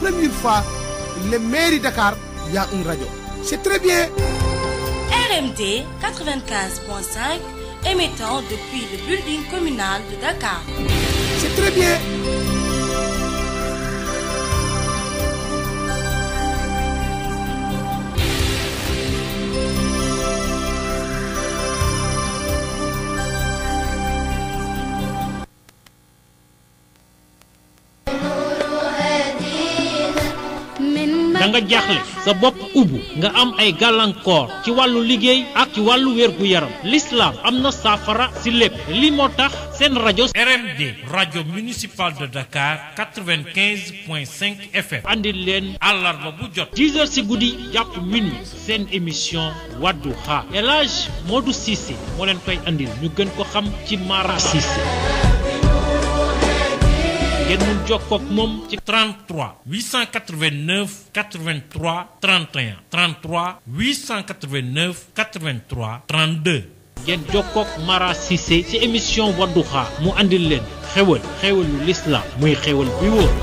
première fois le mairie de Dakar y a une radio. C'est très bien. RMD 95.5 émettant depuis le building communal de Dakar. C'est très bien. da nga jaaxle sa bopp ubbu nga am ay gàllankoor ci wàllu liggéey ak ci wàllu wér-gu-yaram l'islam am na saafara si lépp li moo tax seen rajo RMD rajo municipal de Dakar 95.5 FM andi leen àllarba bu jot 10 si guddi jàpp minuit seen émission Wadduha El Hadj Modou Cissé moo leen koy andil ñu gën ko xam ci Mara ngeen mun jokk ak moom ci 33 889 83 31 33 889 83 32. ngeen jokk ak Mara Cissé ci émission Wadduha mu andil leen xéwal xéwalu lislaam muy xéwal bi wóor.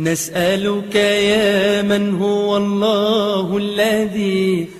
نسألك يا من هو الله الذي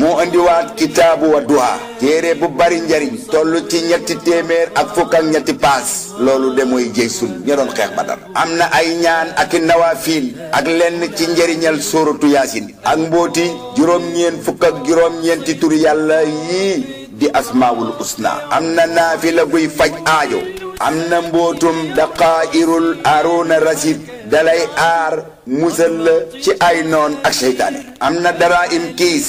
moo indiwaat kitaabu Wadduha téere bu bari njariñ toll ci ñetti téeméer ak fukk ñetti paas loolu de mooy jëy sun ña doon xeex Badar am na ay ñaan ak i nawafiil ak lenn ci njariñal sóoratu yaasin ak mbóoti juróom-ñeen fukk juróom-ñeenti tur yàlla yii di asmaawul usna am na naafila guy faj aajo am na mbootum daqaa'irul aruuna rasid dalay aar musal ci ay noon ak seytaane am na dara im kiis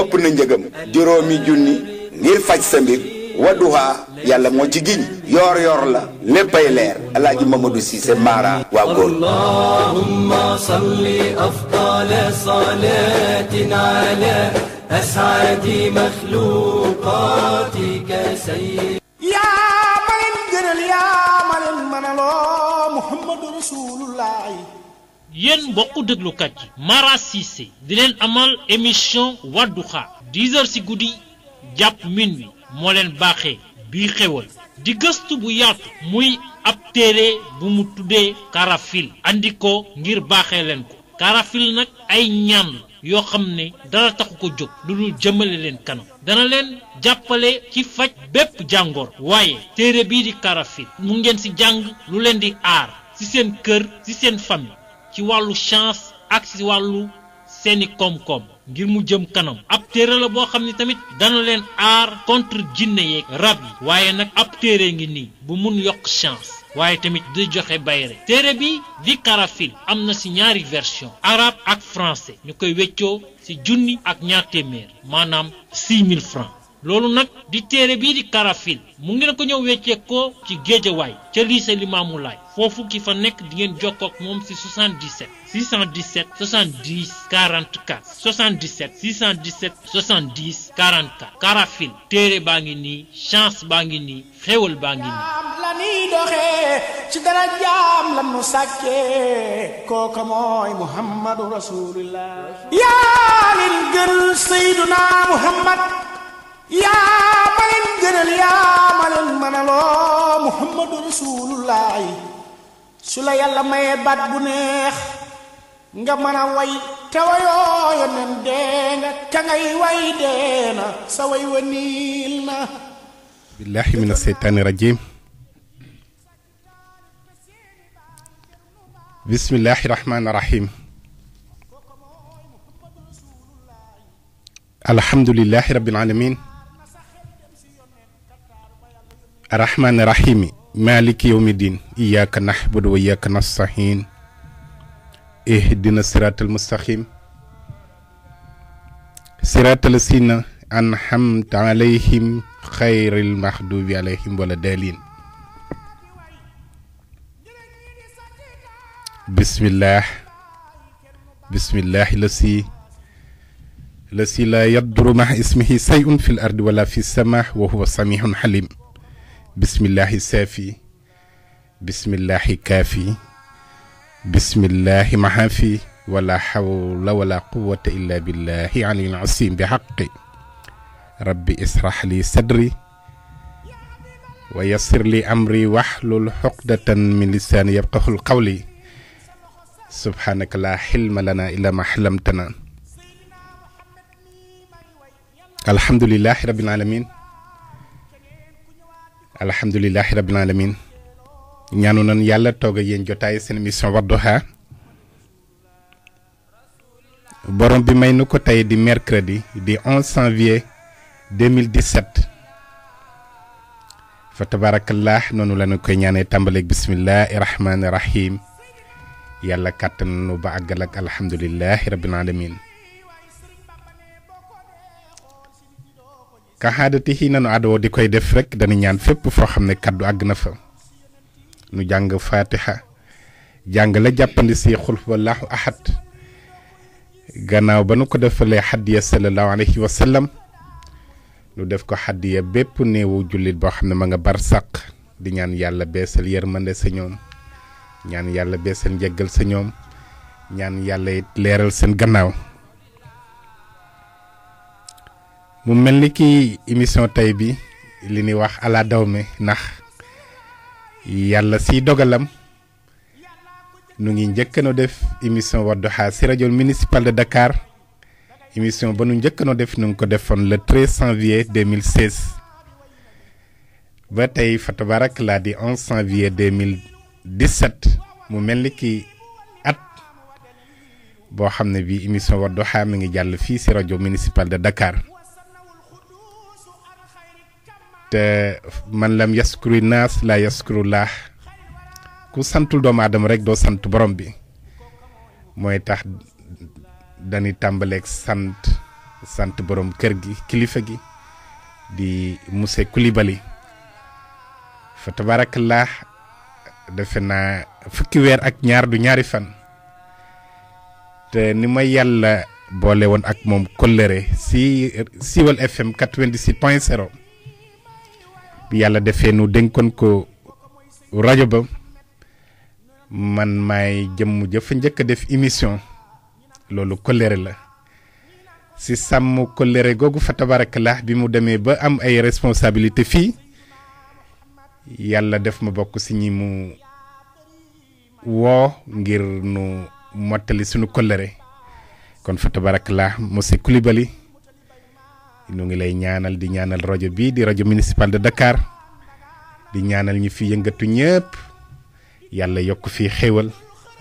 ëpp na njëgam juróomi junni ngir faj sa mbir Wadduha yàlla moo ci giñ yoor yoor la léppay leer alaaji Mamadou Cissé Mara waa góor allahumma salli afdala salatin ala as'adi makhluqatika sayyid yaa ma leen yaa ma manaloo Muhammadu Rasulullah yéen mbokku déglukat yi Mara Cissé di leen amal émission Wadduha 10 heures ci guddi jàpp min mi moo leen baaxee bii xewal di gëstu bu yaatu muy ab téere bu mu tuddee karafil andi ko ngir baaxee leen ko karafil nag ay ñaan yoo xam ne dara taxu ko jóg lu dul jëmale leen kanam dana leen jàppale ci faj bépp jàngoor waaye téere bii di karafil mu ngeen ci jàng lu leen di aar ci seen kër ci seen famille ci wàllu chance ak ci wàllu seeni koom-koom ngir mu jëm kanam ab téere la boo xam ne tamit dana leen aar contre jinne yeeg rab yi waaye nag ab téere ngi nii bu mun yokk chance waaye tamit di joxe bayre téere bi di karafil am na ci ñaari version arabe ak français ñu koy weccoo ci junni ak ñaar téeméer maanaam 6000 francs loolu nak di téré bi di karafil mu ngi ko wéccé ko ci way ci lycée limaamu lay fofu ki fa nek di ngeen jokkook mom ci 77 617 70 44 77 617 70 44 karafil téré baa ngi chance baa ngi nii xéwal baa ngi nii lanuy ci dara jam la nu sàkkee kooka moy muhammadur rasulullah ya lil gën sayyiduna muhammad yaa ma leen gënal yaa ma leen mënaloo muhammadu rasulullahi su la yàlla mayee baat bu neex nga mën a way te wayoo yonen dee nga ka ngay way dee na sa way wa niil na billahi min aseytaani rajim بسم الله الرحمن الرحيم الحمد لله رب العالمين الرحمن الرحيم مالك يوم الدين إياك نحبد وإياك نستعين اهدنا الصراط المستقيم صراط الذين أنعمت عليهم خير المحدوب عليهم ولا دالين بسم الله بسم الله الذي الذي لا يضر مع اسمه شيء في الأرض ولا في السماء وهو سميع حليم بسم الله السافي بسم الله كافي بسم الله محافي ولا حول ولا قوة إلا بالله علي العظيم بحق ربي اسرح لي صدري ويسر لي أمري واحلل حقدة من لساني يفقه القول سبحانك لا حلم لنا إلا ما حلمتنا الحمد لله رب العالمين alhamdulilahi rabbil alamin ñaanu nan yàlla toog ak yéen jotaay seen émission Wadduha borom bi may nu ko tey di mercredi di 11 janvier 2017 fa tabarakallah noonu la ñu koy ñaanee tàmbaleeg bismillahi rahmaani rahim yàlla kàttan nu ba àggal ak alhamdulilahi rabbil alamin kaxaadati xii nanu adoo di koy def rek dana ñaan fépp foo xam ne kàddu àgg na fa nu jàng fatiha jàng la jàppandi si xul wallahu ahad gannaaw ba nu ko defalee xaddiya sallallahu alayhi wa sallam nu def ko xaddiya bépp néewu jullit boo xam ne ma nga bar sàq di ñaan yàlla beesal yërmande sa ñoom ñaan yàlla beesal njëggal sa ñoom ñaan yàlla it leeral seen gannaaw mu mel ni ki émission tey bi li ni wax ala dawme ndax yàlla si dogalam nu ngi njëkkanoo def émission Wadduha si rajo municipal de Dakar émission ba nu njëkkanoo def nu ngi ko le 13 janvier 2016 ba tey fa la di 11 janvier 2017 mu mel ni ki at boo xam ne bii émission Wadduha mi ngi jàll fii si rajo municipal de Dakar. te man lam yaskuru naas la yaskuru laax ku santul doomu aadama rek doo sant borom bi mooy tax dañuy tàmbaleek sant borom kër gi kilifa gi di monsieur Coulibaly fa tabarakallah defe naa fukki weer ak ñaar du ñaari fan te ni ma yàlla boole woon ak moom kollëre si Siwal FM 98 point 0 bi yàlla defee nu dénkoon ko rajo ba man maay jëmm jëf njëkk a def émission loolu kóllëre la si sàmm kóllëre googu fa tabarakallah bi mu demee ba am ay responsabilité fii yàlla def ma bokk si ñi mu woo ngir nu mottali sunu kóllëre kon fa tabarakallah monsieur Coulibaly ñu ngi lay ñaanal di ñaanal rajo bi di rajo municipal de Dakar di ñaanal ñi fi yëngatu ñëpp yàlla yokk fi xéewal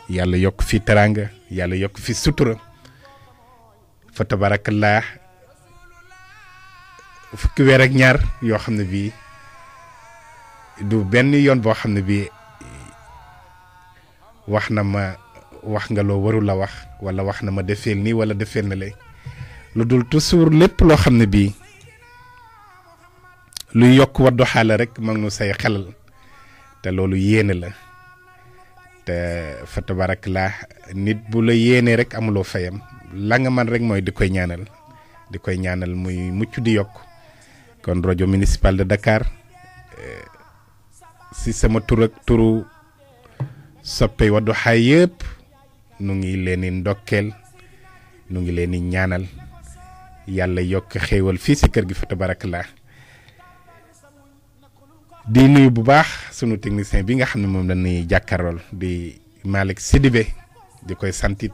yàlla yokk fi teraanga yàlla yokk fi sutura fa tabarakallah fukki weer ak ñaar yoo xam ne bii du benn yoon boo xam ne bii wax na ma wax nga loo warul la wax wala wax na ma defeel nii wala defeel na lay lu dul toujours lépp loo xam ne bii luy yokk Wadduha la rek mag nu say xelal te loolu yéene la te fa tabarak laa nit bu la yéenee rek amuloo fayam la nga man rek mooy di koy ñaanal di koy ñaanal muy mucc di yokk kon rajo municipal de Dakar eh, si sama tur turu soppe Wadduha yëpp nu ngi leen di ndokkeel nu ngi leen di ñaanal yàlla yokk xéewal fii si kër gi fa tabarakallah di nuyu bu baax sunu technicien bi nga xam ne moom lañuy jàkkaarlool di Malick Sidibé di koy santit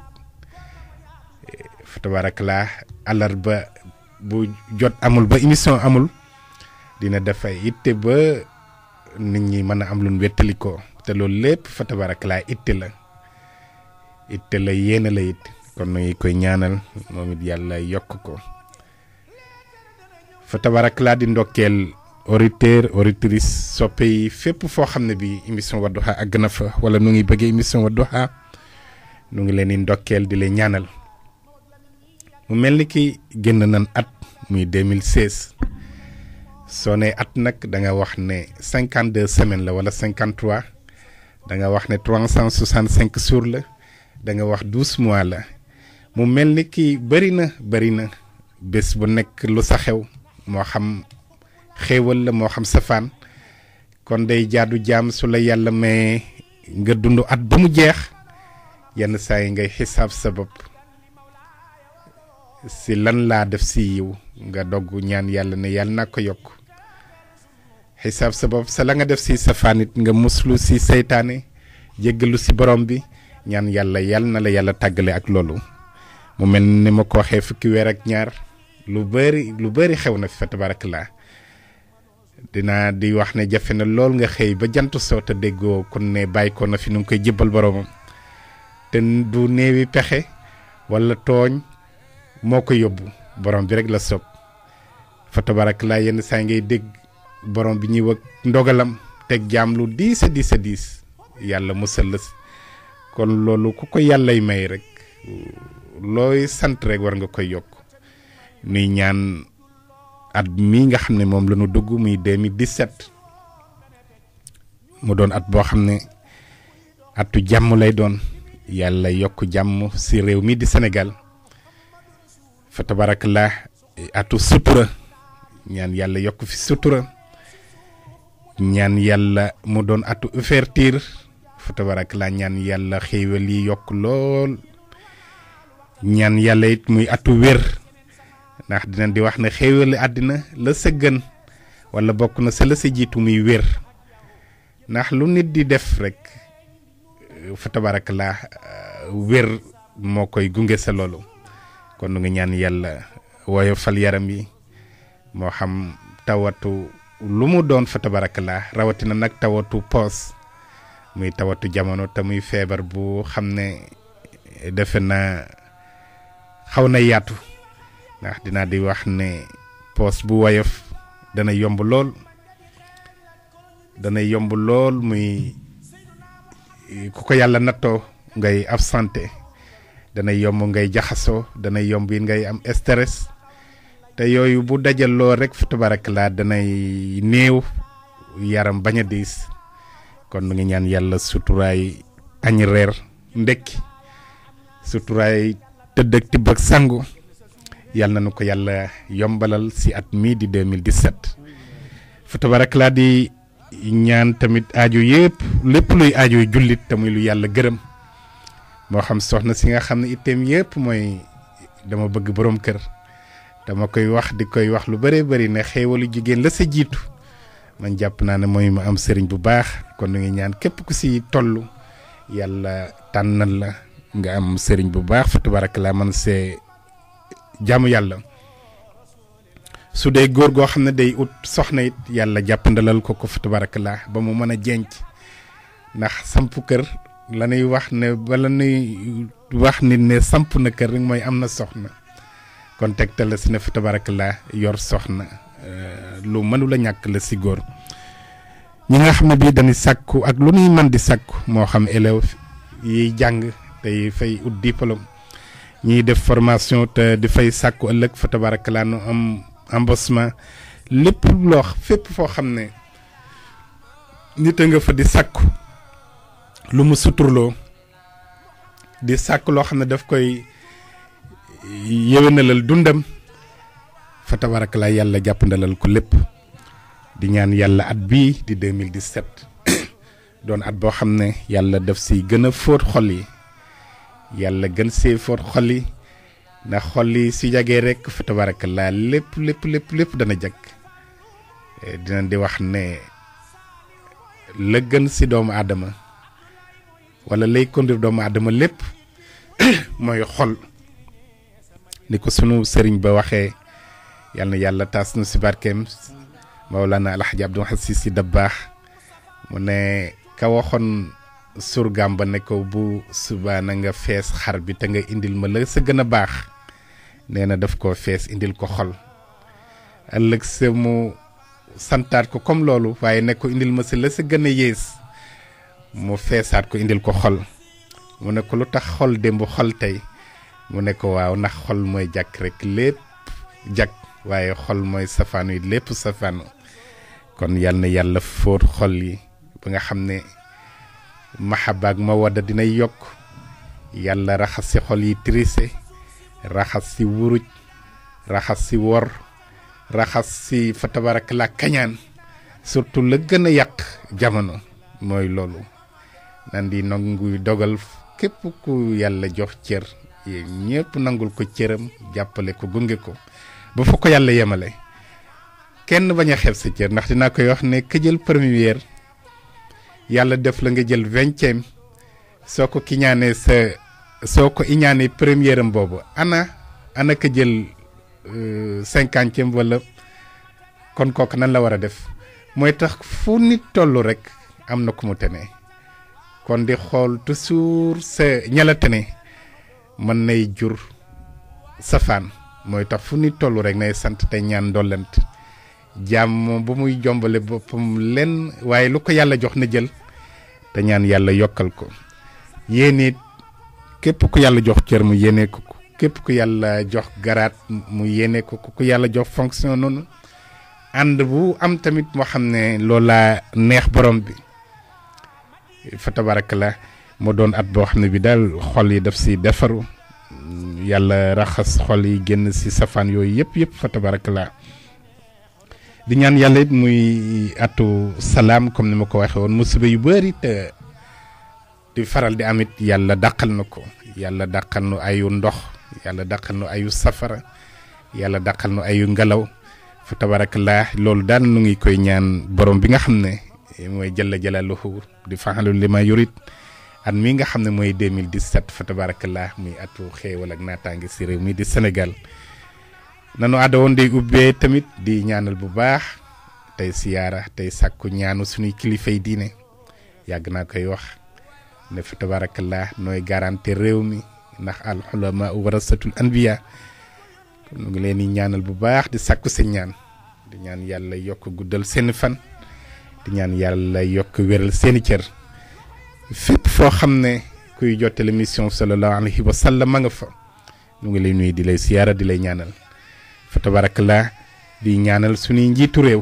fa tabarakallah ba bu jot amul ba émission amul dina dafay itte ba nit ñi mën a am lu wettali ko te loolu lépp fa it itte la itte la yéene la it kon nuy koy ñaanal moom it yàlla yokk ko fa tabarakala di ndokkeel auditeur auditrice soppe yi fépp foo xam ne bi émission Wadduha àgg na fa wala nu ngi bëggee émission Wadduha nu ngi leen di ndokkeel di leen ñaanal mu mel ni ki génn nan at muy 2016 soo ne at nag da nga wax ne 52 semaines la wala 53 da nga wax ne 365 jours la da nga wax 12 mois la mu mel ni ki bëri na na bés bu nekk lu sa xew moo xam xéewal la moo xam safaan kon day jaadu jaam su la yàlla may nga dund at ba mu jeex yenn saa ngay xisaab sa si lan laa def si yiw nga dogg ñaan yàlla ne yàlla naa ko yokk xisaab sa la nga def si safaan it nga muslu si seytaane jéggalu si borom bi ñaan yàlla yàlla na la yàlla tàggale ak loolu mu mel ni ma ko waxee fukki weer ak ñaar lu bari lu bari xew na fi fa tabarakallah dinaa di wax ne jafe na lool nga xëy ba jant soo te déggoo kon ne bàyyikoon ko na fi nu ngi koy jébbal boroomam te du néewi pexe walla tooñ moo ko yóbbu borom bi rek la sob fa laa yenn saa ngay dégg borom bi ñuy wax ndogalam teg jaam lu diis a diis a diis yàlla musal kon loolu ku ko yàllay may rek looy sant rek war nga koy yokk nuy ñaan at mii nga xam ne moom la ñu dugg muy 2017 mu doon at boo xam ne atu jàmm lay doon yàlla yokk jàmm si réew mi di Sénégal fa tabarakallah atu sutura ñaan yàlla yokk fi sutura ñaan yàlla mu doon atu foto fa la ñaan yàlla xéewal yi yokk lool ñaan yàlla it muy atu wér ndax dinañ di wax na xéewali àddina la sa gën wala bokk na sa la jiitu muy wér ndax lu nit di def rek fa tabaraka la euh, wér moo koy gunge sa loolu kon nu ngi ñaan yàlla woyofal yaram yi moo xam tawatu lu mu doon fa tabaraka la rawatina nag tawatu poos muy tawatu jamono te muy feebar bu xam ne defe na xaw na yaatu ndax dina di wax ne pos bu wayef ya dana yomb lool dana yomb lool muy ku ko yàlla nattoo ngay absenté dana yomb ngay jahaso dana yomb it ngay am stress te yooyu bu dajaloo rek fa tabarakala danay néew yaram bañ a diis kon nu ngi ñaan yàlla suturaay añ reer ndekki suturaay tëdd ak sangu yalla nañu ko yalla yombalal si at mi di 2017 fa tabarak la di ñaan tamit aajo yépp lépp luy aajo jullit te muy lu yàlla gërëm moo xam soxna si nga xam ne itteem yépp mooy dama bëgg borom kër dama koy wax di koy wax lu bëree bëri ne xéewalu jigéen la sa jiitu man jàpp naa ne mooy ma am sëriñ bu baax kon nu ngi ñaan képp ku si tollu yàlla tànnal la nga am sëriñ bu baax fa tabarak la man see jaamu yàlla su dee góor goo xam ne day ut soxna it yàlla jàppandalal ko ko fa tabarakallah ba mu mën a jenc ndax samp kër la wax ne bala nuy wax nit ne samp na kër mooy am na soxna kon tegtal la si ne fa tabarakallah yor soxna euh, lu mënula ñàkk la si góor ñi nga xam ne bii dañuy sàkku ak lu nuy man di sàkku moo xam élève yiy jàng tey fay ut diplôme ni def formation te di fay sàkku ëllëg fa tabarakalaa nu am embossement lépp loo fépp foo xam ne nit a nga fa di sàkku lu mu suturloo di sàkk loo xam daf koy dundam fa tabarakalaa yàlla jàppandalal ko lépp di ñaan yàlla at bii di 2017 doon at boo xam yàlla gën see for xol ndax xol yi su jagee rek fa tabarakallah lépp lépp lépp lépp dana jag eh, dina di wax ne la gën si doomu aadama wala lay conduire doomu aadama lépp mooy xol ni ko sunu sëriñ ba waxee yàlla na yàlla taas nu si barkeem Mawlana Alhaji Abdou Aziz Sy Dabakh mu ne ka waxoon surgaam ba ne ko bu subaa na nga fees xar bi te nga indil ma la sa gën a baax nee na daf ko fees indil ko xol ëllëg sa mu santaat ko comme loolu waaye ne ko indil ma si la sa gën a yées mu feesaat ko indil ko xol mu ne ko lu tax xol démb xol tey mu ne ko waaw ndax xol mooy jàkk rek lépp jàkk waaye xol mooy safaan wi lépp safaanu kon yal yàlla fóot xol yi ba nga xam ne ma mawadda dinay yokk yàlla raxas ci xol yi triste raxas ci wuruj raxas ci wor raxas ci fa tabarak la kañaan surtout la gën a yàq jamono mooy loolu nan di nangu dogal képp ku yàlla jox cër ñépp nangul ko cëram jàppale ko gunge ko ba fa ko yàlla yemale kenn bañ a xeeb sa cër ndax dinaa koy wax ne këjël première yàlla def la nga jël vingtième soo ko kiñaanee sa soo ko iñaanee première am boobu ana ana ka jël walla euh, wala kon kooku nan la war a def mooy tax fu nit tollu rek am na ku mu tene kon di xool toujours sa ñala tene mën nay jur safaan mooy tax fu nit tollu rek nay sant te ñaan dollent jàmm bu muy jombale boppam lenn waaye lu ko yàlla jox na jël te yàlla yokkal ko yéene képp ku yàlla jox cër mu yéene ko képp ku yàlla jox garaat mu yéene ko ku yàlla jox fonction noonu ànd bu am tamit moo xam ne loola neex borom bi fa tabaraka la moo doon at boo xam ne bi daal xol yi daf si defaru yàlla raxas xol yi génn si safaan yooyu yëpp yëpp fa tabaraka la di ñaan yàlla it muy atu salaam comme ni ma ko waxee woon musiba yu bari te di faral di amit yàlla daqal na ko yàlla dàqal nu ayu ndox yàlla dàqal nu ayu safara yàlla dàqal nu ayu ngelaw fa tabarakallah loolu daal nu ngi koy ñaan borom bi nga xam ne mooy jëlla jëlaluhu di faxalu li ma yurit at mi nga xam ne mooy 2017 fa tabarakallah muy atu xéewal ak naataange si réew mi di Sénégal nanu àdda de day ubbee tamit di ñaanal bu baax tey siyaara tey sàkku ñaanu suñuy kilifay diine yàgg naa koy wax ne fa tabarakallah nooy garanté réew mi ndax al ulama warasatul anbiya nu ngi leen di ñaanal bu baax di sàkku seen ñaan di ñaan yàlla yokk guddal seen fan di ñaan yàlla yokk wéral seeni cër fépp foo xam ne kuy jottale mission sallallahu alayhi wa sallam ma nga fa nu ngi lay nuyu di lay siyaara di lay ñaanal fa tabarakallah di ñaanal suñuy njiitu réew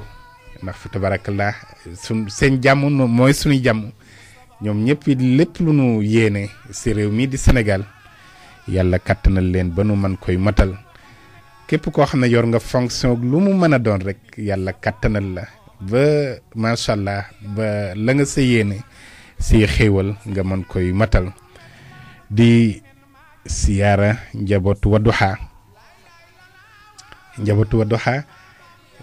ndax fa tabarakallah sun seen jàmm mooy suñuy jàmm ñoom ñëpp lépp lu nu yéene si réew mii di senegal yàlla kàttanal leen ba nu mën koy matal képp koo xam ne yor nga fonction lu mu mën a doon rek yàlla kàttanal la ba macha allah ba la nga sa yéene si xéewal nga mën koy matal di siyaara njabootu Wadduha njabootu Wadduha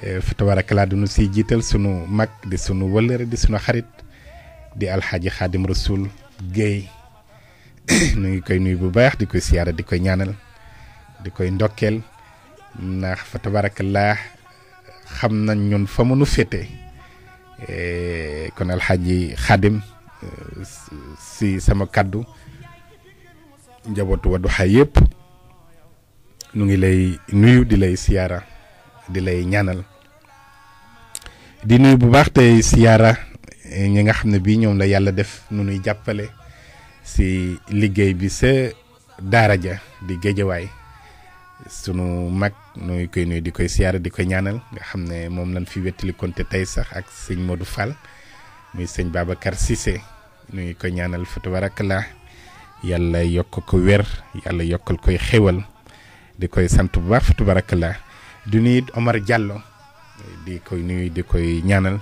eh, fa tabarakalaa du siy jiital sunu mag di sunu wëllëre di sunu xarit di alxaaji xaadim rasul Guèye nu ngi koy nuyu bu baax di koy siyaara di koy ñaanal di koy ndokkeel ndax fa tabarakalaa xam nañ ñun fa mënu féete eh, kon alxaaji xaadim eh, si sama kàddu njabootu Wadduha yëpp ñu ngi lay nuyu di lay siyaara di lay ñaanal di nuyu bu baax tey siyaara eh, ñi nga xam ne bii ñoom la yàlla def nu nuy jàppale si liggéey bi sa daara ja di géejawaay sunu mag nuy koy nuyu di koy siyaara di ko ñaanal nga xam ne moom lañ fi wettali konte tey sax ak sëñ Modou Fall muy sëñ Babacar Cissé nuy koy ñaanal fa tabarakallah yàlla yokk ko wér yàlla yokkal koy xéwal di koy sant bu baax fa la di nuyu Omar Diallo di koy nuyu di koy ñaanal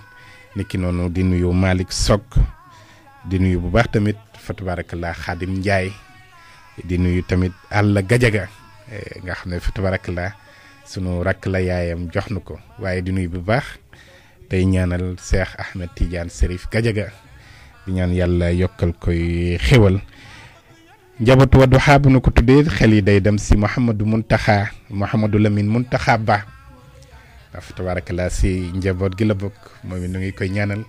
ki noonu di nuyu Malick Sock di nuyu bu baax tamit fa tabarakallah Xaadim Njaay di nuyu tamit àll Gajaga eh, nga xam ne fa tabarakallah sunu rakk la yaayam jox nu ko waaye di nuyu bu baax tey ñaanal Cheikh Ahmed tiijaan Serif Gajaga di ñaan yàlla yokkal koy xewal njaboot njabootu Wadduha bu na ko tuddee xel yi day dem si Mouhamadou Mountakha Mouhamadou Lamine Mountakha Ba daf tabaarakallaa si njaboot gi la bokk moom it nu ngi koy ñaanal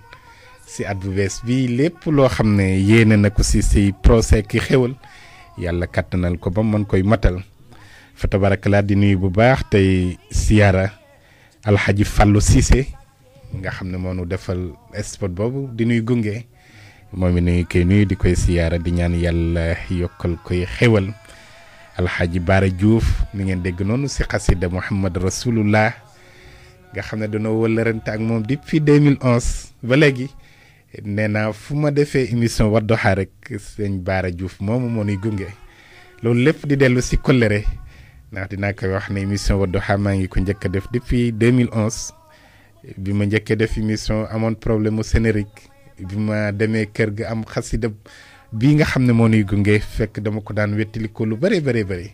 si at bu bees bi lépp loo xam ne yéene na ko si si procès ki xéwal yàlla kattanal ko ba mu mën koy matal fa tabaarakallaa di nuyu bu baax tey siyaara alxaji Fallou Cissé nga xam ne moo nu defal spot boobu di nuy gunge. moom it ñu ngi koy nuyu di koy siyaara di ñaan yàlla yokkal koy xewal alxaaji Baara Diouf ni ngeen dégg noonu si xasida Muhammad Rasulullah nga xam ne dañoo wëlërante ak moom depuis 2011 ba léegi nee naa fu ma defee émission Wadduha rek seen Baara Diouf moomu moo nuy gunge loolu lépp di dellu si kollëre ndax dinaa koy wax ne émission Wadduha maa ngi ko njëkk a def depuis 2011 bi ma njëkkee def émission amoon problème mu générique bi ma demee kër ga am xasida bii nga xam ne moo ni gunge fekk dama ko daan wettali ko lu bëree bëri bëri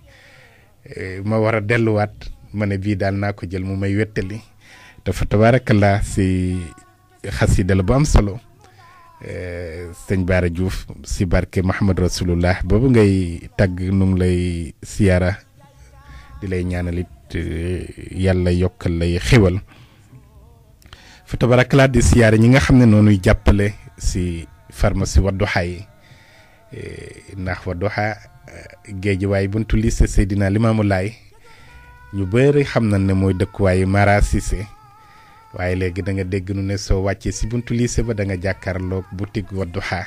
eh, ma war a delluwaat ma ne bii daal naa ko jël mu may wettali dafa tabaarakallaa si xasida la bu am solo eh, sëñ Baara Diouf si barke Mahamad Rasulullah boobu ngay tàgg nu ngi lay siyaara di lay ñaanalit eh, yàlla yokkal lay xéwal fa tabarakalaat di siyaare ñi nga xam ne noonuy jàppale si pharmacie Wadduha yi eh, ndax Wadduha eh, géej waaye buntu lycée Seydina Limaamu Laay ñu bëri xam nañ ne mooy dëkkuwaayu Mara sise waaye léegi da nga dégg nu ne soo wàccee si buntu se ba da nga jàkkaarloog boutique Wadduha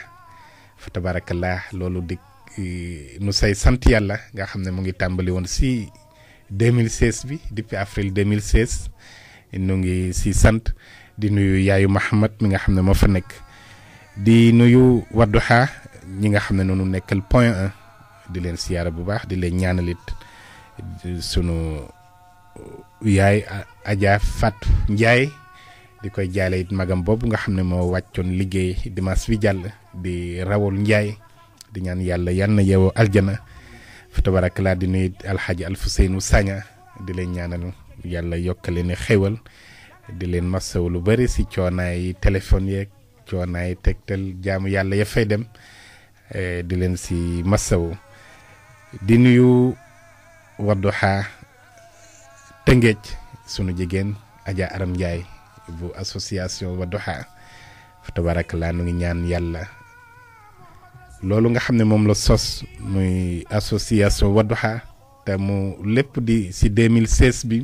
fa tabarakalaah loolu di eh, nu say sant yàlla nga xam ne mu ngi tàmbali woon si 2016 bi depuis avril 2016 nu ngi si sant di nuyu yaayu Mahamad mi nga xam ne moo fa nekk di nuyu Wadduha ñi nga xam ne noonu nekkal point di leen siyaara bu baax di leen ñaanalit sunu yaay Adja Fatou Ndiaye di koy jaale it magam boobu nga xam ne moo wàccoon liggéey dimanche bi jàll di rawul Ndiaye di ñaan yàlla yan na yeewoo aljana fa tabaraka laa di nuyu alxaaji Alfuseynu Saña di leen ñaanal yàlla yokkale ne xéwal di leen masaw lu bari si coonaay téléphone yeeg coonaay tegtal jaamu yàlla ya fay dem eh, di leen si masawu di nuyu Wadduha Tëngéej sunu jigéen Adja Aram Ndiaye bu association Wadduha fa tabarakalaa nu ngi ñaan yàlla loolu nga xam ne moom la sos muy association Wadduha te mu lépp di si 2016 bi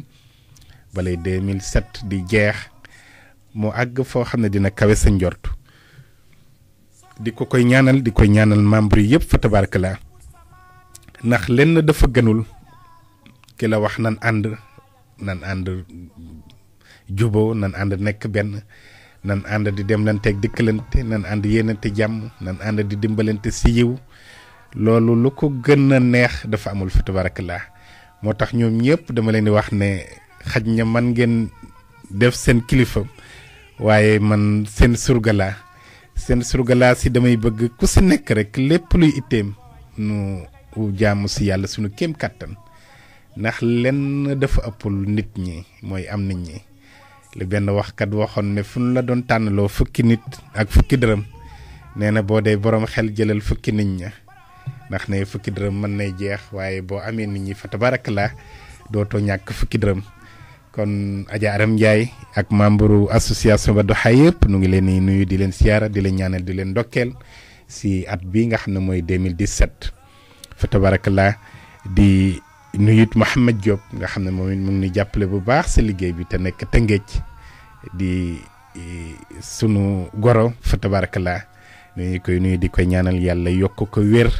balay 2007 di jeex moo àgg foo xam ne dina kawe sa njort di ko koy ñaanal di koy ñaanal membre yi yëpp fa tabarka ndax lenn dafa gënul ki la wax nan ànd nan ànd juboo nan ànd nekk benn nan ànd di demlanteeg dikkalante nan ànd yéenante jàmm nan ànd di dimbalante si yiw loolu lu ko gën neex dafa amul fa tabarka moo tax ñoom ñëpp dama leen di wax ne xaj na man ngeen def seen kilifa waaye man seen surgalaa seen surgalaa si damay bëgg ku si nekk rek lépp luy itteem nu jaamu si yàlla sunu kem kàttan ndax lenn dafa ëpp nit ñi mooy am nit ñi li benn waxkat waxoon ne fu nu la doon tànnaloo fukki nit ak fukki dërëm nee na boo dee boroom xel jëlal fukki nit ña ndax ne fukki dërëm mën nay jeex waaye boo amee nit ñi fa tabarak la dootoo ñàkk fukki dërëm kon Adja Aram Ndiaye ak membre association Wadduha yëpp nu ngi leen di nuyu di leen siyaara di leen ñaanal di leen ndokkeel si at bi nga xam ne mooy 2017 fa tabarakallah di nuyut Mouhamed Diop nga xam ne moom it mu ngi ni jàppale bu baax si liggéey bi te nekk Tëngéej di sunu goro fa tabarakallah nuyu koy nuyu di koy ñaanal yàlla yokk ko wér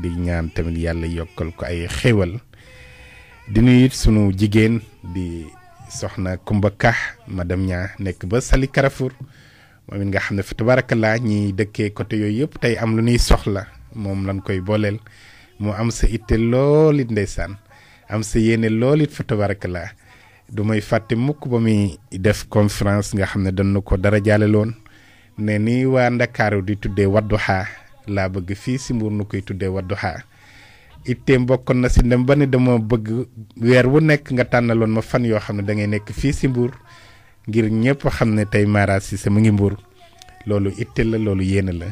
di ñaan tamit yàlla yokkal ko ay xéewal di nuyut sunu jigéen soxna Kumba ma dem ñaa nekk ba Sali Carrefour moom it nga xam ne fa tabaarakallaa ñiy dëkkee côté yooyu yëpp tey am lu ñuy soxla moom lañ koy booleel mu am sa itte lool it ndeysaan am sa yéene lool it fa tabaarakallaa du may fàtte mukk ba muy def conférence nga xam ne dañu ko dara jaale loon ne ni waa Ndakaaru di tuddee Wadduha laa bëgg fii si Mbuur nu koy tuddee Wadduha itteem mbokon na si ndem ba ne dama bëgg weer wu nek nga tànnaloon ma fan yo hamu da ngay nekk fii si mbuur ngir ñëpp lolo ne tey Mara Cissé mu ngi mbuur loolu itte la la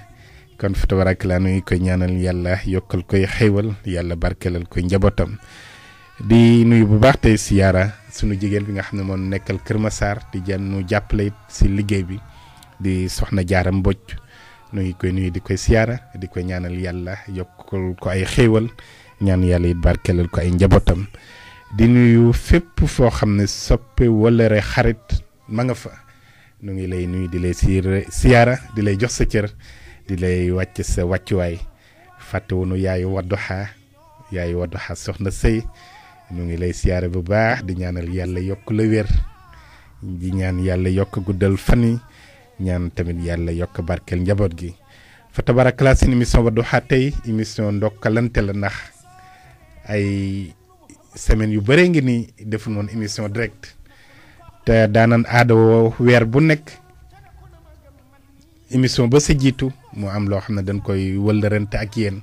kon fa tabarakala nu ngi koy ñaanal yàlla yokkal koy xéewal yàlla barkelal koy di nuyu bu baax sunu jigéen bi nga xam ne nekkal Massar di jannu jàppale it si bi di soxna jaara mbocc nu ngi koy nuyu di koy siyaara di koy ñaanal yàlla yokkal ko ay ñaan yàlla it barkeelal ko ay njabootam di nuyu fépp foo xam ne soppe wala re xarit ma nga fa nu ngi lay nuyu di lay siir siyaara di lay jox sa cër di lay wàcc sa wàccuwaay fàttewunu yaayu wadduxaa yaayu wadduxaa soxna sëy nu ngi lay siyaara bu baax di ñaanal yàlla yokk la wér di ñaan yàlla yokk guddal fan yi ñaan tamit yàlla yokk barkeel njaboot gi fa tabaarakala seen émission Wadduha tey émission ndokkalante la nax ay semaine yu baree ngi ni defuñu woon émission direct te daanan aada weer bu nekk émission ba sa jiitu mu am loo xam ne dañ koy wëllërante ak yéen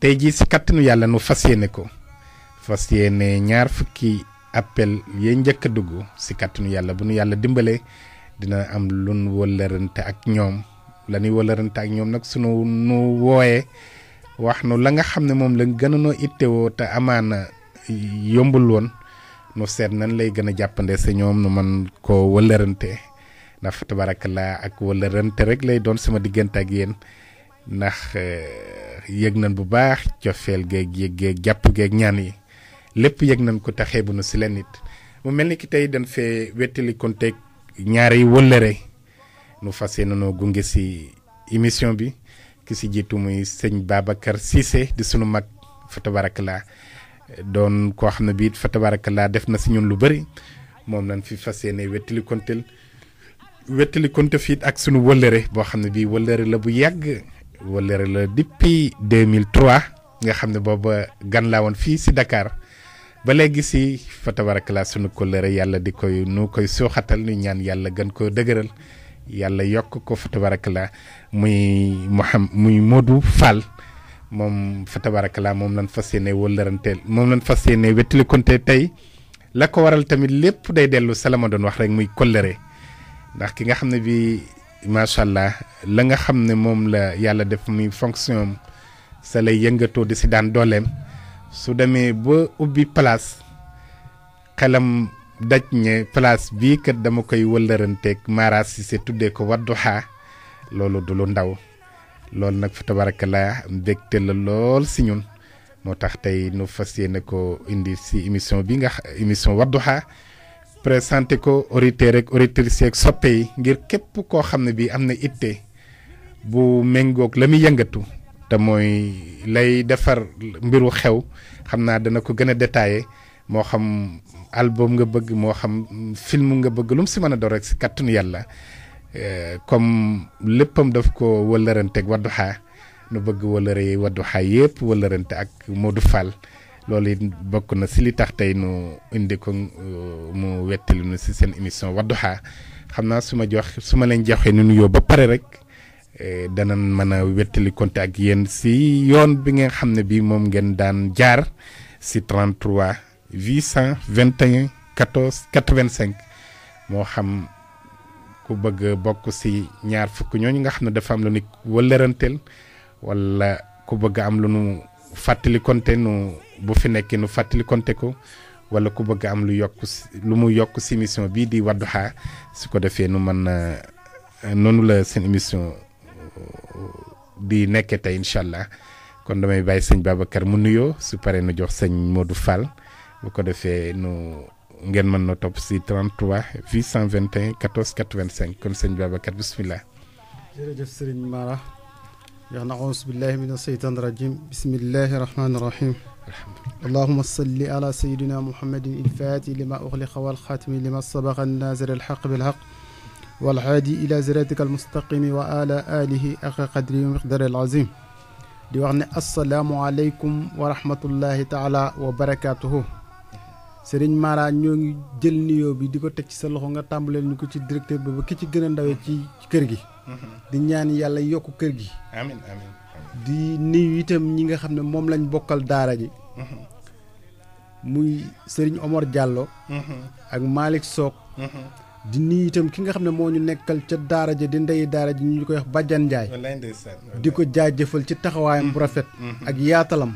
tey jii si kàttanu yàlla nu fas yéene ko fas yéene ñaar fukki appel yee njëkk a dugg si kàttanu yàlla bu nu yàlla dimbale dina am lu wëllërante ak ñoom la wëllërante ak ñoom nag sunu nu wooyee. wax nu la nga xam ne moom lañ gën a noo ittewoo te amaana yombul woon nu seet nañ lay gën a jàppande sa ñoom nu man koo wëllërante ndax tabarakallah ak wëllërante rek lay doon sama diggante ak yéen ndax eh, yëg nañ bu baax cofeel geeg yëg geeg jàpp geeg ñaan yi lépp yëg nañ ko taxee bu nu si leen it mu mel ni ki tey dañ fee wettali konteeg ñaari wëllëre nu fas yéene noo gunge si émission bi ki si jiitu muy sëñ Babacar Cissé di sunu mag fa tabarakalaa doon koo xam ne bii fa tabarakalaa def na si ñun lu bëri moom lañ fi fas yéene wettali kontel wettali konte fiit ak sunu wëllëre boo xam ne bii wëllëre la bu yàgg wëllëre la depuis 2003 nga xam ne booba gan laa woon fii si dakaar ba léegi si fa tabarakalaa sunu kóllëre yàlla di koy nu koy suuxatal ñu ñaan yàlla gën koo dëgëral yàlla yokk ko fa tabarakalaa muy xam muy Modou Fall moom fa tabarakalaa moom lan fas yéene wëllëranteel moom lan fa yéene wettali konte tey la ko waral tamit lépp day dellu ma doon wax rek muy kollëre ndax ki nga xam ne bi macha allah la nga xam ne moom la yàlla def muy fonction sa lay yëngatoo di si daan dooleem su demee ba ubbi place xelam daj ne place bii kat dama koy wëllëranteeg Mara Cissé tuddee ko Wadduha loolu du lu ndaw loolu nag fa tabarakalaa mbégte la lool si ñun moo tax tey nu fas yéene ko indi si émission bi nga émission Wadduha présenté ko auditeurs rek auditrices yeeg soppe yi ngir képp koo xam ne bii am na itte bu méngoog la muy yëngatu te mooy lay defar mbiru xew xam naa dana ko gën a détaillé moo xam album nga bëgg moo xam film nga bëgg lu mu si mën a doon rek si kattanu yàlla eh, comme léppam daf ko wëllëranteeg Wadduha nu bëgg wëllëre Wadduha yëpp wëllërante ak Modou Fall loolu it bokk na si li tax tey nu indi ko eh, mu wettali nu si seen émission Wadduha xam naa su ma jox su ma leen joxee nu nuyoo ba pare rek eh, danañ mën a wettali konti ak yéen si yoon bi nga xam ne bii moom ngeen daan jaar si 33. 821 14 85 moo xam ku bëgg bokk si ñaar fukk ñooñu nga xam ne dafa am lu nu wëllëranteel wala ku bëgg am lu nu fàttali konte nu bu fi nekkee nu fàttali konte ko wala ku bëgg am lu yokk lu mu yokk si émission bii di Wadduha su ko defee nu mën noonu la seen émission euh, di nekkee tey incha allah kon damay bàyyi sëñ Babacar mu nuyoo su pare nu jox sëñ Modou Fall. bu ko defee nu ngeen mën na topp si 33 821 14 85 kon sëñ Babacar bisimilah. jërëjëf sëriñ Mara jox na auzu billahi min aseytaan rajim bismillahi rahmaani rahim اللهم صل على سيدنا محمد الفاتي لما أغلق والخاتم لما سبق النازل الحق بالحق والعادي إلى زراتك المستقيم وعلى آله أخي قدري ومقدر العظيم دي السلام عليكم ورحمة الله تعالى وبركاته Sëriñ Mara ñoo ngi jël nuyoo bi di ko teg ci sa loxo nga tàmbaleel ñu ko ci directeur bi ba ki ci gën a ndawee ci kër gi. Mm-hmm. di ñaan yàlla yokk kër gi. amiin di nuyu itam ñi nga xam ne moom lañu bokkal daara ji. Mm-hmm. muy sëriñ Omar jàlloo mm-hmm. ak Malick Sock. di nuyu itam ki nga xam ne moo ñu nekkal ca daara ja di ndey daara ji ñu koy wax Badiane Ndiaye. di ko jaajëfal ci taxawaayam bu rafet. ak yaatalam.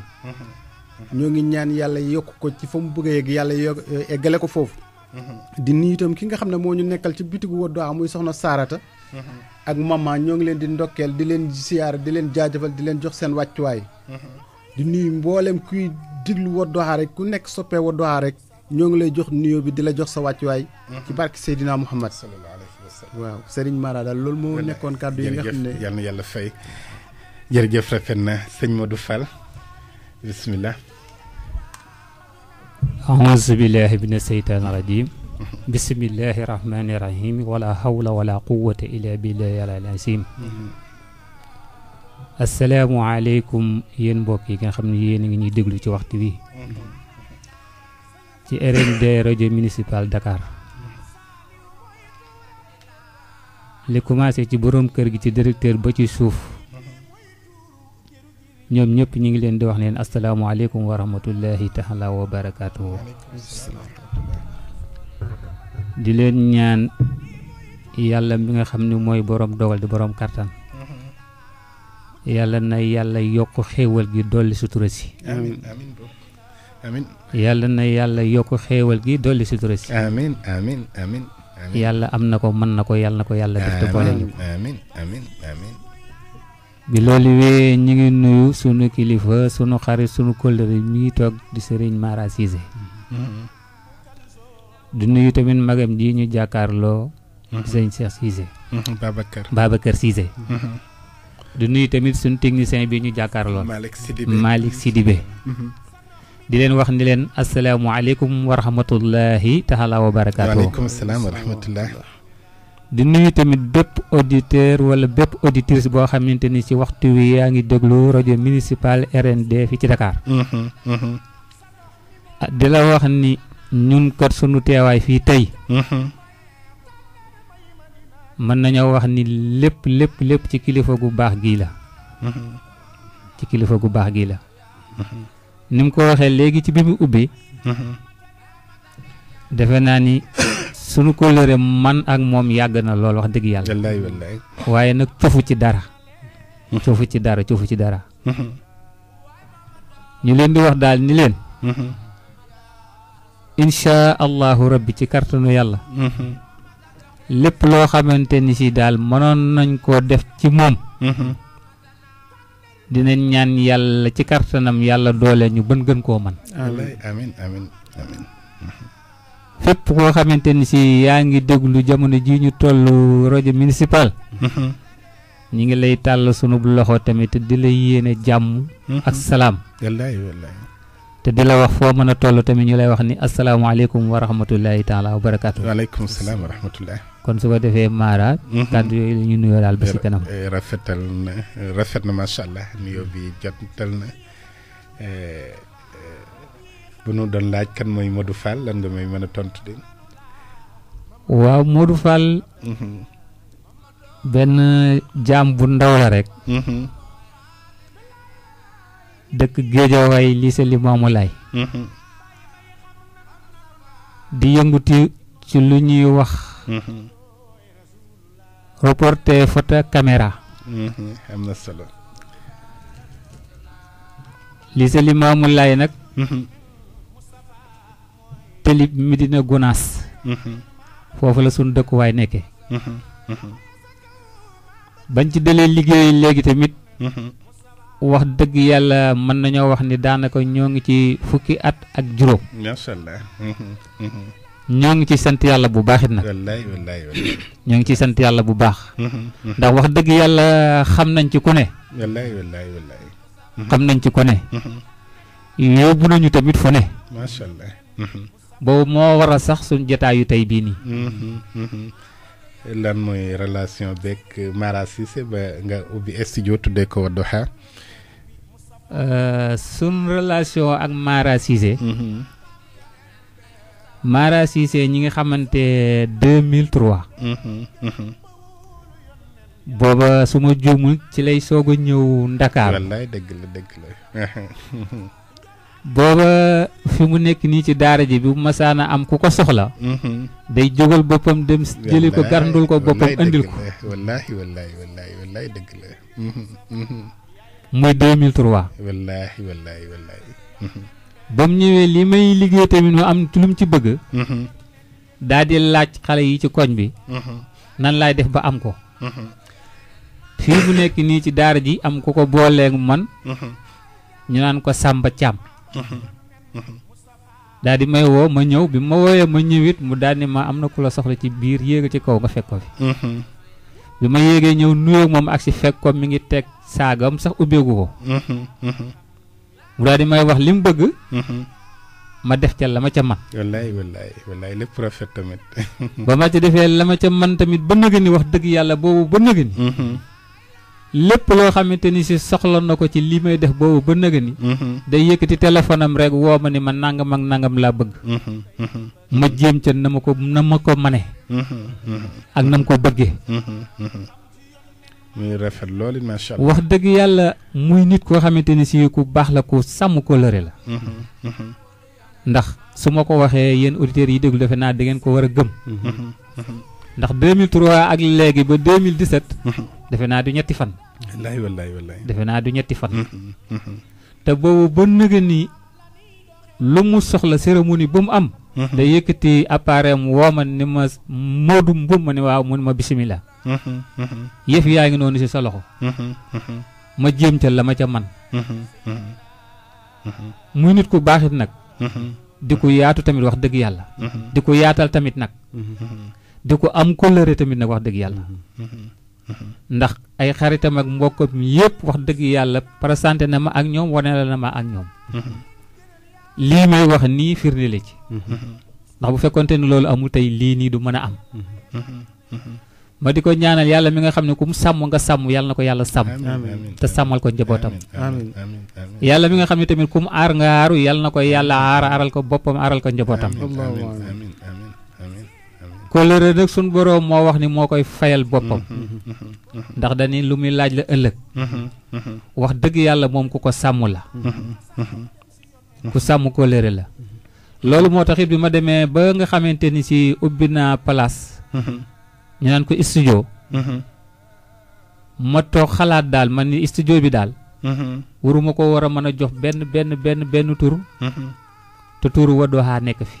ñoo ngi ñaan yàlla yokk ko ci fa mu bëgg a yàlla yokk eggale ko foofu mm-hmm. di nuyu itam ki nga xam ne moo ñu nekkal ci bitigu Wadduha muy soxna Saarata mm-hmm. ak maman ñoo ngi leen di ndokkeel di leen siyaara di leen jaajëfal di leen jox seen wàccuwaay mm-hmm. di nuyu mboolem kuy diglu Wadduha rek ku nekk soppee Wadduha rek ñoo ngi lay jox nuyoo bi di la jox sa wàccuwaay ci barke Seydina Muhammad waaw Serigne Mara daal loolu moo nekkoon kàddu yi nga xam ne yal na yàlla fay jërëjëf rafet na sëñ Modou Fall أعوذ بالله من الشيطان الرجيم بسم الله الرحمن الرحيم ولا حول ولا قوة إلا بالله العظيم السلام عليكم يين بوك يي خا خني يين نغي ديغلو سي وقت وي سي ار ان دي راديو مونسيبال دكار لي كوماسي سي بروم كيرغي سي ديريكتور با سي سوف ñoom ñëpp ñu ngi leen di wax neen asalaamaaleykum wa rahmatullahi taala wa barakaatuhu di leen ñaan yàlla mi nga xam ni mooy borom dogal di borom kàttan yàlla na yàlla yokk xéewal gi dolli sutura si yàlla na yàlla yokk xéewal gi dolli sutura si yàlla am na ko mën na ko yàlla na ko yàlla def te boole ñu bi loolu wee ñu ngi nuyu sunu kilifa sunu xarit sunu kóllëre mi ngi toog di sëriñ Mara siise mm-hmm. du nuyu tamit magam ji ñu jàkkaarloo di mm-hmm. sëriñ Cheikh Cissé mm-hmm. Babacar Babacar du nuyu tamit sunu technicien bi ñu jàkkaarloo Malick Sidibé di leen wax ni leen asalaamualeykum wa rahmatullahi taala wa barakaatu waaleykum salaam wa rahmatullah di nuyu tamit bépp auditeur wala bépp auditrice boo xamante ni ci waxtu wi yaa ngi déglu rajo municipal RND fi ci Dakar. Mm-hmm, mm-hmm. Ah, di la wax ni ñun kat sunu teewaay fii tey. Mm-hmm. mën nañu wax ni lépp lépp lépp ci kilifa gu baax gii la. ci kilifa gu baax gii la. ubi. mu ko waxee léegi ci bi ubbi. defe naa ni sunu lere man ak mom yag na lol wax deug yalla wallahi wallahi waye nak tofu ci dara tofu ci dara tofu ci dara mhm. ñu leen di wax dal ni leen mhm. insha allah rabbi ci kartanu yalla mhm. lepp lo xamanteni ci dal monon nañ ko def ci mom dinañ ñaan yalla ci kartanam yalla doole ñu bën gën man amin amin amin fépp koo xamante ni si yaa ngi déglu jamono ji ñu toll rajo municipal. Mhm. ñu ngi lay tàll sunu loxo tamit di la yéene jàmm. Mhm. ak salaam. wallaay te di la wax foo mën a toll tamit ñu lay wax ni asalaamaaleykum wa rahmatullahi taala wa barakaatu. waaleykum salaam wa kon su ko defee Mara. Mhm. kàddu yooyu la ñu nuyoo daal ba si kanam. Eh, rafet na macha allah nuyoo bi jotal na. Eh, bu nu doon laaj kan mooy Modou Fall lan nga may mën a tontu de. waaw Modou mhm. benn jaam bu ndaw la rek. Mhm. dëkk Géejawaay lycée Limaamu Laay. Mhm. di yënguti ci lu ñuy wax. reporter photo caméra. am na Limaamu Laay nag. tëlib Gonaas mm-hmm. foofu la suñu dëkkuwaay nekke mm-hmm. Mm-hmm. bañ ci dalee liggéey léegi tamit wax dëgg yàlla mën nañoo wax ni daanaka ñoo ngi ci fukki at ak juróom masha ñoo ngi ci sant yàlla bu baax na ñoo ngi ci sant yàlla bu baax ndax wax dëgg yàlla xam nañ ci ku ne xam nañ ci ku ne yóbbu nañu tamit fu ne boobu moo waral sax suñ jotaayu tey bii nii. Mhm, mhm. lan mooy relation beeg Mara ba nga ubbi studio tuddee ko Wadduha. Euh, suñ relation ak Mara Cissé. Mhm. Mara Cissé ñi nga xamante 2003. booba su ma juumul ci lay soog a ñëw Ndakaaru. wallaay dëgg la dëgg la. booba fi mu nekk nii ci daara ji bi masaan a am ku ko soxla mm-hmm. day jógal boppam dem jëli ko garndul ko boppam andil ko wallaahi la mm-hmm, mm-hmm. muy 2003 wallaahi wallaahi wallaahi ba mu ñëwee li may liggéey tamit mu am lu ci bëgg daa di laaj xale yi ci koñ bi nan laay def ba am ko fii mu nekk nii ci daara ji am ku ko booleeg man ñu naan ko sàmba Thiam daal di may woo ma ñëw bi ma wooyee ma ñëwit mu daal ma am na ku la soxla ci biir yéegal ci kaw nga fekk ko fi mhm. bi ma yéegee ñëw nuyoog moom ak si fekk ko mi ngi teg saagam sax ubbeeku ko mhm, mhm. mu daal may wax li mu bëgg ma def ca la ma ca man wallaay wallaay wallaay lépp rafet tamit ba ma ci defee la ma ca man tamit ba nëgëni wax dëgg yàlla boobu ba nëgëni lépp loo xamante ni si soxla na ko ci li may def boobu ba nëga mhm. day yëkkati téléphone am rek woo ma ni ma nangam ak nangam laa bëgg mhm, mhm. ma jéem ca na ma ko na ma ko mane ak na ma ko bëggee rafet loolu macha wax dëgg yàlla muy nit koo xamante ni si ku baax la ku sàmm kóllëre la ndax su ma ko waxee yéen auditeurs yi déglu defe naa da ngeen ko war a gëm ndax 2003 ak léegi ba 2017 defe naa du ñetti fan wallaay wallaay defe naa du ñetti fan. Mm-hmm, mm-hmm. te boobu ba nëgë ni lu mu soxla cérémonie bu mu am. Mm-hmm. da yëkkati appareil am woo ma ni ma Modou Mboum ma ne waaw mu ne ma bisimilah. yëf yaa ngi noonu si sa loxo. ma jéem ca la ma ca man muy nit ku baaxit nag. di ko yaatu tamit wax dëgg yàlla. di ko yaatal tamit nag. di ko am kóllëre tamit nag wax dëgg yàlla. ndax ay xaritam ak mbokkam yépp wax dëgg yàlla présenté na ma ak ñoom wane la na ma ak ñoom lii may wax nii firnde la ci ndax bu fekkonte ne loolu amul tey lii nii du mën a am ma di ko ñaanal yàlla mi nga xam ne ku sàmm nga sàmm yàlla na ko yàlla sàmm te sàmmal ko njabootam yàlla mi nga xam ne tamit ku mu aar nga yàlla na ko yàlla aaral ko boppam aaral ko njabootam kóllëre nag suñ boroom moo wax ni moo koy fayal boppam mm-hmm, mm-hmm, mm-hmm, ndax dañi lu muy laaj la ëllëg wax dëgg yàlla moom ku ko sàmm la ku sàmm kóllëre la loolu moo tax bi ma demee ba nga xamante ni si ubbi naa palaas ñu naan ko studio ma toog xalaat daal man ni studio bi daal waruma ko war a jox benn benn benn benn tur te tuuru Wadduha nekk fi.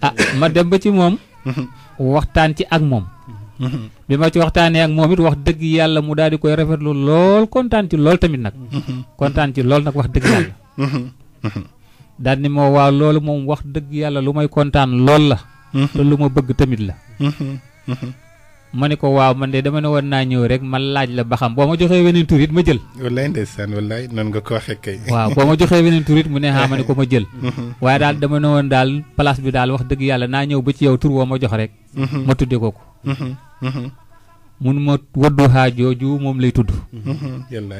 ah ma dem ba ci moom. waxtaan ci ak moom. bi ma ci waxtaanee ak moom it wax dëgg yàlla mu daal di koy rafetlu lool kontaan ci lool tamit nag. kontaan ci lool nag wax dëgg yàlla. daal ni ma waa loolu moom wax dëgg yàlla lu may kontaan lool la. te lu ma bëgg tamit la. ma ne ko waaw man de dama ne woon naa ñëw rek ma laaj la ba xam boo ma joxee weneen tur it ma jël. wallaay nga ko waxee waaw boo ma joxee weneen tur mu ne ah ma ne ko ma jël. Mm-hmm. waaye daal dama ne woon daal place bi daal wax dëgg yàlla naa ñëw ba ci yow tur woo ma jox rek. Mm-hmm. ma tuddee ko ko. Mm-hmm. mun ma Wadduha jooju moom lay tudd.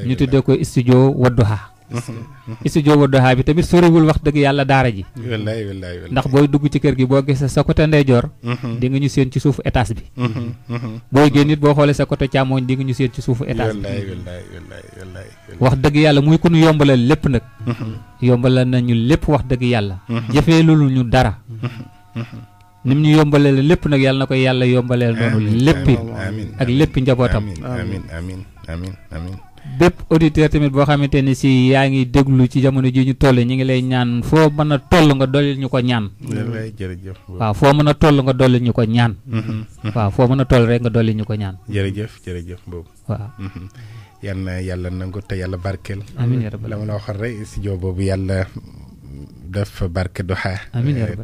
ñu tuddee ko studio Wadduha. studio Wadduha bi tamit soriwul wax dëgg yàlla daara ji ndax booy dugg ci kër gi boo gisee sa côté ndeyjoor mhm. di ñu seen ci suufu étage bi mhm, mhm. booy génn it boo xoolee sa côté càmmooñ di nga ñu seen ci suufu étage bi wax dëgg yàlla muy ku yombaleel lépp nag yombalal nañu lépp wax dëgg yàlla jëfee loolu ñu dara ni ñu yombaleel lépp nag yàlla na ko yàlla yombaleel noonu léppi ak léppi njabootam bépp auditeur tamit boo xamante ni si yaa ngi déglu ci jamono ji ñu toll ñu ngi lay ñaan foo mën a toll nga dolli ñu ko ñaan. Mm-hmm. jërëjëf waaw foo mën a toll nga dolli ñu ko ñaan. Mm-hmm. Mm-hmm. foo mën a toll rek nga dolli ñu ko ñaan. jërëjëf jërëjëf boobu. waaw. yal na yàlla te yàlla barkeel. amiin yaa rabbal la ma boobu yàlla. def barke Duha. amiin eh,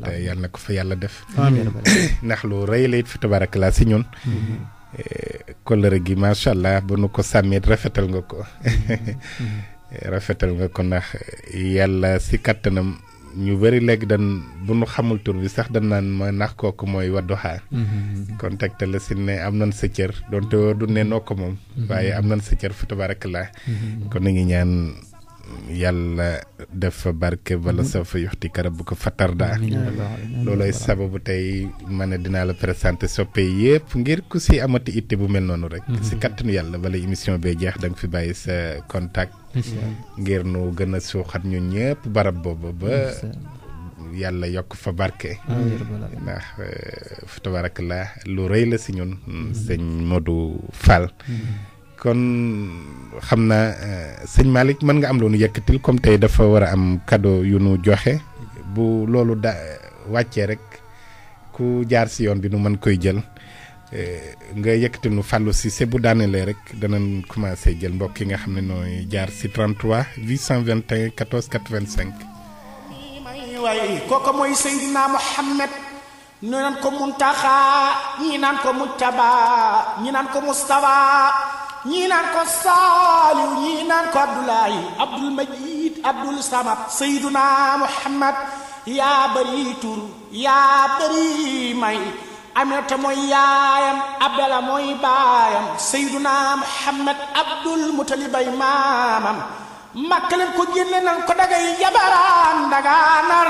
fa yàlla def. amiin ndax lu rëy la it fa tabaarakalaa si ñun. kóllëre gi macha allah ba nu ko sàmmit rafetal nga ko mm-hmm. rafetal nga ko ndax yàlla si kàttanam ñu bëri léegi dan bu nu xamul tur bi sax dan naan ma ndax kooku mooy Wadduha mm-hmm. kon tegtal la si ne am nan sa cër donte du ne noo ko moom mm-hmm. waaye am nan sa cër fa tabarakallah kon na ngi ñaan yàlla def fa barke bala mhm. sa fa yoxti karab bu ko fatarda loolooy sababu tey ma ne dinaa la présenté soppe yëpp ngir ku si amati itte bu mel noonu rek mhm. si kattanu yàlla bala émission bee jeex da fi bàyyi sa contact ngir nu gën a suuxat ñu ñëpp barab boobu ba yàlla yokk fa barke ndax eh, fa tabarakallah lu rëy la si ñun mhm. sëñ Modou Fall kon xam naa euh, sëñ Malick mën nga am loonu yëkkatil comme tey dafa war a am cadeau yu nu joxe bu loolu da wàccee rek ku jaar si yoon bi nu mën koy jël euh, nga yëkkatil nu fàllu si se bu daanelee rek danañ commencé jël mbokk yi nga xam ne nooy jaar si 33 821 14 85. waaye kooku mooy Seydina naan ko Muntaxa ñi naan ko Mujtaba ñi naan ko Mustafa ñii naan ko saaliw ñii naan ko abdoulahi abdul majid abdul samad sayduna muhammad yaa bëri tur yaa bëri may aminata mooy yaayam abdala mooy baayam sayduna muhammad abdul mutalibay maamam makka leen ko génne nan ko dagay jabaraan dagaanar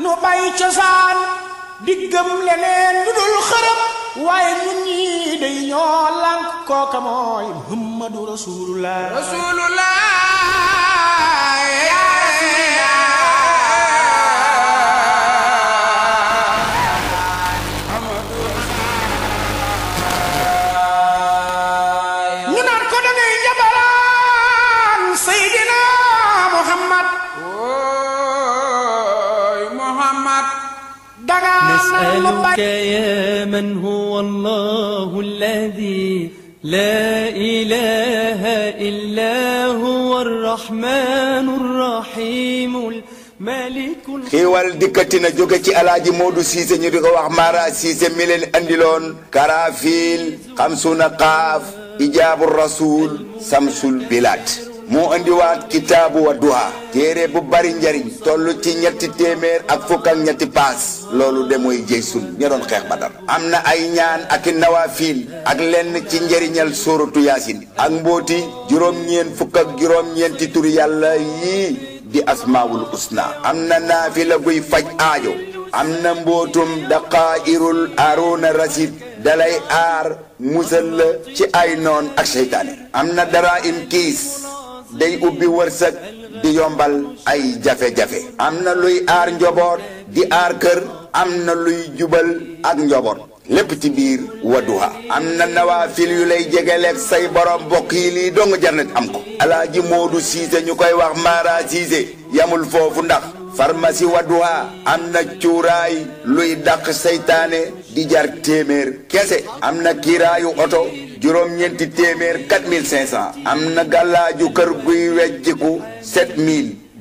nu bay cosaan di gëm leneen lu dul xërëm waaye nun ñi day ñoo lànk kooka mooy muhammadu rasulullah rasulullah xiiwal dikkati na jóge ci alaaji Modou Cissé ñu di ko wax Mara Cissé mi leen andiloon karafiil xamsuna xaaf ijaabu rasul samsul bilaat moo andiwaat kitaabu Wadduha téere bu bari njariñ toll ci ñetti téeméer ak fukk ñetti paas loolu de mooy jëy sun ña doon xeex Badar am na ay ñaan ak i ak lenn ci njariñal sóoratu yaasin ak mbóoti juróom-ñeen fukk ak juróom-ñeenti turi yàlla yii di asmaawul usna am na naafila guy faj ajo am na mbootum daqaa'irul aaroona rasid dalay aar musal ci ay noon ak seytaane am na dara im kiis day ubbi wërsëg di yombal ay jafe-jafe am na luy aar njoboot di aar kër am na luy jubal ak njoboot lépp ci biir Wadduha am na nawaafil yu lay jegeleeg say borom mbokk yi lii dong jar am ko alaaji Moodu Siise ñu koy wax Mara Siise yamul foofu ndax farmasi Wadduha am na cuuraay luy dàq seytaane di jar téeméer kese am na kiiraayu oto juróom-ñeenti téeméer 4500 am na gàllaaju kër guy wecciku 7000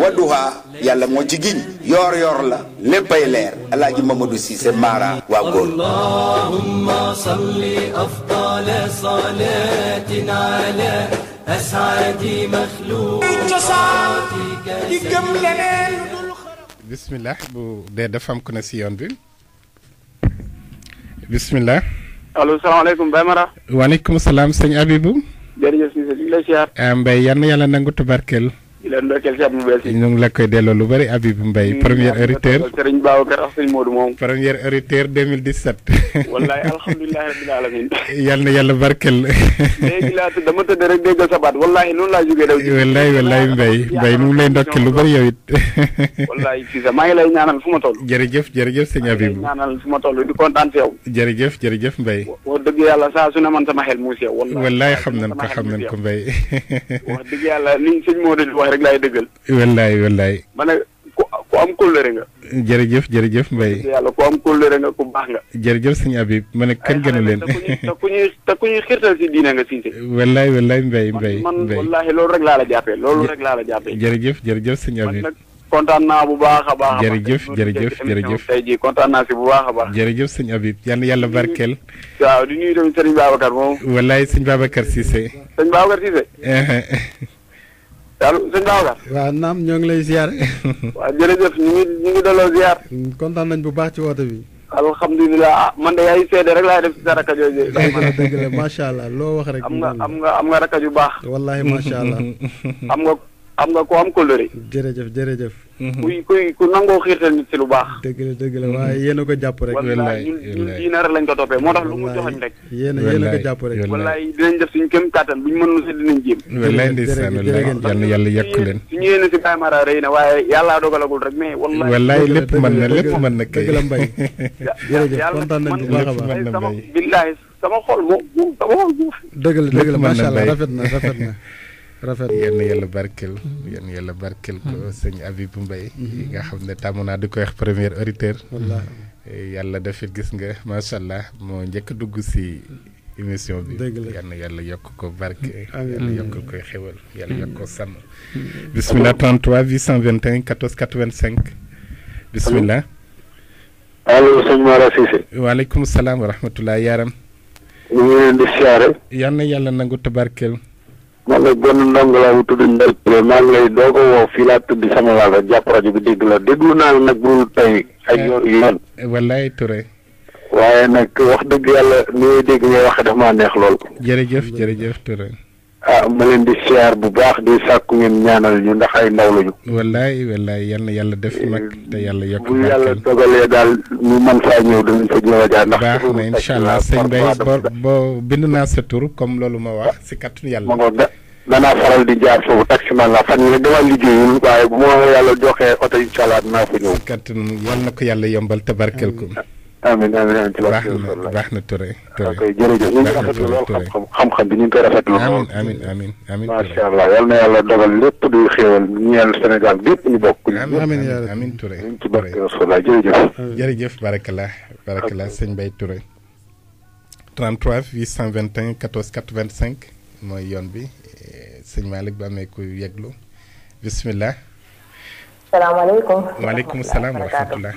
wadduha yàlla moo ci giñ yoor yoor la léppay leer alaaji mamadou Cissé Mara waa góor allahumma salli afdal salatin ala asadi makhluqatika di gëm leneen bismillah bu dee dafa am si yoon bi bismillah allo salaamaaleykum Baye Mara waaleykum salaam sëñ Abibou mbay yan yàlla nangu tubarkel di leen ndokkeel si at mu la koy delloo lu bëri Habib Mbaye. premier auditeur sëriñ Babacar ak sëriñ Modou moom. premier auditeur 2017. wallaay alhamdulilah rabbil yal na yàlla barkel. dama tëdd rek déggal sa baat wallaay noonu laa jógee daw. wallaay wallaay Mbaye Mbaye nu mu lay ndokkeel lu bëri yow it. maa ngi lay ñaanal fu ma toll. jërëjëf jërëjëf sëñ Habib. maa ngi lay ñaanal fu ma toll di kontaan si yow. jërëjëf wax dëgg yàlla saa su ne man sama xel mu sew. wallaay xam nañ ko xam nañ ko Mbaye. wax rek laay dëggal. wallaay wallaay. ma ne ku ku am kóllëre nga. jërëjëf jërëjëf Mbaye. yàlla ku am kóllëre nga ku baax nga. jërëjëf sëñ Habib ma ne kenn gënu leen. te ku ñuy te ku ñuy xirtal si diine nga siise. wallaay wallaay Mbaye Mbaye. man loolu rek laa a jàppee loolu rek laa la jàppee. jërëjëf jërëjëf sëñ Habib. kontaan bu baax a baax. jërëjëf jërëjëf jërëjëf tey jii kontaan naa si bu baax a baax. jërëjëf sëñ Habib yal na yàlla barkeel. waaw di nuyu tamit sëñ Babacar moom. wallaay sëñ Babacar Cissé. Uh-huh. allo sëñ Babacar. waaw naam ñoo ngi lay ziar. waaw jërëjëf ñu ngi ñu ngi delloo ziar. kontaan nañ bu baax ci woote bi. alhamdulilah ah man de yaay seede rek laay def ci sa rakka jooju. dëgg allah loo wax rek. am nga am nga am nga rakka ju baax. wallaahi macha allah. am nga. xam nga ko am kóllëre. jërëjëf jërëjëf. Mhm. kuy kuy ku nangoo xiirtal nit si lu baax. dëgg la dëgg la waaye yéen jàpp rek. wallaay ñun ñun lañ ko toppee moo tax lu mu joxoñ rek. yéen a yéen a ko jàpp rek. wallaay dinañ mën nu si dinañ jéem. wallaay ndeysaan wallaay leen. suñu yéene si Baye Mara na waaye yàllaa dogalagul rek mais. wallaay wallaay lépp mën na lépp mën na kay. dëgg la mbay jërëjëf kontaan nañ bu baax a baax. sama xol moo sama xol moo. dëgg la dëgg la macha allah rafet na rafet na rafet yenn yàlla barkel mm-hmm. yenn yàlla barkel ko mm-hmm. sëñ Habib Mbaye yi mm-hmm. nga xam ne di ko wax premier auditeur eh, yàlla dafit gis nga macha allah moo njëkk dugg si émission bi yal na yàlla yokk ko barke yàlla yokk koy xewal yàlla yokk ko sàmm bismillah 33 821 14 85 bismillah allo sëñ Mara Cissé waaleykum salaam wa rahmatullah yaaram ñu ngi leen di siyaare yal nangu tabarkel man la benn ndongo la bu tudd Ndiaye Touré maa ngi lay doo a woo fii laa tudd sama laa rek jàpp rajo bi dégg la déglu naa la nag bu tey ak yoon. Eh, wallaay Touré. waaye nag wax dëgg yàlla ni ngay dégg ngay wax dafa maa neex lool. jërëjëf jërëjëf ture ah ma leen di siyaar bu baax di sàkku ngeen ñaanal ñu ndax ay ndaw lañu. wallaay wallaay yal na yàlla def nag eh, te yàlla yokk. bu yàlla dogalee daal ñu mën saa ñëw dinañ fa ñëw a ndax. baax na incha allah sëñ Baye ba ba bind naa sa tur comme loolu ma wax si kàttu yàlla. ma ngoog da danaa faral di jaar foofu taximan la fan yii dama liggéeyul waaye bu ma yàlla joxee oto incha allah dinaa fa ñëw. kàttan yal na ko yàlla yombal tabarkel ko. امين امين انت بخير بحنا التري تري جري خم خم بنين تري فات امين امين امين امين ما شاء الله يلا يلا دبل لب دو خيول ني السنغال بيب ني بوك امين امين يا امين تري انت بخير جري جف جري جف بارك الله بارك الله سيغ باي تري 33 821 14 85 moy yone bi seigne malik ba meku yeglu bismillah salam alaykum wa alaykum salam wa rahmatullah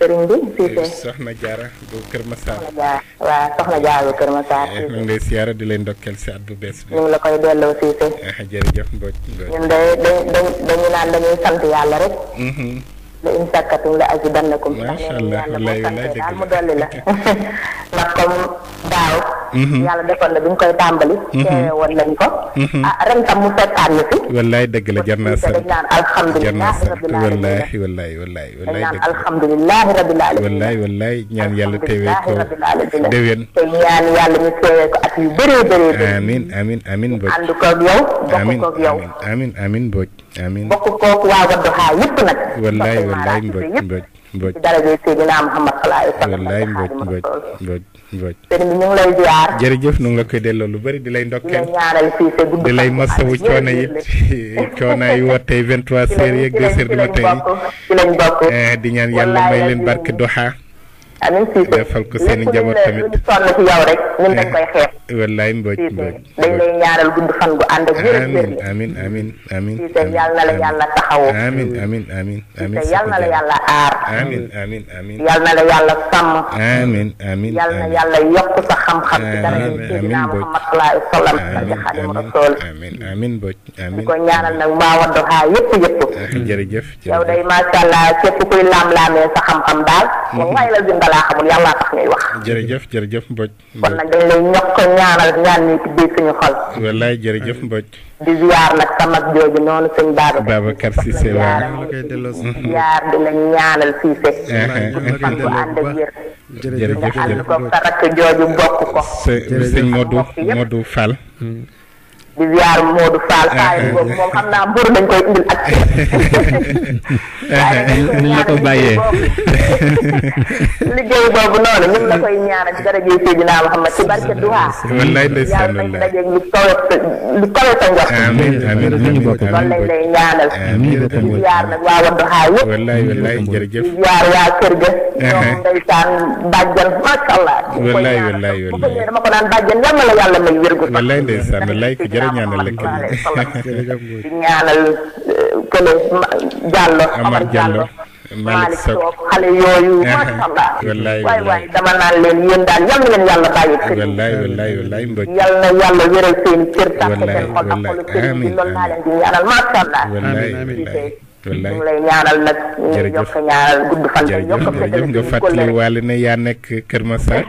sëriñ bi eh, Cissé soxna Diarra bu Kër Massar. waaw soxna Diarra bu Kër Massar. Eh, ñu ngi lay siyaara di lay ndokkeel si at bu bees bi. la koy delloo Cissé. Eh, jërëjëf Mbodj. ñun dañu naan dañuy sant yàlla rek. Mm-hmm. la in sakkatum la azidannakum ndax nee na yàlla boo daal mu dolli la ndax comme daaw mhm. yàlla defoon na bi ñu amiin bokk kooku waa Wadduha yëpp nag. wallaay wallaay mboj mboj mboj ci daraja Seydina jërëjëf nu ngi la koy delloo lu bari di lay ndokkeel di lay masawu coono it coono yi woote 23 heures yeeg 2 heures du matin yi eh, di ñaan yàlla may leen barke Duha. amiin Cissé defal ko seen i sonn ci yow rek. ñun dañ koy xeex. wallaay mbooj mbooj dañ lay ñaaral gudd fan gu ànd ak wér. amiin ah, day macha allah képp kuy laam-laamee sa xam-xam daal. Mm-hmm. laa xamul yàllaa tax ñuy wax. jërëjëf jërëjëf Mbodj. kon nag dañ lay ñokk ñaanal ñaan ñuy tibbee suñu xol. wallaay jërëjëf Mbodj. di ziar nag sama jooju noonu sëñ Babacar. Babacar Cissé waaw di la ñaanal Cissé. fan bu ànd ak yër. jërëjëf jërëjëf nga ànd jooju bokk ko. jërëjëf sëñ Modou Modou Fall. Mm. di ziar Modou Fall. xaay eh, eh, boobu eh. moom naa mburu dañ koy indil ak. waaye la ko bàyyee. boobu noonu ñu la koy ñaanal ci daraja Seydina Muhammad ci barke Duha. wallaay ndeysaan wallaay yàlla nañ dajeeg lu kawe sa ñaanal. waa Wadduha yëpp. wallaay wallaay jërëjëf. di ziar waa kër ga. ñoom ndeysaan allah. wallaay wallaay wallaay bu la yàlla may wér gu. jërë ñaanal la kenn di ñaanal euh, kële xale yooyu macha allah waay waay dama naan leen yéen daal yàlla bàyyi kër yi wallaay wallaay wallaay mbëgg yal cër tàkk ñaanal macha allah wallaay wallaay ñaanal nag ñu yokk ñaanal gudd fan yokk jërëjëf nga fàttali waale ne yaa nekk Kër Massar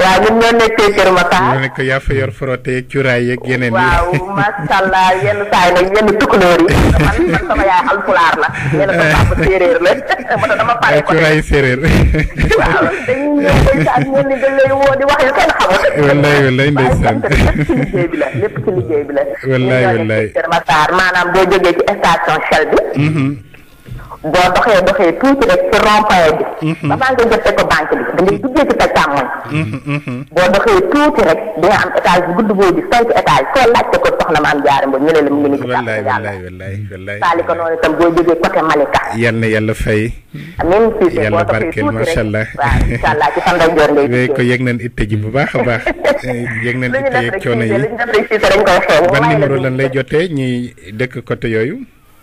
waaw ñun ñoo nekkee Kër Massar. ñu ne ko yaa yor frotté yeeg cuuraay yeeg yeneen waaw macha yenn saa nag yenn tukulóor yi. man man yaay alpulaar la. la. moo tax dama pare séeréer. waaw dañuy ñëw ndeysaan ñenn ñi dañ lépp ci liggéey bi la lépp ci liggéey bi la. wallaay wallaay maanaam boo jógee ci station Shell bi. Mm-hmm. boo doxee doxee tuuti rek ci rond-point bi. Mhm. avant nga jël ko banque bi da ngay mhm, mhm. doxee tuuti rek di am étage bu gudd boo gis cinq étage soo laajte ko soxna ma am jaaree ñu ne la mu ngi nii. ko noonu itam Malika. yal na yàlla fay. yàlla barkeel macha allah. waaw incha bu baax a eh, yi lu ñu def rek ñu lan lay jotee ñi dëkk côté yooyu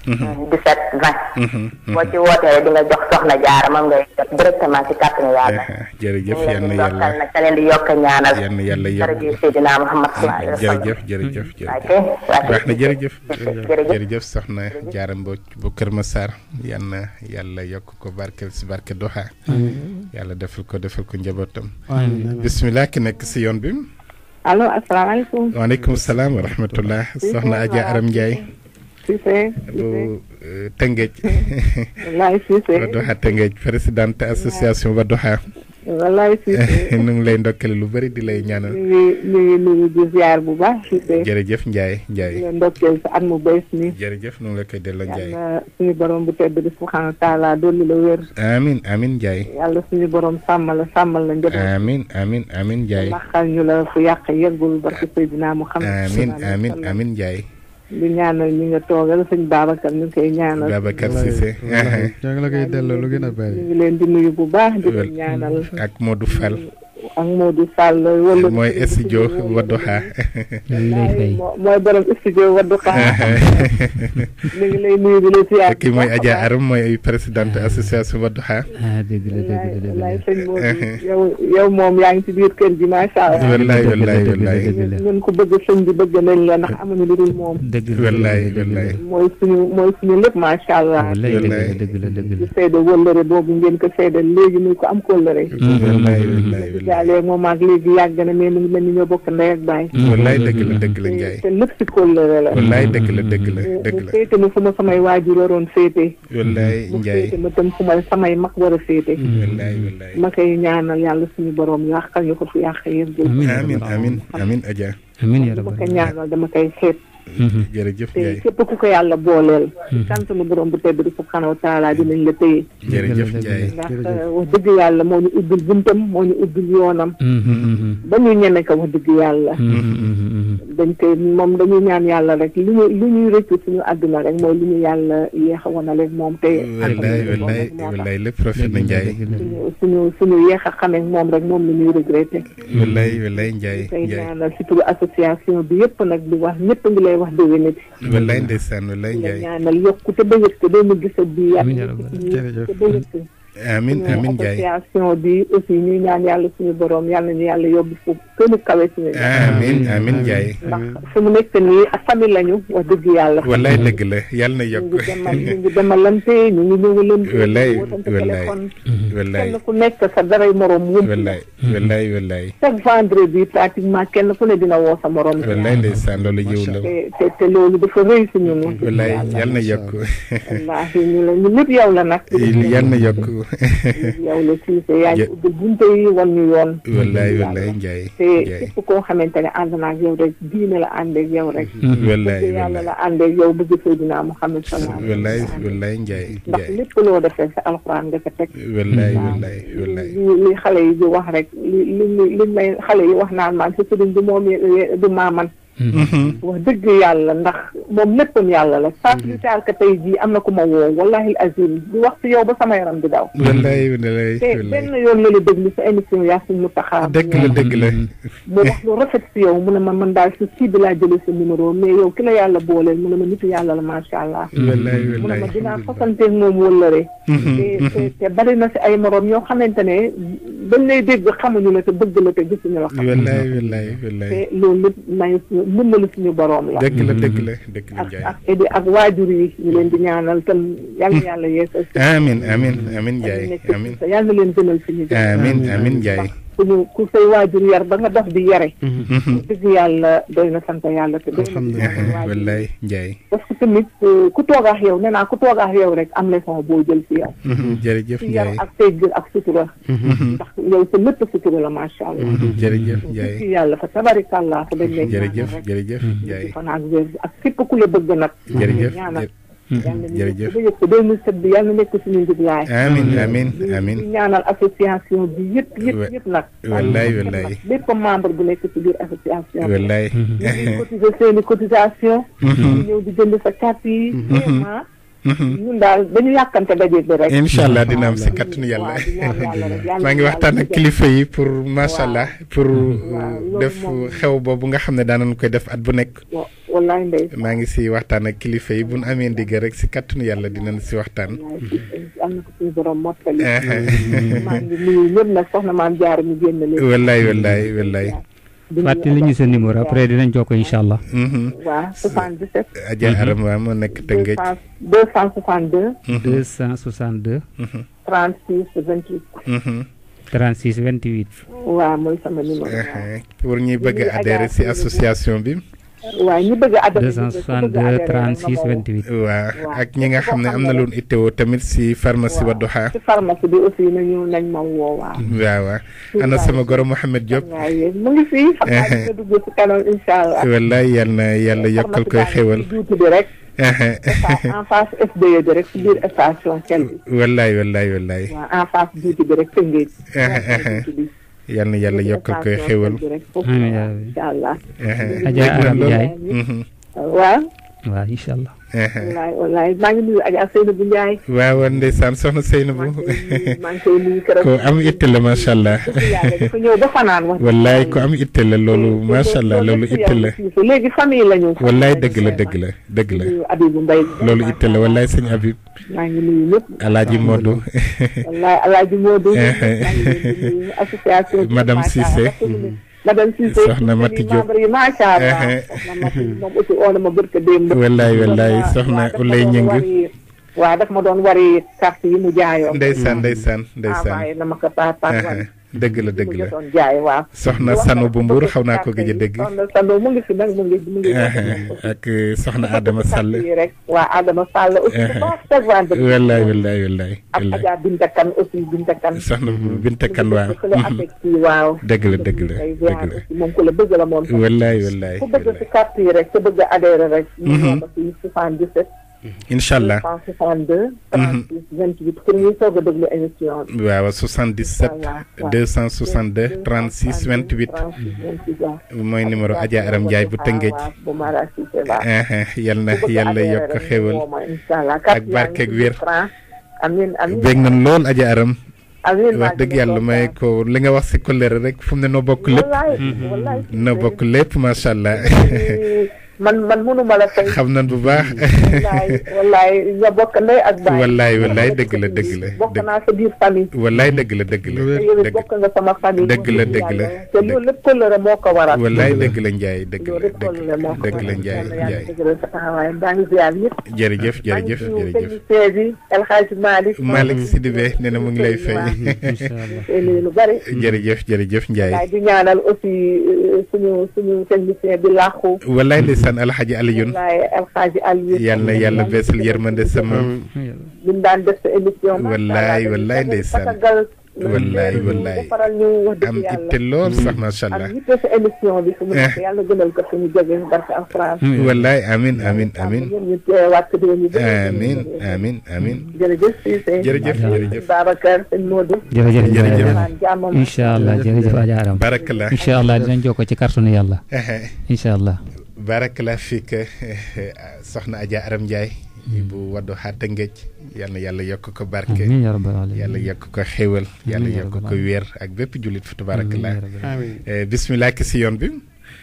17 mhm. 20. Mhm, mhm. boo ci wootee di eh, eh, jërëjëf na jërëjëf. jërëjëf soxna jaara Mbodj bu Kër Massar yal na yàlla yokk ko barkeel si barke Doxa. yàlla defal ko defal ko njabootam. bismillah ki nekk si yoon bi. allo asalaamaaleykum. waaleykum salaam wa soxna Adja Aram Ndiaye. Cissé bu eh, Tëngéej wallaay Cissé Wadduha Tëngéej présidente association Wadduha wallaay Cissé nu ngi lay ndokkale lu bëri di lay ñaanal ñu ngi nuyu di ziar bu baax Cissé jërëjëf Ndiaye Ndiaye la ndokkeel sa at mu bees mi jërëjëf nu ngi la koy delloo Ndiaye yàlla suñu borom bu tedd bi subhanahu taala dolli la wér amin amin Ndiaye ya yàlla suñu borom sàmmal la sàmmal la njëriñ ya amin amin amin Ndiaye ya maxal ñu la fu yàq yeggul barke Seydina Muhammad amin amin amin Ndiaye di ñaanal ñi nga toogal sëñ Babacar ñu ngi koy ñaanal. Babacar Cissé. ñoo ngi la koy delloo lu gën a bari. ñu leen di nuyu bu baax. di ko ñaanal ak Modou Fall. ak Modou Sall wala moy studio Wadduha moy borom studio Wadduha ni ngi lay nuyu di la ziar moy Adja Aram moy association deug ah, la deug la mo yow yow mom yaangi ci biir ma sha Allah wallahi wallahi wallahi ñun ko bëgg señ bi bëgg nañ la ndax lu dul mom deug wallahi wallahi moy suñu moy suñu lepp ma sha Allah wallahi deug la deug la bobu ngeen ko legi ko am ko wallahi wallahi Allé moom ak léegi yàgg na mais mu ngi mel ni ñoo bokk ndey ak baay. Mm-hmm. wallaay dëgg la dëgg la mm-hmm. Ndiaye. te lépp ci kóllëre la. wallaay dëgg la dëgg la mm-hmm. dëgg la. féete ma fu ma samay waajur waroon féete. féete ma tam fu ma samay mag a wallaay wallaay. ma koy ñaanal yàlla suñu borom yàqal ñu ko fi yàq yëpp. amiin amiin amiin Adja. amiin yaa rabbal dama koy ñaanal dama koy xeet. Mm-hmm. jërëjëf te képp ku ko yàlla booleel. sant mm-hmm. sunu borom bu tedd bi subhanahu wa taala dinañ la téye. jërëjëf Ndiaye ndax uh, wax dëgg yàlla moo ñu ubbil buntam moo ñu ubbil yoonam. Mm-hmm, ba ñu ñeme yàlla. dañ koy moom dañuy ñaan yàlla rek li ñu li ñuy rëccu suñu àdduna rek mooy li ñu yàlla yeex a wanaleeg moom te. wallaay wallaay wallaay a xamee moom rek moom la ñuy regretté. association bi yëpp nag di wax ñëpp ngi lay wax déwénati. wallaay ndeysaan wallaay Ndiaye ñaanal yokku te ba yëg te doo ma gis ak biir. amiin yaa rabbal aalamiin jërëjëf te amiin amiin Ndiaye bi aussi ñuy ñaan yàlla suñu borom yàlla ñu yàlla yóbbu fu gën a kawe suñu. amiin amiin Ndiaye. ndax fu mu nekk nii la yàlla na yokk. ñu ngi demalante ñu ngi ñëwalante. wallaay wallaay mm-hmm. wallaay kenn ku nekk sa daray morom. sa morom. la. te yàlla yàlla na buur yow la Cissé yaa ngi ubbi bunte yi wan ñu yoon wallaay wallaay Njaay te képp koo xamante ne ànd naa ak yow rek diine la àndeek yow rek mhm. wallaay yàlla la àndeek yow bëgg Seydina Muhammad sallallahu wallaay wallaay Njaay ndax lépp loo defee sa alxuraan nga ko teg wallaay wallaay wallaay li xale yi di wax rek li li li may xale yi wax naan maan sa sëriñ du moom du maaman wax dëgg yàlla ndax moom léppam yàlla la saa suñu taal ka tey jii am na ku ma woo wallahi azim di wax si yow ba sama yaram di daw wallahi wallahi te benn yoon la la déglu sa émission yaa suñ mu taxaa dëgg la dëgg la mu wax lu rafet si yow mu ne ma man daal si kii bi laa jëlee sa numéro mais yow ki la yàlla booleel mu ne ma nitu yàlla la macha allah wallahi wallahi mu ne ma dinaa fasanteeg moom wëllëre te te bari na si ay morom yoo xamante ne dañ lay dégg xamuñu la te bëgg la te gisuñu la xam wallahi wallahi wallahi te loolu lépp ndimbalu suñu borom la. dëgg la dëgg la dëgg la Ndiaye ak ak waajur yi ñu leen di ñaanal tam yal na yàlla yeesal. amiin amiin amiin Ndiaye amiin yal na leen ku say waajur yar ba nga dox di yare mm-hmm. dëgg yàlla doy na sant yàlla te doy na wallaay Ndiaye parce que tamit euh, ku toogaax yow nee naa ku toogaax yow rek am leçon boo jël si yow mm-hmm. jërëjëf si ak sutura mm-hmm. ndax yow sa lépp sutura la macha allah jërëjëf Ndiaye dëgg yàlla fa tabarikàllaa fa dañ lay jërëjëf jërëjëf Ndiaye fan ak wér ak képp ku la bëgg Mm-hmm. jërëjëf yàlla ko 2007 bi yàlla nekk suñu njublaay. amiin amiin amiin di ñaanal association bi yëpp yëpp yëpp nag. wallaay wallaay bépp membre bu nekk ci biir association bi. wallaay. ñu ngi cotiser seen i cotisation. Mm-hmm. ñëw di jënd sa carte yi. Mm-hmm. vraiment. Mm-hmm. ñun daal allah dina am si kàttanu yàlla. maa ngi waxtaan ak kilifa yi pour macha allah. pour euh, def xew boobu nga xam ne daanañ koy def at bu nekk. maa ngi si waxtaan ak kilifa yi bu nu amee ndigg rek si kàttanu yàlla dinañ si waxtaan. am na wallaay wallaay wallaay. fàttali ñu sa numéro après dinañ jokkoo incha allah. Mm-hmm. waaw 77. Adja mm-hmm. moo nekk Tëngéej. 262. 262. 36 28. 36 28. waaw mooy sama numéro. Eh, eh, pour ñuy bëgg adhérer ci association bi. waaw ñi bëgg a adhéré 262 36 28. ak ñi nga xam ne am na lu itteewoo tamit si pharmacie Wadduha. si pharmacie bi aussi nañu nañ ma woo waaw. waaw ana sama goro Mouhamed Diop. waaw mu yàlla yokkal koy xéwal. juuti bi rek. en face FDE bi rek si biir station Kell bi. wallaay en yal na yàlla yokkal ko xéwal. amiin incha allah. Eh, eh, eh, mhm. waaw. waaw incha allah. wallaay eh. wallaay maa ngi nuyu soxna Seynabou. maa ngi am itte la macha allah. wallaay ku am itte la loolu macha allah loolu itte la. wallaay dëgg la dëgg la dëgg la. loolu itte la wallaay sëñ Abib. maa ngi nuyu ñëpp. Alaaji madame Cissé soxna Mati Diop macha allah moom aussi oo na ma bërka démb wallaay wallaay soxna Ulay Ñëng waaw daf ma doon wari carte yi mu jaayoon ndeysaan ndeysaan ndeysaan na ma ko paat paat dëgg la dëgg la jaay waaw soxna Sanu bu Mbour xaw naa ko gëj a dégg. soxna Sanu mu ngi fi nag mu ngi mu ngi. ak euh, soxna Adama Sall. rek waa Adama Sall. aussi wallaay wallaay wallaay. ak Adja Binta Kane aussi Binta Kane. soxna Binta Kane waaw. Mhm. waaw. dëgg la dëgg la dëgg la. moom ku la bëgg la moom. wallaay wallaay. ku bëgg si carte yi rek ku bëgg adhéré rek. ñu mhm. ngi ko si 77. incha allah 72. 36 28 pour ñuy soog a déglu émission bi. waaw mooy numéro Adja Aram bu Tëngéej. Eh, eh, eh, yal na yàlla yokk xéwal. ak barkeeg wér. bég na lool Adja wax dëgg yàlla may ko li nga wax si kolere rek fu ne noo bokk lépp. noo bokk lépp macha man man mënuma la fay. xam nañ bu baax. wallaay wallaay nga bokk ndey ak baay. wallaay wallaay dëgg la dëgg la. bokk naa sa biir famille. wallaay dëgg la dëgg la. dëgg bokk nga sama famille. dëgg la dëgg la te loolu lépp kóllëre moo ko waral. wallaay dëgg la Ndiaye dëgg la dëgg la Ndiaye Ndiaye. maa ngi ziar ñëpp. jërëjëf jërëjëf jërëjëf. El Hadj Malick. Malick Sidibé nee na mu ngi lay fay. lu bari. jërëjëf jërëjëf Ndiaye. di ñaanal aussi euh, suñu suñu technicien bi làqu. wallaay fan alxaaji Alioune wallaay alxaaji Alioune yàlla yàlla eh. amin amin amin amin amin amin jërëjëf jërëjëf jërëjëf Babacar jërëjëf jërëjëf incha allah jërëjëf Adja Aram allah dinañ jokkoo barakala fiik soxna Adja Aram Ndiaye mm. bu Wadduha Tëngéej yal yàlla yokk ko barke yàlla yokk ko xéwal yàlla yokk ko wéer ak bépp jullit fa tabarakallah eh, bismillah ki si yoon bi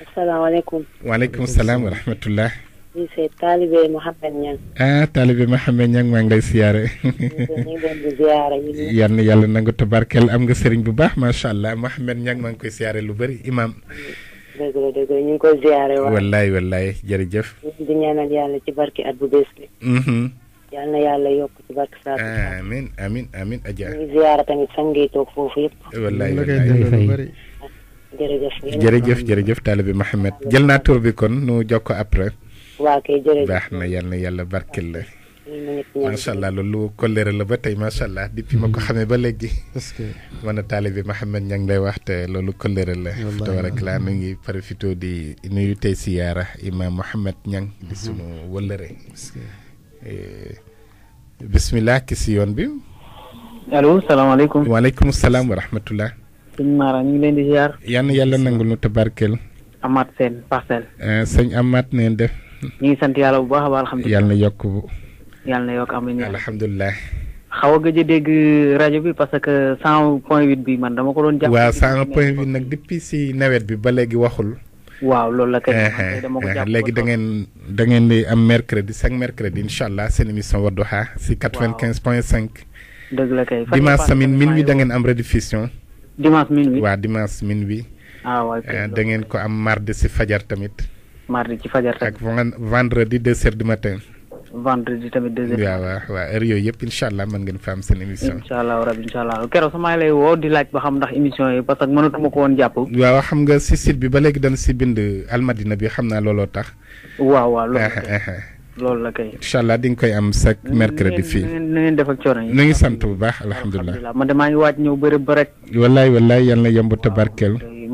asalaamaaleykum waaleykum salaam wa rahmatullah ñu seet taalibe ah, maa ngi lay siyaare yàlla nangu tabarkel am nga sëriñ bu baax macha allah Mouhamed Niang maa ngi koy siyaare lu bëri imam dëgg la dëgg ñu ngi koy ziare waay. wallaay wallaay jërëjëf. di ñaanal yàlla ci barki at bu bees bi. Mm-hmm. yal yàlla yokk ci barki saa. amiin amiin amiin Adja. ñu ngi ziare tamit fan ngay toog foofu yëpp. wallaay wallaay jërëjëf jërëjëf jël naa tur nu jokkoo après. waa kay jërëjëf baax na yal yàlla barkeel la. macha allah loolu kolleere la ba tey macha allah depuis ma ko mm. xamee ba léegi. est-ce que man a taalibe Mouhamed ña ngi lay wax te loolu kolleere la. tabaraka laa mi ngi profité di nuyu tey siyaara imaam Mouhamed Ñang di mm-hmm. sunu wëllëre. Eh, bisimilah ki si yoon bi. allo salaamaaleykum. waaleykum salaam wa rahmatullah. sëñ Mara ñu ngi leen di yàlla nangul nu tabarkeel. Amath Sène parcelle. Eh, sëñ Amath neen def. ñu ngi sant yàlla bu baax a yàlla na yokk. yàlla na yokk amin yàlla alhamdulilah xaw a gëj a dégg rajo bi parce que cent point huit bi man dama ko doon jàpp waaw cent point huit nag depuis si nawet bi ba léegi waxul waaw loolu la kay eh, eh, dama ko eh, jàpp léegi da ngeen da ngeen di am mercredi chaque mercredi incha allah seen émission Wadduha si quatre vingt quinze point cinq dëgg la kay dimanche tamit minuit da ngeen am rediffusion dimanche minuit waaw dimanche minuit ah waay da ngeen ko am mardi si fajar tamit mardi ci fajar tamit ak vendredi deux heures du matin vendredi tamit deuxième. waaw waaw waaw heure yooyu yëpp incha allah mën ngeen fa am seen émission. incha allah rabi incha allah keroog sama lay woo di laaj ba xam ndax émission yi parce que mënatuma ko woon jàpp. waaw xam nga si site bi ba léegi dañ si bind almadina bi xam naa looloo tax. waaw waaw loolu loolu la kay. incha allah di nga koy am sa mercredi fii. nu ngeen def ak coono yi. ñu ngi sant bu baax alhamdulilah. man de maa ngi waaj ñëw bërëb ba rek. wallaay wallaay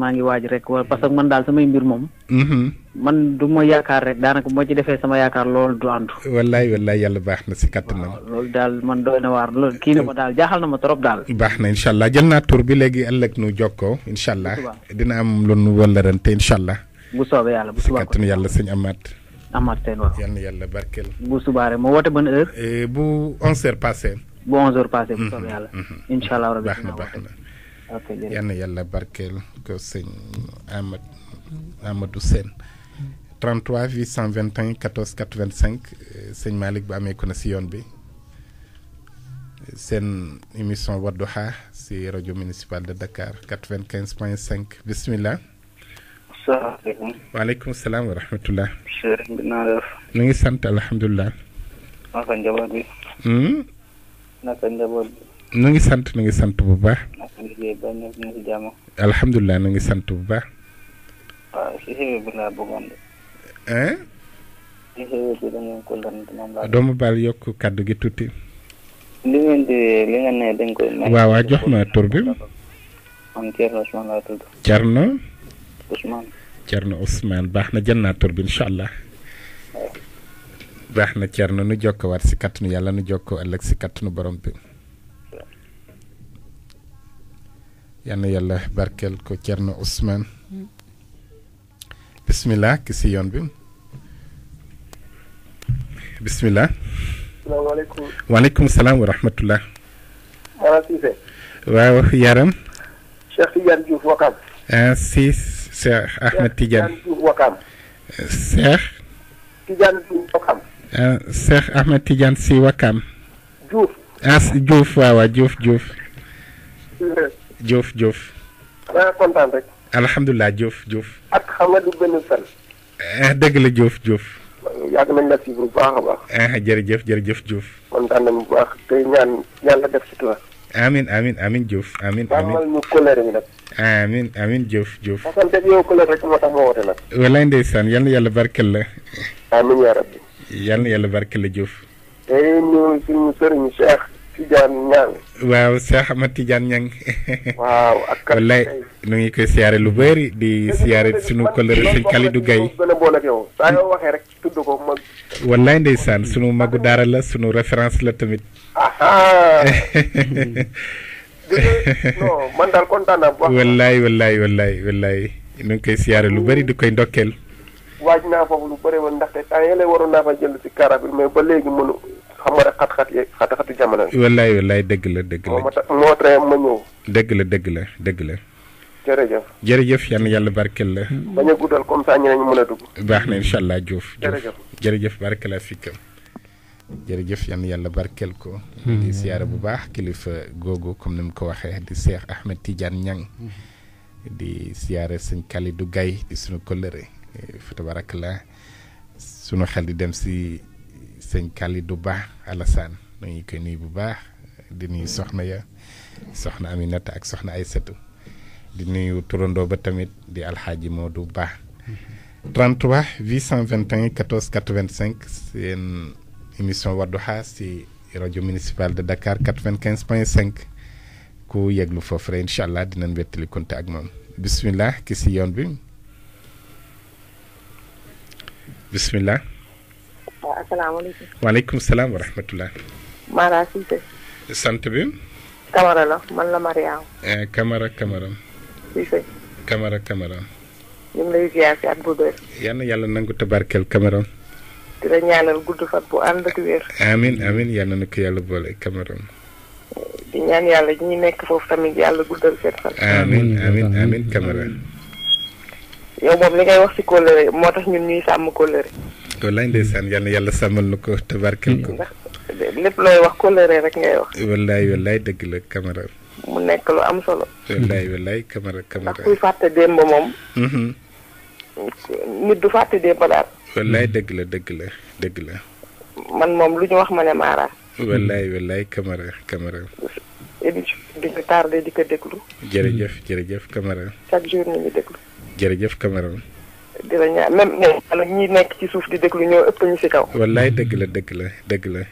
maa ngi waaj rek parce que man mm-hmm. ma yaakaar rek daanaka bu ci defee sama yaakaar loolu du àndu. wallaay wallaay yàlla baax na si kattanam. loolu daal man doy na waar loolu kii na ma daal jaaxal na ma trop daal. baax na incha allah jël naa tur bi léegi ëllëg nu jokkoo incha allah. dina am lu nu wëllarante incha allah. bu soobee yàlla bu yàlla sëñ Amath Amath Sène waaw. yal na yàlla barkeel. bu subaaree ma woote bonne heure. Eh, bu onze heures passé. bu onze heures passé. bu mhm, soobee yàlla. Mhm, mhm. incha allah rabi baax na baax na. ok jërëjëf na yàlla barkeel ko sëñ Amath Amadou Sène. 33 821 14 85 sëñ Malick bu amee ko na si yoon bi. seen émission Wadouha si rajo municipal de Dakar 95 point 5 bismillah. salaamaaleykum. waaleykum salaam wa rahmatulah. sëriñ bi naa def. ñu ngi sant alhamdulilah. naka njaboot bi. naka eh? gitu, njaboot bi. ñu ngi sant ngi sant bu baax. naka liggéey ba ñëpp ñu ngi jàmm. alhamdulilah ngi sant bu baax. waaw de. si bi ko Ousmane. Thierno Ousmane baax na jël bi incha allah. baax na Thierno nu jokkowaat si kàttanu yàlla nu jokkoo ëllëg si kàttanu borom bi. yal yàlla barkeel ko Thierno Ousmane. bisimilah ki si yoon bi. bisimilah. salaamaaleykum. waaleykum waaw yaram. Ah, Cheikh Ahmed Tidiane Cheikh. Ah, Tidiane si Wakaam. Diouf as Diouf waaw waaw Diouf alhamdulilah Diouf Diouf. ak xam nga du benn fan. Ah, dëgg la Diouf Diouf. yàgg nañ la si bu baax a baax. jërëjëf jërëjëf Diouf. kontaan nañ bu baax amin amin amin Diouf amin amin amal ñu kóllëre bi nag. amin amin Diouf Diouf. ma sant yow kóllëre rek moo tax ma woote nag. walaay ndeysaan yal na yàlla barkel la. amin yaa rabbi. yal na yàlla barkel la Diouf. tey ñu suñu sëriñ Cheikh. Tidiane Niang. waaw Cheikh Ahmad Tidiane Niang. waaw wallaay nu ngi koy siyaare lu bari di siyaare sunu kóllëre sëñ Kalidou Gaye. saa yoo waxee rek tudd ko mag. wallaay ndeysaan sunu magu daara la sunu référence la tamit. wallaay wallaay wallaay nu ngi koy siyaare lu bëri di koy ndokkeel. waaj naa foofu lu bëri woon ndaxte temps yële waroon naa fa jël si carab mais ba léegi mënu. xam nga rek xat-xat yi xat-xatu jamono yi. wallaay wallaay dëgg la dëgg la moo tax dëgg la dëgg la dëgg la. yàlla barkeel la. bañ guddal comme ça ñeneen ñu mën a dugg. baax na incha allah Diouf. jërëjëf jërëjëf barkeel fikam jërëjëf yal na yàlla barkeel ko. Hmm. di bu baax kilifa googu comme ni mu ko waxee di Cheikh Ahmed Tidiane Niang. Hmm. di siyaare sëñ Kalidou Gaye di suñu kolëre eh, fa tabarakallah sunu xel di dem si. sëñ kali Ba alasan, dañuy koy nuyu bu baax di nuyu soxna ya soxna Aminata ak soxna setu di nuyu turandoo ba tamit di alxaaji Modou Ba 33 821 14 85 seen émission Wadduha si radio municipal de Dakar 95.5, point ku yeglu ya foofu re incha allah dinañ wettali konte ak moom bismillah ki si yoon bi bismillah waaw asalaamaaleykum. waaleykum salaam wa rahmatulah. Mara Cissé. sant bi. Camara la man la Mariama. Eh, Camara Camara. Cissé. Camara Camara. ñu ngi lay ziar si bu bees. yal na yàlla nangu tabarkeel Camara. di la ñaanal gudd fat bu ànd ak wér. amiin amiin yal na yàlla boole Camara. di ñaan yàlla ñi nekk foofu tamit yàlla guddal seen fan. amiin amiin amiin yow moom li ngay wax si kóllëre moo tax ñun ñuy sàmm kóllëre. wallaay hmm. ndeysaan yal yàlla sàmmal na ko te ko. Hmm. lépp looy wax kóllëre rek ngay wax. wallaay wallaay dëgg la Camara. mu nekk lu am solo. wallaay wallaay Camara Camara. Hmm. du fàtte démb di ko déglu. jërëjëf jërëjëf Camara. chaque jour ñu déglu. jërëjëf Camara. di la ñaan même ñoom ñi nekk ci suuf di déglu ñoo ëpp ñu si kaw. wallaay dëgg la dëgg la dëgg la.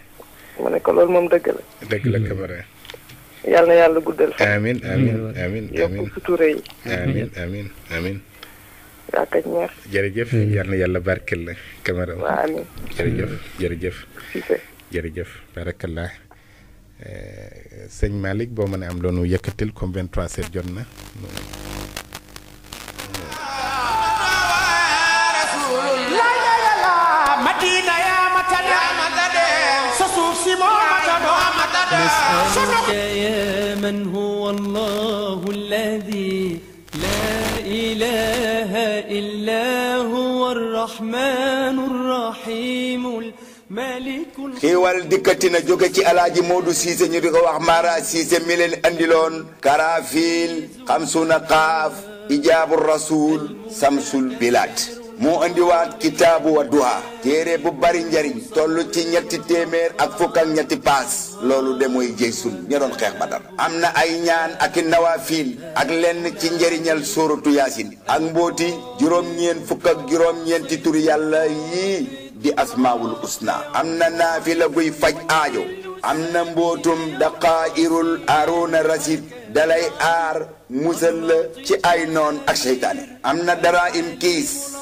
ma loolu moom dëgg la. dëgg la Camara. yàlla na yàlla guddal fa. amiin amiin amiin yokk sutura yal na yàlla barkeel la Camara. waaw amiin jërëjëf barakallah eh, sëñ Malick boo mën a am loonu yëkkatil comme 23 heures jot na. diina yaa ma tane sa suuf si moo ma tane نسألك يا من هو الله الذي لا إله إلا هو الرحمن الرحيم الملك xiiwal dikkati na jóge ci alaaji Modou Cissé ñu di ko wax Mara Cissé mi leen andiloon karafiil xamsuna xaaf ijaabu rasul samsul bilaat moo indiwaat kitaabu Wadduha téere bu bari njariñ toll ci ñetti téeméer ak fukk ñetti paas loolu de mooy jëy sun ña doon xeex Badar am na ay ñaan ak i nawafiil ak lenn ci njariñal sóoratu yaasin ak mbóoti juróom-ñeen fukk juróom-ñeenti turi yàlla yii di asmaawul usna am na naafila buy faj aajo am na mbootum daqaayirul aruuna rasid dalay aar musal la ci ay noon ak seytaane am na dara im kiis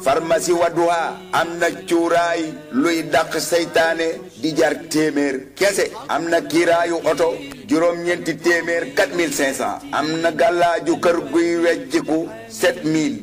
pharmacie Wadduha am na cuuraay luy dàq seytaane di jar téeméer kese am na kiiraayu oto juróom-ñeenti téeméer 4500 am na gàllaaju kër guy wejjiku 7000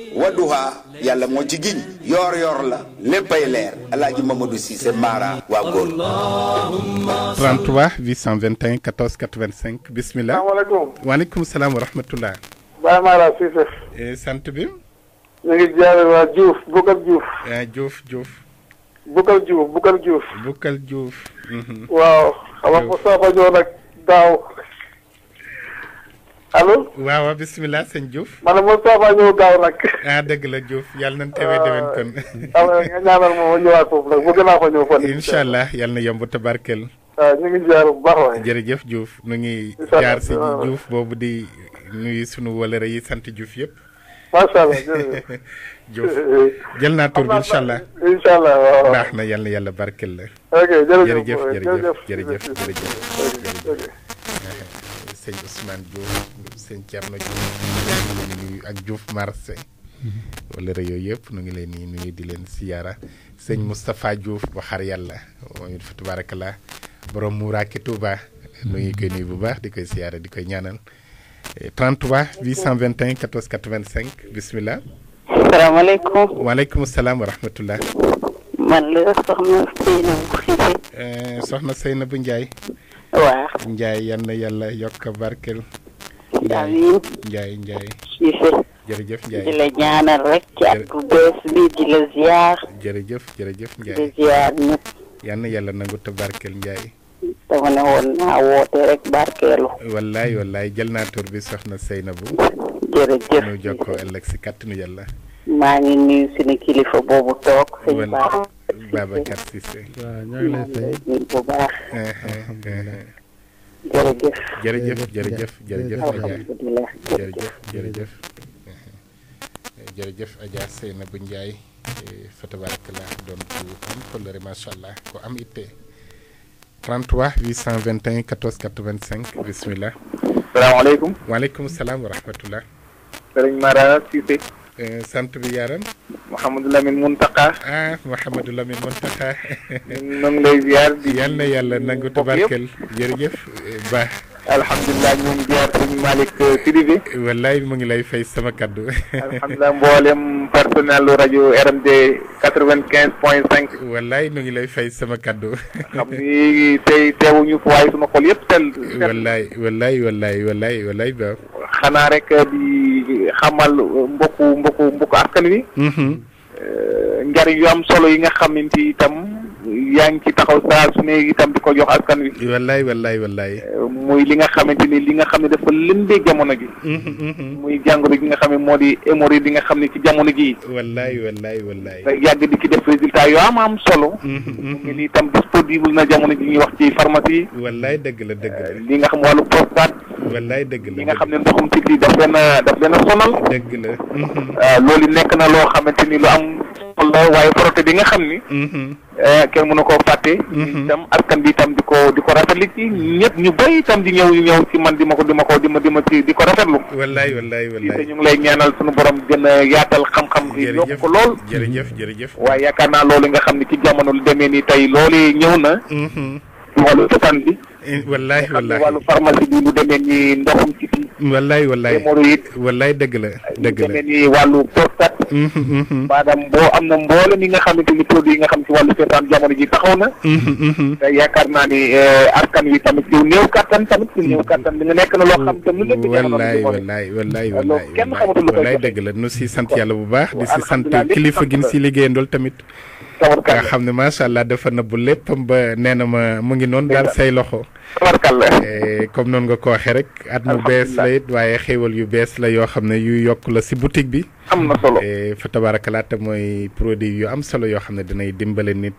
wadduha yàlla moo ci giñ yoor yoor la léppay leer alaaji Mamadou Cissé Mara waa góor 33 821 bismillah waaleykum salaam wa rahmatullah Baye Mara Cissé eh, sant bi ñu ngi jaare waa Diouf Bukar Diouf ah waaw xam nga Moustapha ñoo daaw allo waaw waaw bisimilah sëñ Diouf. ma ne Moussa Ba ñëw gaaw nag. ah dëgg la Diouf yàlla nañ tewee ah, déwén kon. xam nga ñaanal ma ma foofu nag bëgg naa ko ñëw fan. incha allah na yomb tabarkel. waaw ah, ñu ngi ziar jërëjëf Diouf nu ngi. jaar si Diouf boobu di nuyu sunu wëlëre yi sant Diouf yëpp. macha allah jërëjëf. Diouf jël naa tur bi incha allah. incha allah waaw na yàlla barkel la. jërëjëf jërëjëf jërëjëf sëñ Ousmane Diouf sëñ Thierno Diouf ak Diouf Marse wala réew yooyu yëpp nu ngi leen nii nuyu di leen siyaara sëñ Moustapha Diouf bu xar yàlla moom fa tabaarakalla borom Mouraaki Touba nu ngi koy nuyu bu baax di koy siyaara di koy ñaanal 33 821 85 bismillah. salaamaaleykum. waaleykum salaam wa rahmatullah. man la soxna Seynabou Xefe. Eh, soxna waaw Ndiaye yal na yàlla yokk barkel. amiin Ndiaye Ndiaye jërëjëf Ndiaye di la ñaanal rek. ci at bu bees bi di la ziar. jërëjëf jërëjëf Ndiaye di na yàlla nangu te nu jokkoo maa ngi nuyu suñu kilifa boobu toog. sëñ Ba. Babacar Cissé. waaw ñoo ngi lay fay bu baax. Eh, eh, eh. jërëjëf jërëjëf jërëjëf jërëjëf Adja jërëjëf jërëjëf jërëjëf Adja Seynabou fa tabarakallah doon ku am kóllëre macha allah ku am itte 33 821 14 85 bisimilah. salaamaaleykum. waaleykum salaam wa Eh, sant bi yaram. Mouhamadou Lamine Mountakha. ah Mouhamadou Lamine Mountakha. ñun lay ziar di. yal nangu tubarkel jërëjëf Ba. alhamdulilah ñu ngi ziar sëñ Malick euh, Sidibé. mu ngi lay fay sama kaddu. alhamdulilah mboolem personnel rajo RMD quatre vingt quinze mu ngi lay fay sama kaddu. xam xanaa rek bi xamal mbokk mbokk mbokku askan wi. Mm-hmm. Euh, njariñ yu am solo yi nga xamante itam yaa ngi ci taxaw saa su ne itam di ko jox askan wi. wallaay wallaay wallaay. Euh, muy li nga xamante ni li nga xam ne dafa lëndee jamono ji. Mm-hmm. muy jàngoro ji nga xam ne moo di hémorroïde yi nga xam ne ci jamono jii. wallaay wallaay wallaay. yàgg di ci def résultat yu am am solo. Mm-hmm. mu ngi itam disponible na jamono ji ñuy wax ci pharmacie yi. wallaay dëgg la dëgg la. Euh, li nga xam wàllu prostate. wallaay dëgg la li nga xam ne ndoxum tig yi daf leen a daf leen a sonal. dëgg la. Mhm. Euh, loolu nekk na loo xamante ni lu am solo waaye proté bi nga xam ni. Mhm. Euh, kenn mënu koo fàtte. Mhm. itam askan bi itam di ko di ko rafetlu ci ñëpp ñu béy itam di ñëw ñëw ci man di ma ko di ma ko di ma di ma ci di ko rafetlu. wallaay wallaay wallaay te ñu ngi lay ñaanal suñu borom gën a yaatal xam-xam. di yokk ko lool jërëjëf jërëjëf waaye yaakaar naa loolu nga xam ne ci jamono lu demee nii tey loolu ñëw na. ci wàllu bi. wallaay eh, wallaay wàllu pharmacie bi lu demee ni ndoxum ci fii. wallaay wallaay dëgg la dëgg la lu wàllu prostate. maanaam boo am na mboole mi nga xamante ni produit yi nga xam si wàllu seetaan jamono ji taxaw na. yaakaar naa ni eh, askan wi tamit yow néew kattan tamit si néew kattan bi nga nekk na loo xam te lu nekk jamono ji wallaay wallaay la nu si sant yàlla bu baax di si sant kilifa gi si liggéeyandool tamit tabarkalla xam ne macha allah dafa nëbbu léppam ba nee na ma mu ngi noonu daal say loxo. tabarkalla eh, comme noonu nga ko waxee rek. at mu bees la waaye xéewal yu bees la yoo xam ne yu yokk la si boutique bi. am na solo eh, fa tabarakalla te mooy produit yu am solo yoo xam ne dinay dimbale nit.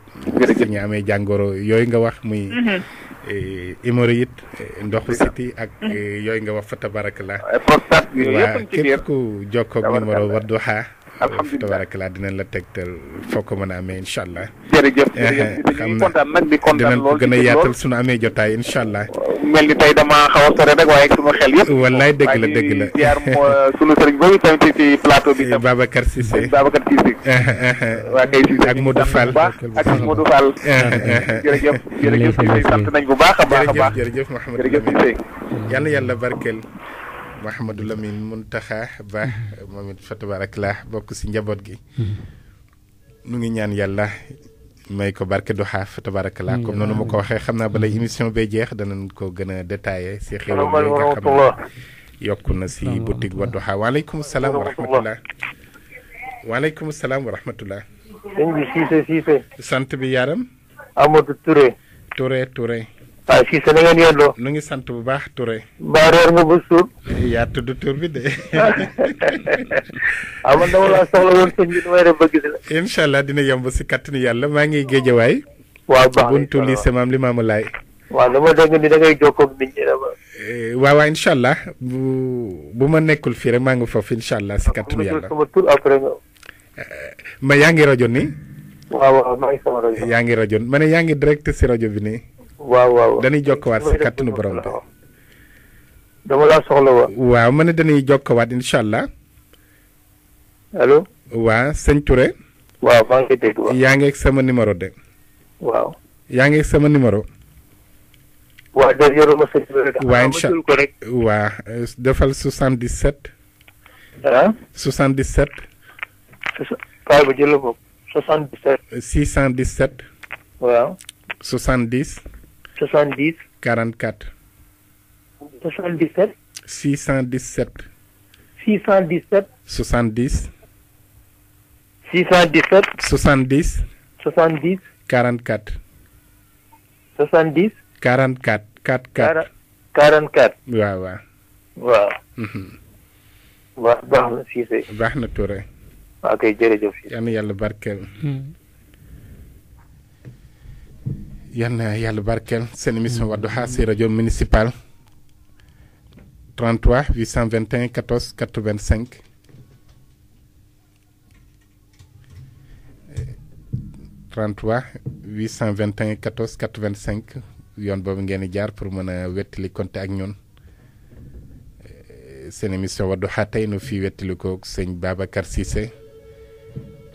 si ñu amee jàngoro yooyu nga wax muy. Mm-hmm. Eh, hémorroïde ndoxu siti ak mm-hmm. yooyu nga wax fa tabarakalla. prostate yooyu yëpp ci biir waaw képp ku jokkoo ak alhamdulilah tabarakallah dinañ la tegtal foo ko mën a amee incha allah. jërëjëf jërëjëf eh, eh, xam na kontaan nag di kontaan lool dinañ ko gën a yaatal suñu amee jotaay incha allah. mel ni tey dama xaw a sore rek waaye sunu xel yëpp. wallaay dëgg la dëgg la ziar sunu sëriñ boobu tamit ci plateau bi. Eh, Babacar Cissé Babacar Cissé. waa kay Cissé ak Modou Fall ak Modou Fall. jërëjëf jërëjëf sant nañ bu baax a baax a baax jërëjëf jërëjëf Mouhamed Lamine yàlla yàlla barkeel Mouhamadou Lamine Muntaxa Ba moom it fa tabarakallah bokk si njaboot gi nu ngi ñaan yàlla may ko barke Duha fa tabarakallah comme noonu ma ko waxee xam naa balay émission bee jeex danañ ko gën a détaillé si xew yi nga xam ne yokku na si boutique Wadduha waaleykum salaam wa rahmatullah waaleykum salaam wa rahmatullah sëñ bi Cissé Cissé sant bi yaram Amadou Touré Touré Touré waaw ah, Cissé na ngeen yendoo. nu ngi sant bu baax Touré. mbaa reer nga ba suur. yaa tudd tur bi de. ah man dama laa soxla woon sëñ bi si la. maa ngi géejawaay. waaw baax buntu lycée Maam Limaamu Laay. waaw dama eh, bu ma nekkul fii maa ngi foofu si kàttanu eh, yaa ngi rajo nii. yaa ngi rajo ma ne yaa ngi direct si rajo bi nii. waaw waaw dañuy jokkawaat si kàttanu borom bi. waaw ma ne dañuy jokkawaat incha allah. allo. waa sëñ Touré. waaw ngi dégg waaw. yaa ngi ak sama numéro de. waaw. yaa ngi ak sama numéro. waa def yoruma sa numéro de. waaw ah, incha waa defal 77. ah. 77. kaay ba jël bopp 70. 44. 77. 617. 617. 70. 617. 70. 70. 44. 70. 44. 44 44. waaw waaw. Mhm. waaw. baax na Cissé. baax na Touré. waaw kay jërëjëf. yal na yàlla barkeel. Hmm. Yann c'est Barkel, seen Wadoha, c'est la municipal 33 821 14 85 33 821 14 85 y a un jaar pour mën a wettali konte ak c'est seen émission Wadduha tey le fi wettali ko sëñ Babacar Cissé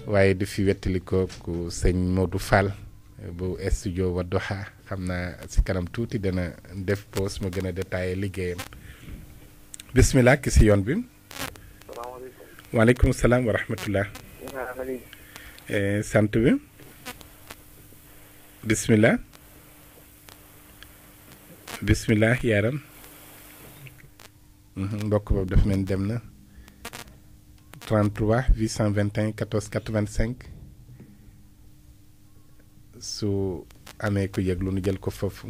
waaye di fi ko Modou Fall. bu studio Wadduha xam naa si kanam tuuti dana def pause suma gën a détaillé liggéeyam bisimilah ki si yoon bi. salaamaaleykum waaleykum salaam wa eh, sant bi. bisimilah. bisimilah yaaram. Mhm, mbokk boobu daf mel dem na. 33 821 14 85. su amee ku yëg lu nu jël ko foofu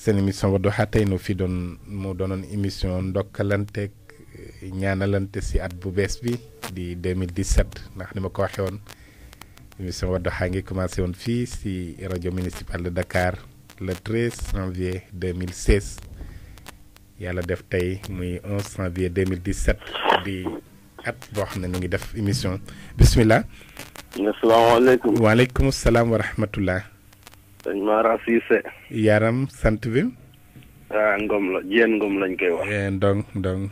seen émission Wadduha tey nu fi doon mu doonoon émission ndokkalanteeg eh, ñaanalante si at bu bees bi di 2017 ndax di ma ko waxee woon émission Wadduha ngi commencé woon fii si rajo municipale de Dakar le 13 janvier 2016 yàlla def tey muy 11 janvier 2017 di. at boo xam ne nu ngi def émission bisimilah. asalaamaaleykum. waaleykum salaam wa rahmatullah. sëñ Mara Cissé. yaram sant bi. Ah, ngoom la Diène ngoom lañ koy wax. Eh, ndong Ndong.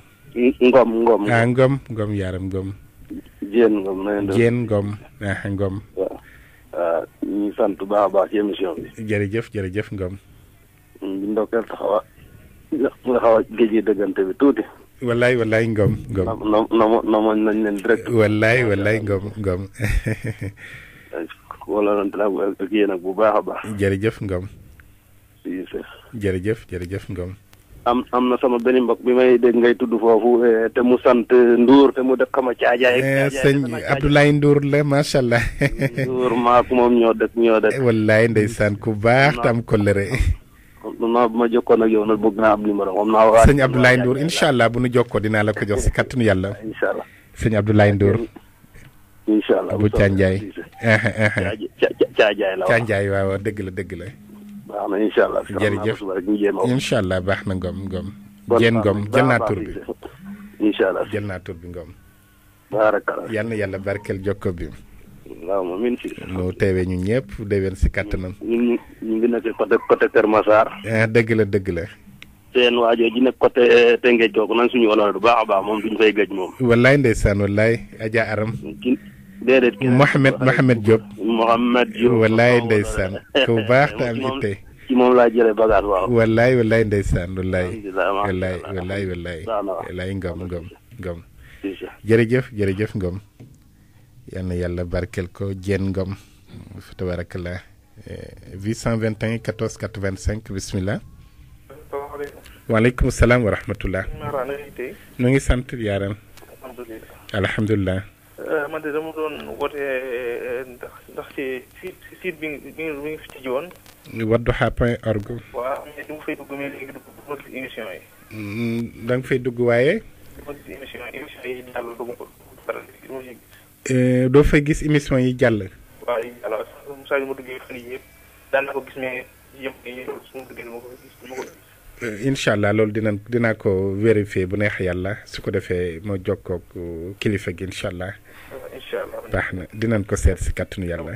Ngom ngoom ah Ngom Ngom yaram Ngom. Diène Ngom na ngeen doon Diène Ngom ah, ah, nga xaw a géej dëggante bi tuuti. wallaay wallaay Ngom Ngom. no no nomoon nañ leen direct. wallaay wallaay Ngom Ngom. wóolante naa ak yéen ak bu baax a baax. jërëjëf Ngom. jërëjëf jërëjëf Ngom. am am na sama benn mbokk bi may dégg ngay tudd foofu eh, te mu sant Ndour te mu dëkk xama caajaay. Eh, sëñ Abdoulaye Ndour la macha allah. Ndour maak moom ñoo dëkk ñoo dëkk. Eh, wallaay ndeysaan ku baax tam am kóllëre. xam naa bu ma jokkoon ak yow nag allah bu nu jokkoo dinaa la ko jox si kàttanu yàlla. incha allah sëñ bu Canjaay. Canjaay la waaw Canjaay waaw dëgg la dëgg la. baax na incha allah. baax na Ngom Ngom. jeen Ngom jël naa tur bi. incha allah jël naa tur bi Ngom. baarakala yàlla barkeel jokko bi. waaw amiin si. mu teewee ñun ñëpp déwén si kattanam. ñu ngi ñu ngi nekk côté côté Kër Massar. Eh, dëgg la dëgg la. seen waajoo ji nekk côté Tëngéej kooku nan suñu wala du baax a baax moom duñ fay gëj moom. wallaay ndeysaan wallaay Adja Aram. déedéet kii Mohamed Mohamed Diop. Mohamed Diop wallaay ndeysaan bu baax te am itte. ci moom laa jëlee bagage waaw. wallaay wallaay ndeysaan wallaay. wallaay wallaay wallaay. wallaay ngom ngom ngom. jërëjëf jërëjëf ngom. yal na yàlla barkeel ko Diène Ngom fa tabarakallah 821 14 85 bismillah salaamaaleykum waaleykum salaam wa rahmatullah nu ngi sant yaaram alhamdulilah man de dama doon woote ndax ndax ci si site bi bi ngi fi tijji woon wadduha point org waaw mais du ma fay dugg mais léegi dugg ma gis émission yi da nga fay dugg waaye ma gis émission émission yi daal dugg ko Euh, doo fa gis émission yi jàll. waaw alors saa ko gis euh, loolu dinaa ko vérifier bu neex yàlla su ko defee moo jokkoo euh, kilifa gi incha baax na dinañ ko seet si kàttanu yàlla.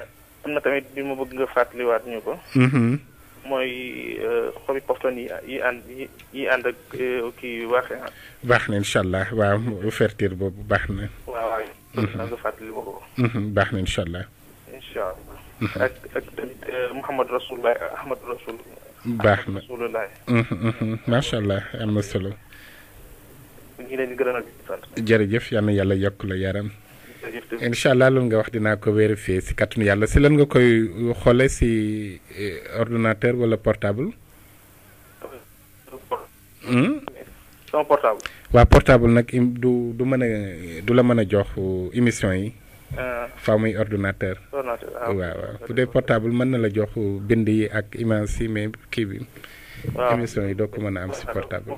fàttaliwaat ñu ko. Mm-hmm. mooy xobi pofton baax na incha allah waaw boobu baax na. Mm-hmm. Mm-hmm. baax na incha allah. incha allah. Mm-hmm. ak eh, eh, macha allah am solo. ñu jërëjëf yal na yàlla yokk la yaram. incha allah loolu nga wax dinaa ko vérifier si kàttanu yàlla si leen nga koy xoole si eh, ordinateur wala portable. Hmm? waa portable. nag du du mën a du la mën a jox euh, émission yi. Euh. faaw muy ordinateur. ordinateur ah. waaw waaw bu dee portable mën na la jox euh, bind yi ak image yi mais kii bi. waaw émission yi doo ko mën a am si portable.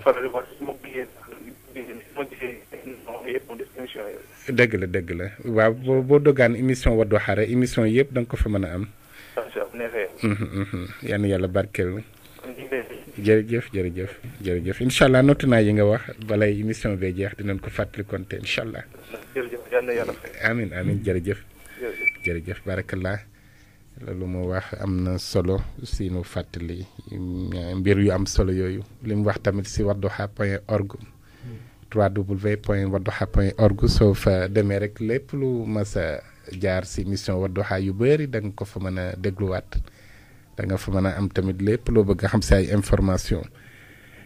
dëgg la dëgg la waaw boo boo doggaan émission Wadduha émission yëpp danga ko fa mën a am. yan yàlla barkeel. jërëjëf jërëjëf jërëjëf incha allah noté naa yi nga wax balay émission bee jeex dinañ ko fàttali konte incha allah. amin amin jërëjëf. jërëjëf barakallah lu mu wax am na solo si nu fàttali mm, mbir yu am solo yooyu li mu wax tamit si wadduha point org. www point wadduha point org soo fa demee rek lépp lu ma a jaar si mission wadduha yu bari da nga ko fa mën a dégluwaat. da nga fa mën a am tamit lépp loo bëgg xam ay information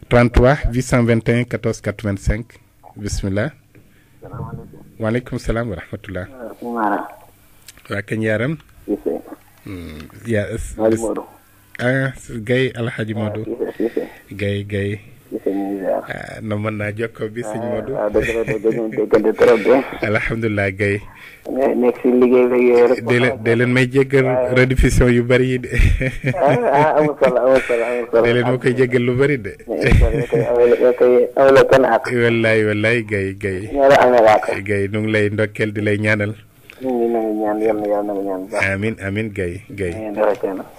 33 821 14 85 bisimilah. wa waaleykum salaam wa rahmatulah. waa kañ yaram. Je gay ci sëñ ah, na mën naa jokkoo bi sëñ Modou. waaw ah, ah, dëgg la may jéggal rediffusion yu bëri yi de. ah ma koy jéggal lu bëri de. wallaay wallaay Gaye Gaye. ñu ngi lay ndokkeel di lay ñaanal. ñaan yal na yàlla na nga ñaan bu baax. amiin amiin Guèye Guèye.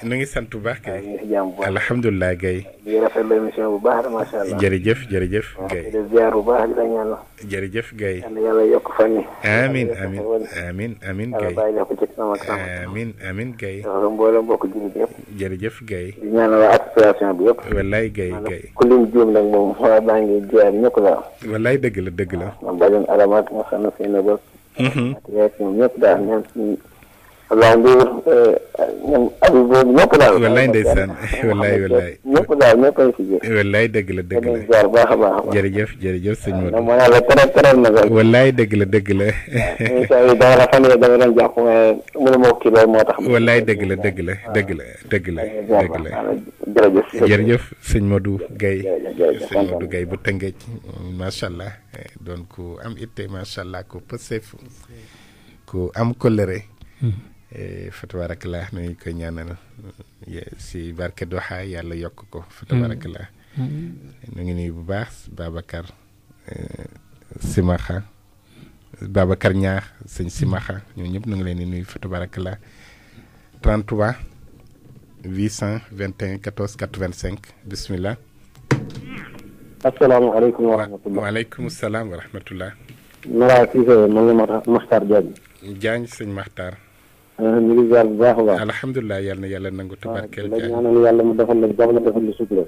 nu ngi sant bu baax Guèye. ñu ngi jàmm bu baax alhamdulilah Guèye. di rafetlu émission bu baax macha allah. jërëjëf jërëjëf. Guèye di ziar bu baax di la ñaan la. jërëjëf Guèye. yal na yàlla yokk fan yi. amiin amiin amiin amiin Guèye. yàlla bàyyi la ko ci kanam ak kanam. amiin amiin Guèye. loolu mbooloo mbokk jullit yëpp. jërëjëf Guèye. di ñaan waa association bi yëpp. wallaay Guèye Guèye. ku lim juum nag moom waa baa ngi ziar ñëpp la. wallaay dëgg la dëgg la. Угу. нет, да, нет, Langu Habib boobu ñëpp daal. wallaay ndeysaan wallaay wallaay. ñëpp daal ñëpp a si jël. wallaay dëgg la dëgg la jaar baax a baax. jërëjëf jërëjëf sëñ Modou. ma yàlla teral teral na ko. wallaay dëgg la dëgg la. émission yi dama la fan yii dama doon jàpp mënu ma kii loolu moo tax. wallaay dëgg la dëgg la dëgg la dëgg la dëgg la. jërëjëf jërëjëf sëñ Modou Gaye. jërëjëf sëñ Modou Gaye bu Tëngéej macha allah doon ku am itte macha allah ku pëseef ku am colère Eh, fa tabarakallah nañu koy ñaanal ya, si barke doxa yàlla ya, yokk ko fa mm. tabarakallah mm. nu ngi nuyu bu baax babacar eh, simaxa babacar ñaax sëñ simaxa ñoo ñëpp nu ngi leen di nuyu fa 33 821 14 85 bismillah assalamu alaykum wa rahmatullah wa alaykum assalam mara mo ngi maxtar jaañ alhamdulilah bu baax a baax alhamdulilah yal na yàlla nangu tabarkeel Diagne waaw ñaanal yàlla mu defal la jàmm defal la sutura.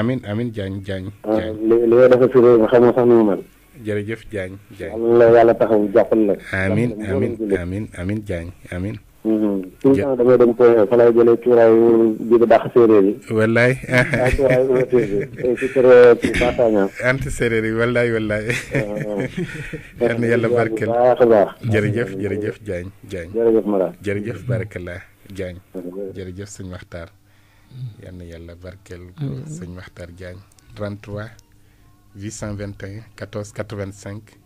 amiin amiin Diagne Diagne. li li nga defal si réew mi xamoo sax nu mel. jërëjëf Diagne Diagne. yàlla la. amiin amiin amiin amiin suñu sax damay dem Poyot fa laay jëlee cuuraayu bi di dàq wallaay. waaw séeréer yi wallaay euh, wallaay. Ah, ah, ah. yal yàlla barkeel baax a baax. jërëjëf jërëjëf Diagne Diagne. jërëjëf Mara. jërëjëf barakallah Diagne. jërëjëf sëñ Maxtaar. yal na yàlla barkeel. sëñ Maxtaar Diagne. 33 821 14 85.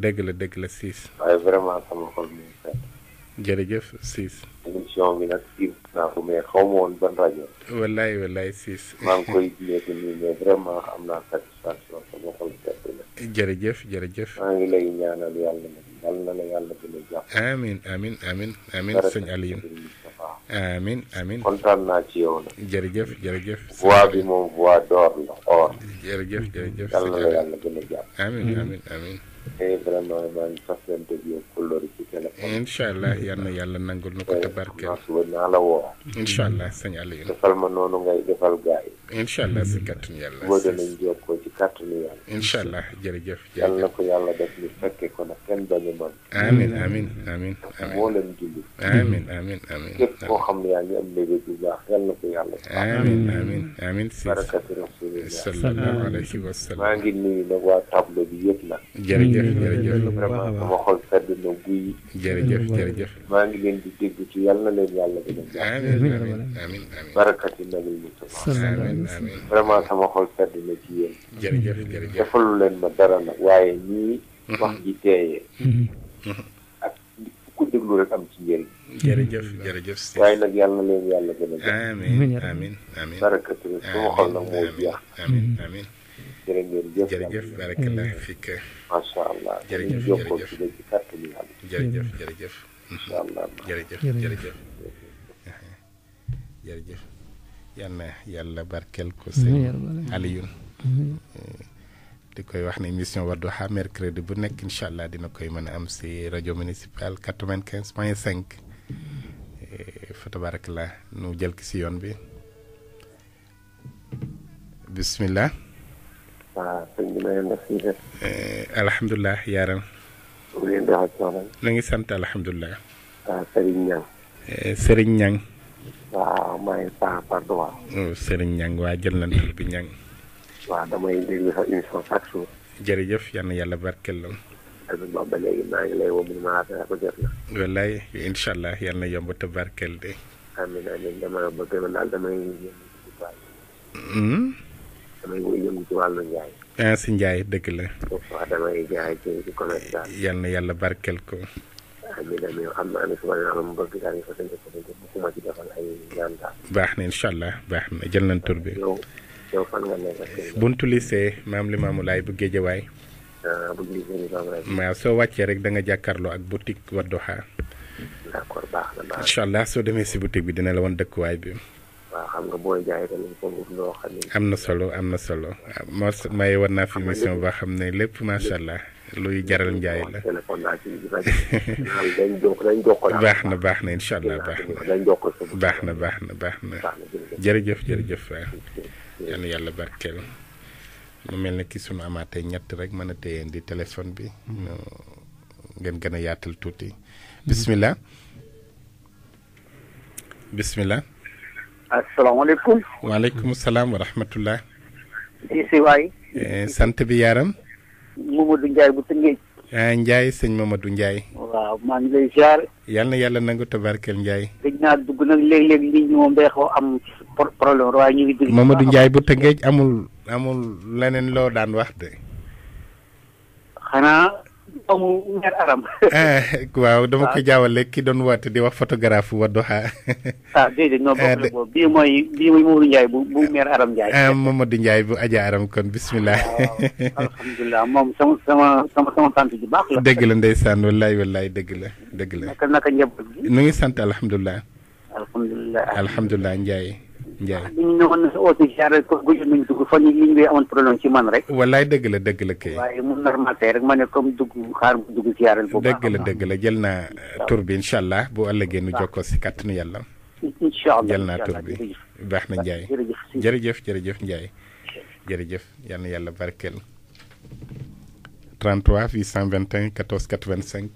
dëgg la dëgg la Ciss. waaye vraiment sama xol mi ngi seet. jërëjëf Ciss. émission bi nag siiw naa ko mais xaw ma woon ban rajo. wallaay wallaay Ciss. maa koy jiyeeku nii mais vraiment am naa satisfaction sama xol seet jërëjëf jërëjëf. maa ngi lay ñaanal yàlla nag yal na la yàlla gën a jàpp. amiin amiin amiin amiin sëñ Alioune. amiin amiin. kontaan naa ci yow nag. jërëjëf jërëjëf. voix bi moom voix d'or la or. jërëjëf jërëjëf. yal na la yàlla gën a jàpp. amiin amiin amiin. et vraiment maa ngi fàttalante ak yow kóllëre ci téléphone. incha allah yal na yàlla nangul na ko tabarkeel. si kàttanu alayhi wa jërëjëf vraiment sama xol sedd na guy. jërëjëf jërëjëf. maa ngi leen di dégg ci yàlla na leen yàlla gën a jàppale. amiin amiin amiin barakati nabi Mustafa. amiin amiin vraiment sama xol sedd na ci yéen. jërëjëf jërëjëf defalu leen ma dara nag waaye ñii. Mm-hmm. wax ji teeyee. Mm-hmm. Mm-hmm. ak ku déglu rek am ci njëriñ. jërëjëf jërëjëf. waaye nag yàlla na leen yàlla gën a jàppale. amiin amiin amiin barakati nag sama xol nag moo jeex. amiin amiin jërë ngeen jëf jërëjëf barakallah fiik macha allah jërëjëf jërëjëf ci kàttanu yàlla jërëjëf jërëjëf macha allah yàlla barkeel ko sëñ Alioune eh, di koy wax ne émission Wadduha mercredi bu nekk incha allah dina koy mën a am si rajo municipal 95 point 5 eh, fa nu jël ki si yoon bi bismillah waaw sëñ bi na ngeen def si def. Eh, alhamdulilah yaaram. mu leen di wax soxna. na ngi sant alhamdulilah. waaw Serigne Niang. Eh, Serigne Niang. waaw maa ngi Paar Pardois. Oh, Serigne Niang waa jël na bi Niang. waaw damay déglu sa émission chaque jour. jërëjëf yal na yàlla barkeel la. Aliou Ba ba léegi maa ngi lay woo mu ma affaire ba jot na. wallaay incha allah yal na yomb te barkeel de. amiin amiin dama bëgg na daal damay. damay muy yëngu ci wàllu njaay insi njaay dëgg la waaw damay jaay ci ci commerce yal na yàlla barkel ko amin amin xam naa ne su ma yàlla mu bëgg daal fa dañ ko dañ ko ma ci defal ay baax na allah baax na jël nañ tur bi yow fan nga nekk buntu lycée maam li maamu bu ah, soo wàccee rek jàkkaarloo ak boutique wadduha d'accord baax na baax incha allah soo demee si boutique bi dina la wan dëkkuwaay bi waaw am na solo am na solo ah, moo may war naa fi émission ba xam ne lépp macha allah luy jaral njaay la. baax na baax na incha baax na baax na baax na baax na jërëjëf jërëjëf waaw yal na yàlla barkeel mu mel ne kii sunu amaatee ñett rek mën a téyeen di téléphone bi ñu ngeen gën a yaatal tuuti mm-hmm. bismillah bismillah asalaamaaleykum. waaleykum salaam wa eh, sant bi yaaram. Mamadou Ndiaye bu Tëngéej. ah Ndiaye sëñ Mamadou Ndiaye. waaw maa ngi lay ziar. yal na yàlla nangu tabarkel njaay dañ naa dugg nag léeg-léeg li ñu moom am problème waaye ñu ngi dugg. Mamadou Ndiaye bu Tëngéej amul amul leneen loo daan wax xanaa. Eh, waaw dama ah. ko jaawale ki doon woote di wax photographe Wadduha. ah déedéet ñoo bokk eh, boobu bu bu meer aram Ndiaye. Eh, Mamadou Ndiaye bu Adja aram kon bisimilah. Ah, alhamdulilah la. dëgg la ndeysaan wallaay dëgg la dëgg la. naka nu ngi sant alhamdulilah. alhamdulilah alhamdulilah Ndiaye. Ndiaye li ñu wallaay dëgg la dëgg la kay mu normal rek ma ne comme dugg xaar mu dugg dëgg la dëgg la jël naa euh, tur bi incha allah bu ëllëgee nu jokkoo si kàttanu yàlla jël naa tur bi baax na Ndiaye jërëjëf jërëjëf Ndiaye jërëjëf yal na yàlla barkeel 33 821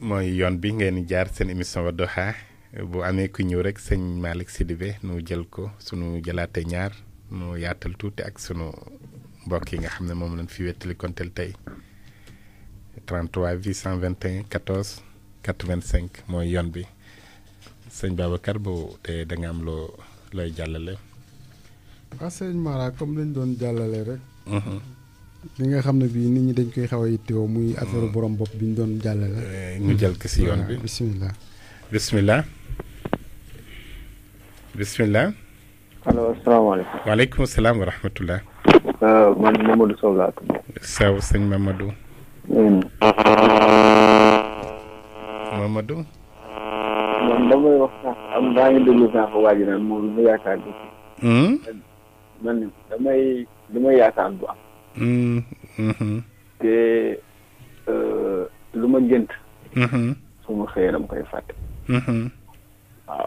mooy yoon bi ngeen jaar seen émission Wadduha bu amee ku ñëw rek sëñ Malick Sidibé nu jël ko suñu jëlaate ñaar nu yaatal tuuti ak sunu mbokk yi nga xam ne moom lañ fi wettali kontel tey 33 821 14 85 mooy yoon bi sëñ Babacar boo te da am loo looy jàllale. waaw sëñ Mara comme lañ doon jàllale rek. Mhm. li nga xam ne bii nit ñi dañ koy xaw a yittewoo muy affaire mhm. borom bopp bi ñu doon jàllale. Eh, ñu jël ko si yoon bi bisimilah. bisimilah. bisimilah. allo asalaamaaleykum. waaleykum salaam wa rahmatulah. Uh, man Mamadou Sow laa tudd. Sow sëñ Mamadou. Mm. Mamadou. man damay wax sax am daa ngi déglu sax waa ji naan moom lu ma yaakaar hmm? du am. Hmm, hmm. te uh, lu ma gënt. su xëyee dama koy fàtte. waaw.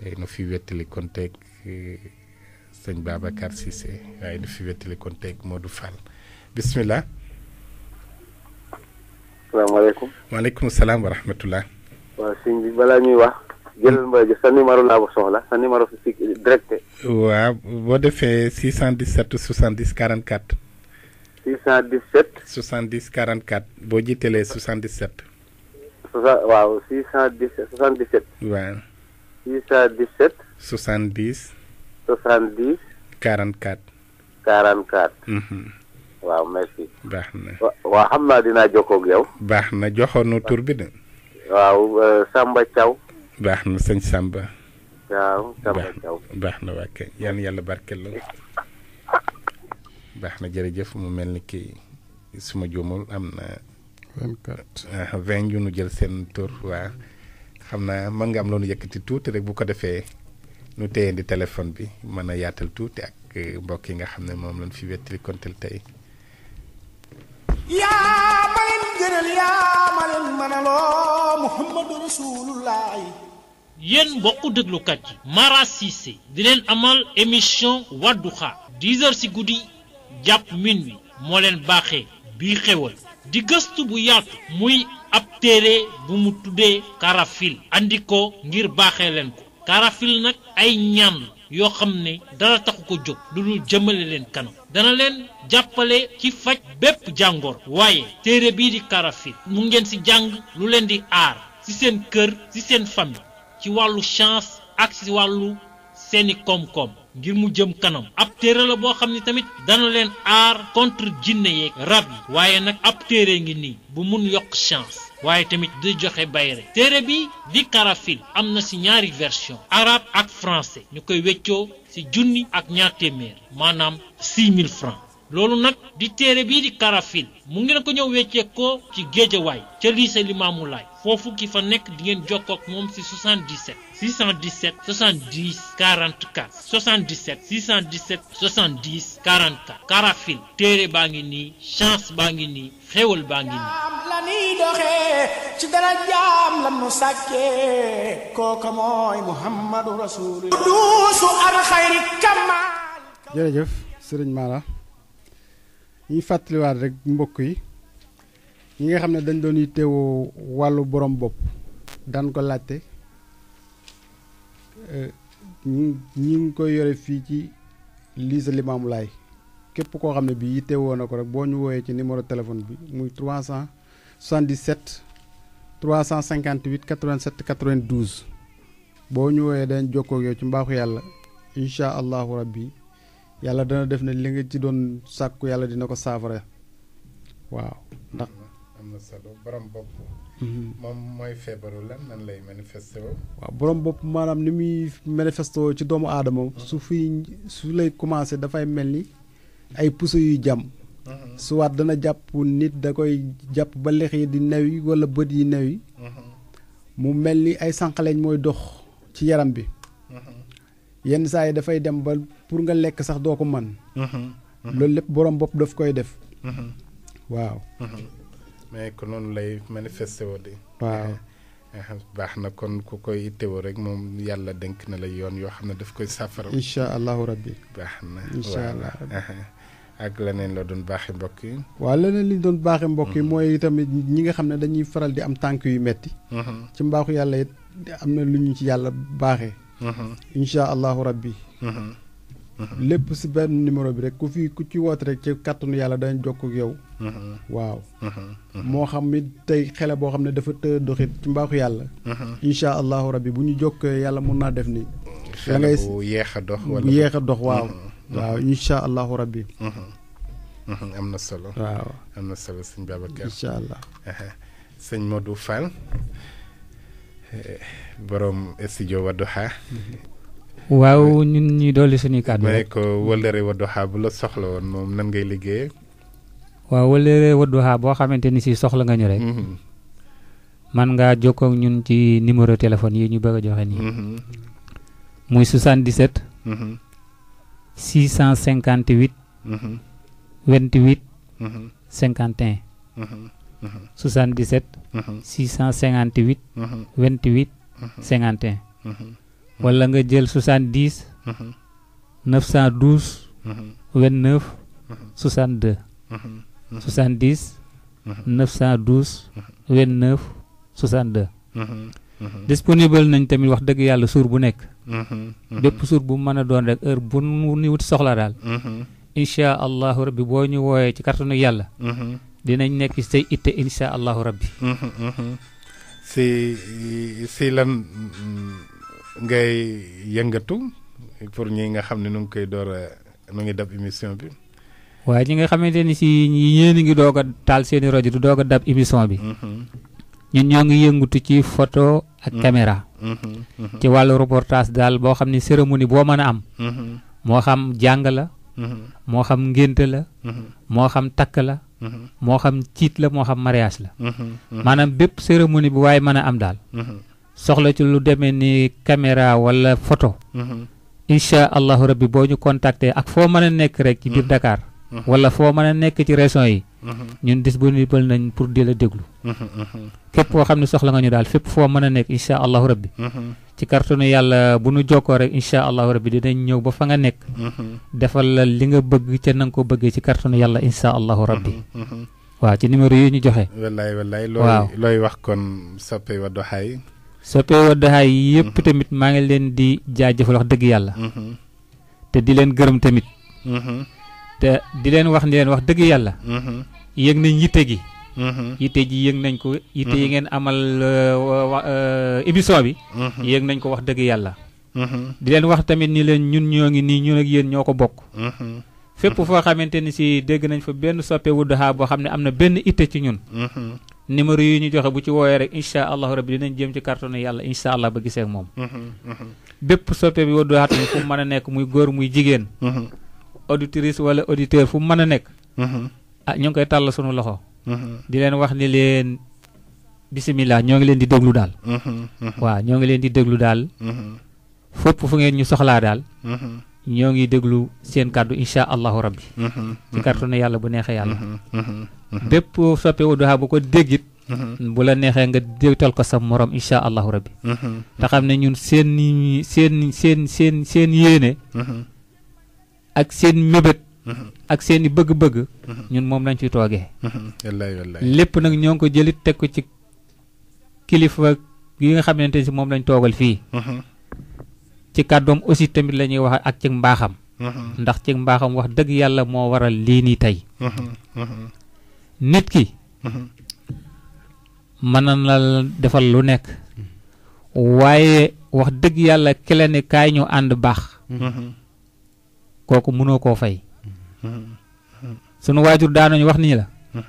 tey nu fi wettali konteeg eh, sëñ Babacar Cissé waaye nu fi wettali konteeg Modou Fall bisimilah. salaamaaleykum. waaleykum salaam wa rahmatulah. waaw sëñ bi balaa ñuy wax. jël ma sa numéro laa ko soxla sa numéro si direct. waaw boo defee 617 70 44. 617. 70 44 boo jiitelee 77. waaw 617 77. waaw. 617. 70. 70. 44. 44. waaw merci. baax na waaw xam naa dinaa jokkoog yow. baax na joxoonu tur bi de. waaw euh, Samba Thiaw. baax na sëñ Samba. waaw Samba Thiaw baax na waa kay yan yàlla barkeel la baax na jërëjëf mu mel ni kii suma juumul am na. 24 20 ah, ñu jël seen tur waa. xam naa mën nga am loonu yëkkati tuuti rek bu ko defee nu di téléphone bi mën a yaatal tuuti ak euh, mbokk yi nga xam ne moom lañ fi wettali kontel tey yaa ma leen gënal yaa ma leen mënaloo muhammadu rasulullahi yéen mbokku déglukat yi Mara di leen amal émission Wadduha 10 heures ci guddi jàpp min wi moo leen baaxee bii xewal di gëstu bu yaatu muy ab téere bu mu tuddee karafil andi ngir baaxee leen ko karafil nag ay ñam yoo xam ne dara taxu ko jóg lu dul jëmale leen kanam dana leen jàppale ci faj bépp jàngoor waaye téere bii di karafil mu ngeen ci jàng lu leen di aar ci seen kër ci seen famille ci wàllu chance ak ci wàllu seeni koom-koom ngir mu jëm kanam ab téere la boo xam ne tamit dana leen aar contre jinne yeeg rab yi waaye nag ab téere ngi nii bu mun yokk chance waaye tamit di joxe bayre téere bi di karafil am na ci ñaari version arabe ak français ñu koy weccoo ci junni ak ñaar téeméer maanaam 6000 francs lolu nak di téré bi di karafil mu ngeen ko wéccé ko ci way ci lycée l'imamou lay fofu ki fa nek di ngeen jokkook mom ci 77 617 70 44 77 617 70 44 karafil téere bangini, ngi chance bangini, ngi nii xéwal baa la ci dara la muhammadu rasulullah ñuy fàttaliwaat rek mbokk yi ñi nga xam ne dañ doon yittewoo wàllu borom bopp daan ko laajte euh, ñi ngi koy yore fii ci lycée Limamoulaye képp koo xam ne bi yittewoo na ko rek boo ñu wooyee ci numéro téléphone bi muy 377 358 87 92 boo ñu wooyee dañ jokkoo ak yow ci mbaaxu yàlla incha allahu rabbi yàlla dana def na li nga ci doon sàkku yàlla dina ko saafara waaw ndax. am na solo borom bopp. Mhm. mooy feebaru lan nan lay manifesté woo. waaw borom bopp maanaam ni muy manifesté ci doomu aadama. Mhm. su fi su lay commencé dafay mel ni ay puso yuy jàmm. Mhm. suwaat dana jàpp nit da koy jàpp ba lex yi di new yi wala bët yi new yi. mu mel ni ay sanqaleñ mooy dox ci yaram bi. yenn saa yi dafay dem ba pour nga lekk sax doo ko man mhm, mhm. loolu lépp boroom bopp daf koy def mhm. waaw mais noonu lay manifesté woo di waaw eh, eh, baax na kon ku koy ittewoo rek moom yàlla dénk na la yoon yoo xam ne daf koy safara incha allahu rabbi baax na incha allah eh, ak leneen la doon baaxee mbokk yi waaw leneen li doon baaxee mbokk yi mooy tamit ñi nga xam ne dañuy faral di am tànk yu metti ci mbaaxu yàlla it am na lu ñu ci yàlla baaxe incha allahu rabbi lépp si benn numéro bi rek ku fi ku ci woote rek ci kàttanu yàlla dañ jokk yow. waaw. moo xam it tey xele boo xam ne dafa të doxit ci mbaaxu yàlla. incha allahu rabbi bu ñu jokkee yàlla mun naa def ni da ngay yéex a dox wala a dox waaw. waaw incha allahu rabbi. am na solo. waaw am na solo sëñ Babacar. incha allah. sëñ Modou Fall. borom studio Wadduha. waaw ñun ñuy dolli suñuy kàddu. ma ne ko wëllëre Wadduha bu la soxla woon moom nan ngay liggéeyee. waaw wëllëre Wadduha boo xamante ni si soxla nga ñu rek. Mhm. man ngaa jokkoo ak ñun ci numéro téléphone yi ñu bëgg a joxe nii. Mhm. muy 77. 658. 28. 51. 77. 658. 28. 51. wala nga jël 70. 912. 29. 62. 70. 912. 29. 62. disponible nañ tamit wax dëgg yàlla suur bu nekk. Mm-hmm. Mm-hmm. bépp suur bu mën a doon rek heure bu nu wut soxla daal. Mm-hmm. incha allahu rabbi boo ñu wooyee ci kàttanu yàlla. dinañ nekk ci say itte insha allahu rabbi mhm, mhm. si si lan ngay yëngatu pour ñi nga xam ne nu ngi koy door a nu ngi dab émission bi. waaye ñi nga xamante ni si ñi ngi doog a taal rajo du doog a dab émission bi. Mhm. ñun ngi yëngatu ci photo ak caméra. ci wàllu reportage daal boo xam ne cérémonie boo mën a am. moo xam jàng la. moo xam ngénte la. moo xam takk la. Mm-hmm. moo xam ciit la moo xam mariage la mm-hmm. Mm-hmm. maanaam bépp cérémonie bu waaye mën a am daal soxla ci lu demee ni caméra wala photo incha allahu rabbi boo ñu contacter ak foo mën a nekk rek ci biir Dakar wala foo mën a nekk ci régions yi. Mm-hmm. ñun disponible nañ pour di la déglu. Mm-hmm, mm-hmm. képp koo xam ne soxla nga ñu daal fépp foo mën a nekk incha allahu rabbi. ci kartanu yàlla bu nu jokkoo rek incha allahu rabbi dinañ ñëw ba fa nga nekk. defal la li nga bëgg ca na ko bëggee ci kartanu yàlla incha allahu rabbi. waaw ci numéro yi ñu joxe. wallaay wallaay looy looy wax kon soppe Wadduha yi. soppe Wadduha yi yëpp tamit maa ngi leen di jaajëfal wax dëgg yàlla. te di leen gërëm te di leen wax ni leen wax dëgg yàlla mm-hmm. yëg nañ yitte gi mm-hmm. yitte ji yëg nañ ko yitte yi mm-hmm. ngeen amal euh, euh, émission bi yëg nañ ko wax dëgg yàlla di leen wax tamit ni leen ñun ñoo ngi nii ñun ak yéen ñoo ko bokk fépp foo xamante ni si dégg nañ fa benn soppe wudduha boo xam ne am na benn itte ci ñun numéro yi ñu joxe bu ci wooyee rek insha allahu rabbi dinañ jëm ci carton yàlla insha allah ba gisee ak moom bépp soppe bi wudduha tamit fu mën a nekk muy góor muy jigéen auditrice wala auditeur fu mën nek? nekk mhm. ah ñong koy tal suñu loxo mhm. di len wax ni len bismillah ñong len di deglu dal. Mhm, wa ñoo len di deglu dal. fop fu ngeen ñu dal daal ñong ngi deglu seen kàddu insha allahu rabbi ci kàttanu yalla bu neexee yàlla bépp soppe duha bu ko déggit bu la neexee nga deggal ko sa morom insha allahu rabbi te xam ne ñun seen seen seen seen seen ak seen mébét mhm. ak seen i bëgg-bëgg mhm. ñun moom lañ ci toogee mhm. lépp nag ñoo ngi ko jëlit teg ko ci kilifa yi nga xamante si moom lañ toogal fii ci kàddoom aussi tamit la ñuy wax ak ci mbaaxam ndax ci mbaaxam wax dëgg yàlla moo waral lii nii tey nit ki la defal lu nekk waaye wax dëgg yàlla kele ne kaay ñu ànd baax koku mënoo koo fay hmm. sunu waajur daanoñu wax nii la hmm.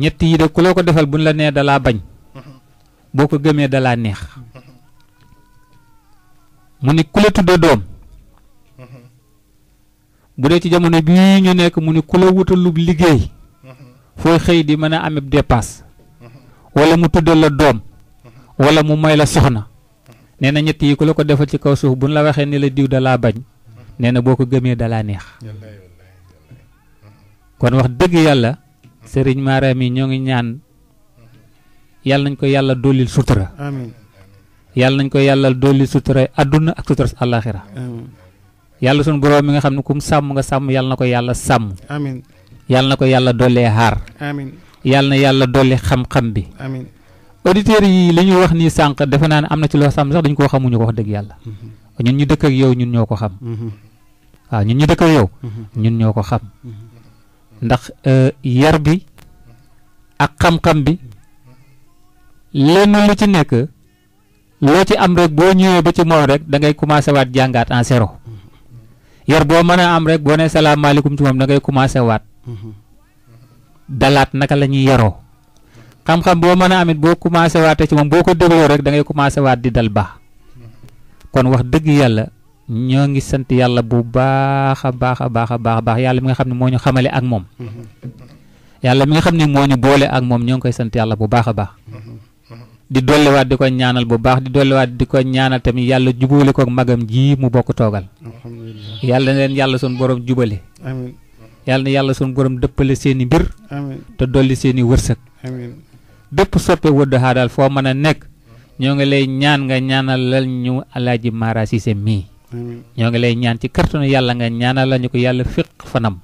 ñetti yi de ku la ko defal buñ la nee dalaa bañ hmm. boo ko gëmee dalaa neex mu ni ku la tudde doom bu dee ci jamono bi ñu nekk mu ni ku la wutalub liggéey fooy xëy di mën a ameb dépasse wala mu tudde la doom wala mu may la soxna nee na ñett yi ku la ko defal ci kaw suuf buñ la waxee ni la diw dalaa bañ nee na boo ko gëmee dalaa neex kon wax dëgg yàlla sëriñ Maaraam yi ñoo ngi ñaan yàlla nañ ko yàlla dolil sutura yàlla nañ ko yàlla dolil sutura àdduna ak sutura àllaaxira yàlla sun borom mi nga xam ne kum sàmm nga sàmm yàlla na ko yàlla sàmm yàlla na ko yàlla dollee xaar yàlla na yàlla dolli xam-xam bi auditeurs yi li ñu wax nii sànq defe naa ne am na ci loo xam sax dañu koo xamuñu ko wax dëgg yàlla mhm. ñun ñu dëkk ak yow ñun ñoo xam mhm. waaw ah, ñun ñu dëkk yow mm-hmm. ñun ñoo ko xam mm-hmm. ndax euh, yar bi ak xam-xam bi lenn lu ci nekk loo ci am rek boo ñëwee ba ci moom rek dangay ngay commencé waat jàngaat en zéro mm-hmm. yar boo mën a am rek boo nee salaamaaleykum ci moom da ngay commencé waat dalaat naka lañuy ñuy yaroo xam-xam boo mën a amit boo commencé waatee ci moom boo ko dégloo rek dangay ngay commencé waat di dal baax kon wax dëgg yàlla ñoo ngi sant yàlla bu baax a baax a baax a baax baax yàlla mi nga xam ne moo ñu xamale ak moom yàlla mi nga xam ne moo ñu boole ak moom ñoo ngi koy sant yàlla bu baax a baax di dolliwaat di ko ñaanal bu baax di dolliwaat di ko ñaanal tamit yàlla le ko magam ji mu bokk toogal yàlla na leen yàlla sun borom jubale yàlla na yàlla sun borom dëppale seeni mbir te dolli seeni wërsëg bépp soppe wëdd xaadal foo mën a nekk ñoo ngi lay ñaan nga ñaanal lal ñu alaaji Mara si mii ñoo ngi lay ñaan ci kartunu yàlla nga ñaanal la ñu ko yàlla fiq fanam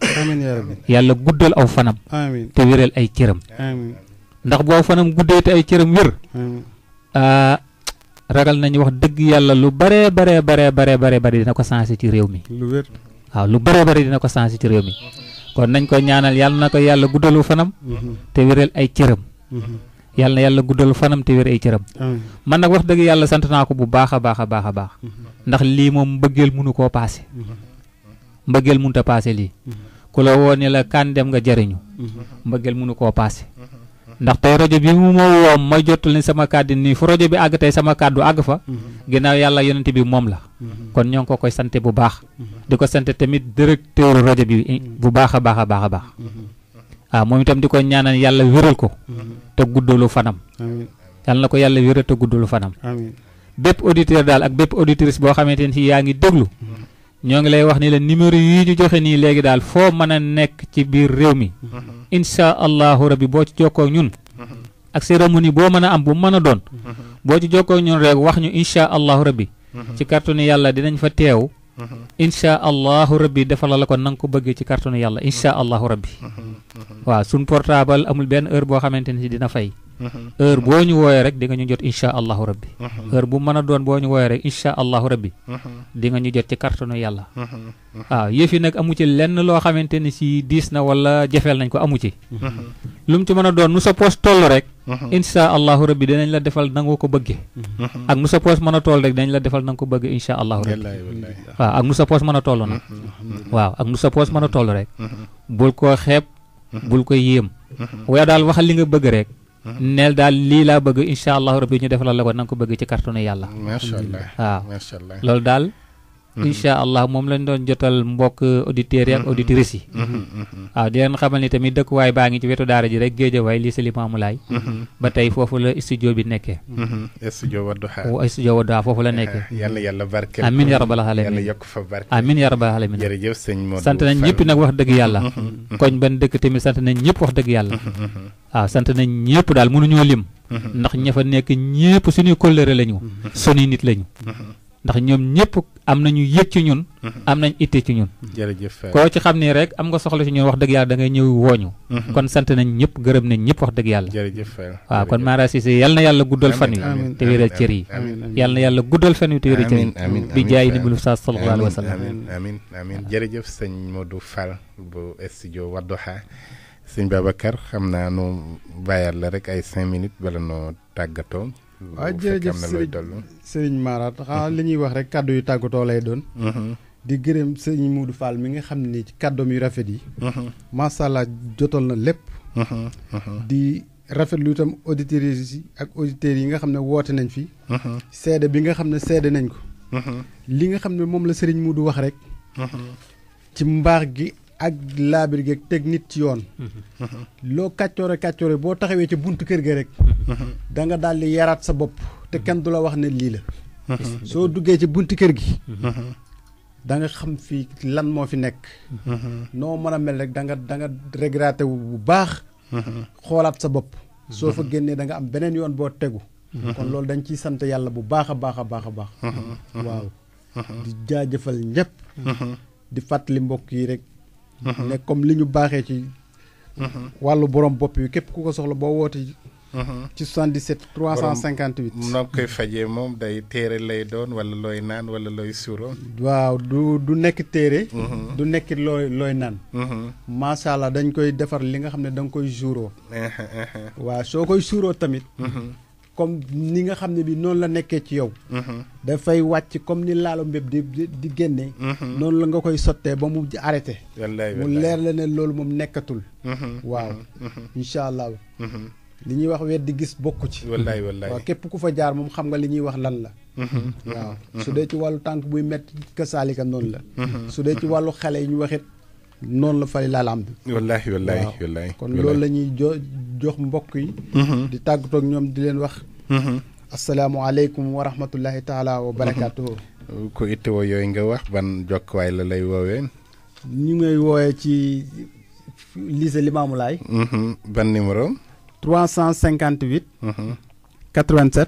yàlla guddal aw fanam te wéral ay cëram ndax bu aw fanam guddee te ay cëram wér ragal nañu wax dëgg yàlla lu bare bare bare bare bare bare dina ko sensé ci réew mi waaw lu bare bare dina ko sensé ci réew mi kon nañ ko ñaanal yàlla na ko yàlla guddalu fanam mhm. te wéral ay cëram mhm. yàlla na yàlla guddal fanam te wér ay cëram man nag wax dëgg yàlla sant naa ko bu baax a baax a baax a baax mm-hmm. ndax lii moom mbëggeel munu koo paase mm-hmm. mbëggeel mënut a paase lii mm-hmm. ku la woo ne la kan dem nga jariñu mbëggeel munu koo paase ndax tey rojo bi mu ma ma sama kàddu ni fu rojo bi àgg tey sama kàddu àgg fa ginnaaw yàlla yonent bi moom la kon ñoo ngi ko koy sante bu baax di ko sante tamit directeur rojo bi eh, bu baax a baax a baax waaw ah, moom itam di ko ñaanal yàlla wéral ko te guddalu fanam yàlla na ko yàlla wéral te guddalu fanam bépp auditeur daal ak bépp auditrice boo xamante ne si yaa ngi déglu mm-hmm. ñoo ngi lay wax ni la numéro yi ñu joxe nii léegi daal foo mën a nekk ci biir réew mi mm-hmm. insha allahu rabbi boo ci jokkoo ñun mm-hmm. ak cérémonie boo mën a am bu mën a doon boo ci jokkoo ñun rek wax ñu insha allahu rabbi ci kàttanu yàlla dinañ fa teew Mm-hmm. incha allahu rabbi defal la ko na nga ko bëggee ci carton yàlla incha allahu rabbi mm-hmm. Mm-hmm. waaw suñ portable amul benn heure boo xamante ni si dina fay Mm-hmm. heure boo ñu wooyee rek di nga ñu jot incha allahu rabbi mm-hmm. heure bu mën a doon boo ñu wooyee rek incha allahu rabbi mm-hmm. di nga ñu jot ci kartanu yàlla waaw ah, yëf yi nag lenn loo xamante ni si diis na wala jafeel nañ ko amu lu mu ci mën a doon nu sa poos toll rek incha allahu rabbi dinañ la defal nanga ko bëggee ak nu sa poos mën a toll rek dinañ la defal nanga ko bëggee incha allahu rabbi ah, waaw ak nu sa poos mën a toll nag waaw ak nu sa poos mën a toll neel daal lii laa bëgg incha allahu rabbi ñu defalal la ko na ko bëgg ci kartunu yàlla. macha allah waaw loolu daal. Mm-hmm. incha allah moom lañ doon jotal mbokk auditeurs yi ak mm-hmm. auditrices yi waaw mm-hmm. ah, di leen xamal ni tamit dëkkuwaay baa ngi ci wetu daara ji rek géejawaay lii Limaamu Laay ba tey foofu la studio bi nekkee studio Wadduha oh, studio Wadduha foofu la nekkee eh, yàlla yàlla barkeel amiin yaa rabbal aalamiin yàlla yokk fa barkeel amiin yaa rabbal aalamiin jërëjëf sëñ Modou sant nañ ñëpp nag wax dëgg yàlla koñ ban dëkk tamit sant nañ ñëpp wax dëgg yàlla waaw ah, sant nañ ñëpp daal mënuñoo lim ndax ña fa nekk ñëpp suñuy kóllëre lañu suñuy nit lañu ndax ñoom ñëpp am nañu yëg ci ñun. Mhm. am nañ ite ci ñun. jërëjëf koo ci xam ni rek am nga soxla ci ñun wax dëgg yàlla da ngay ñëw wooñu mhm. kon sant nañ ñëpp gërëm nañ ñëpp wax dëgg yàlla. jërëjëf waaw kon Mara Cissé yal na yàlla guddal fan wi. te wéral cër yi. yal na yàlla guddal fan wi te wéral cër yi. bi jaay ni bu saa sallallahu alayhi wa sallam. amiin amiin amiin jërëjëf sëñ Modou Fall bu studio Wadduha sëñ Babacar xam naa nu bàyyal la rek ay cinq minutes bala noo tàggatoo waaw jërëjëf Serigne Serigne Mara xam li ñuy wax rek kàddu yu tàggatoo lay doon. Mm-hmm. di gërëm Serigne Moudou Fall mi nga xam ni ci kàddoom yu rafet yi. Mm-hmm. macha allah jotal na lépp. Mm-hmm. di rafetlu itam auditeurs yi ak auditeurs yi nga xam ne woote nañ fi. seede bi nga xam ne seede nañ ko. li nga xam ne moom la Serigne Moudou wax rek. ci mbaax gi ak laabir geeg teg nit ci yoon. Mm-hmm. loo kàccoore kàccoore boo taxawee ci buntu kër ga rek. Mm-hmm. da nga daal di yaraat sa bopp te mm-hmm. kenn du la wax ne lii la. soo duggee ci buntu kër gi. danga xam fii lan moo fi nekk. noo mën a mel rek danga danga da nga wu bu baax. xoolaat sa bopp. soo fa génnee danga am beneen yoon boo tegu. kon loolu dañ ciy sant yàlla bu baax a baax a baax a baax. waaw di jaajëfal ñëpp. di fàttali mbokk yi rek. Mm-hmm. ne comme li ñu baaxee ci mm-hmm. wàllu borom bopp yi képp ku ko soxla boo woote mm-hmm. ci 77 358. noo koy fajee moom day téere lay doon wala looy naan wala looy suuro. waaw du du nekk téere. du nekk looy looy naan. macha allah dañ koy defar li nga xam ne danga koy suuroo. waaw soo koy suuroo tamit. comme ni nga xam ne bi noonu la nekkee ci yow mm-hmm. dafay wàcc comme ni laalo mbéb di di génne mm-hmm. noonu la nga koy sottee ba mu arrêté mu leer la ne loolu moom nekkatul mm-hmm. waaw incha allah li ñuy wax weddi gis bokk ci wallaay waaw képp ku fa jaar moom xam nga li ñuy wax lan la waaw su dee ci wàllu tànk buy métti ka noonu la su dee ci wàllu xale yi ñu waxit noonu la fay laalaam bi wallaahi wallaahi wallaahi kon loolu la ñuy jo jox mbokk yi mm-hmm. di tàggatoog ñoom di leen wax mm-hmm. asalaamualeykum wa rahmatullahi taala wa barakaatuhu mm-hmm. ku ittewoo yooyu nga wax ban jokkuwaay la lay woowee ñu ngay woowee ci lycée Limamoulaye ban numéro 358 87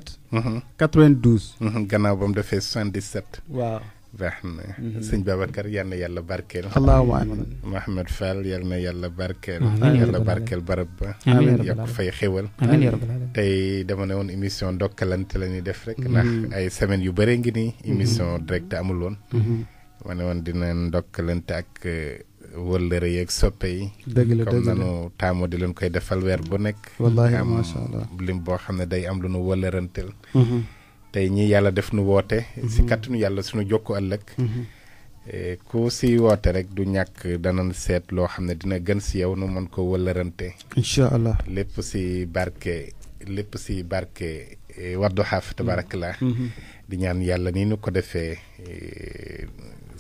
92 gannaaw ba mu defee 77 waaw baax na mhm. sëñ Babacar yal na yàlla barkeel allahumma amiin Mouhamed Fall yal na yàlla barkeel yàlla barab ba yokk fay xéwal tey dama ne woon émission ndokkalante la ñuy def rek ndax mhm. ay semaines yu bëree ngi nii mhm. émission direct amul woon ma ne woon dina ndokkalante ak euh, wëllëre yeeg soppe yi dëgg nanu taamu di leen koy defal weer bu nekk wallaahi macha allah lim boo xam ne day am lu nu wëllëranteel tay ñi yàlla def nu woote. Mhm. si kàttanu yàlla suñu jokku ëllëg. Mhm. Eh, ku si woote rek du ñàkk danañ seet loo xam ne dina gën si yow nu mën ko wëllërante. incha allah lépp si barke lépp si barke eh, Wadduha tabaaraka laa mhm. di ñaan yàlla ni nu ko defee. Eh,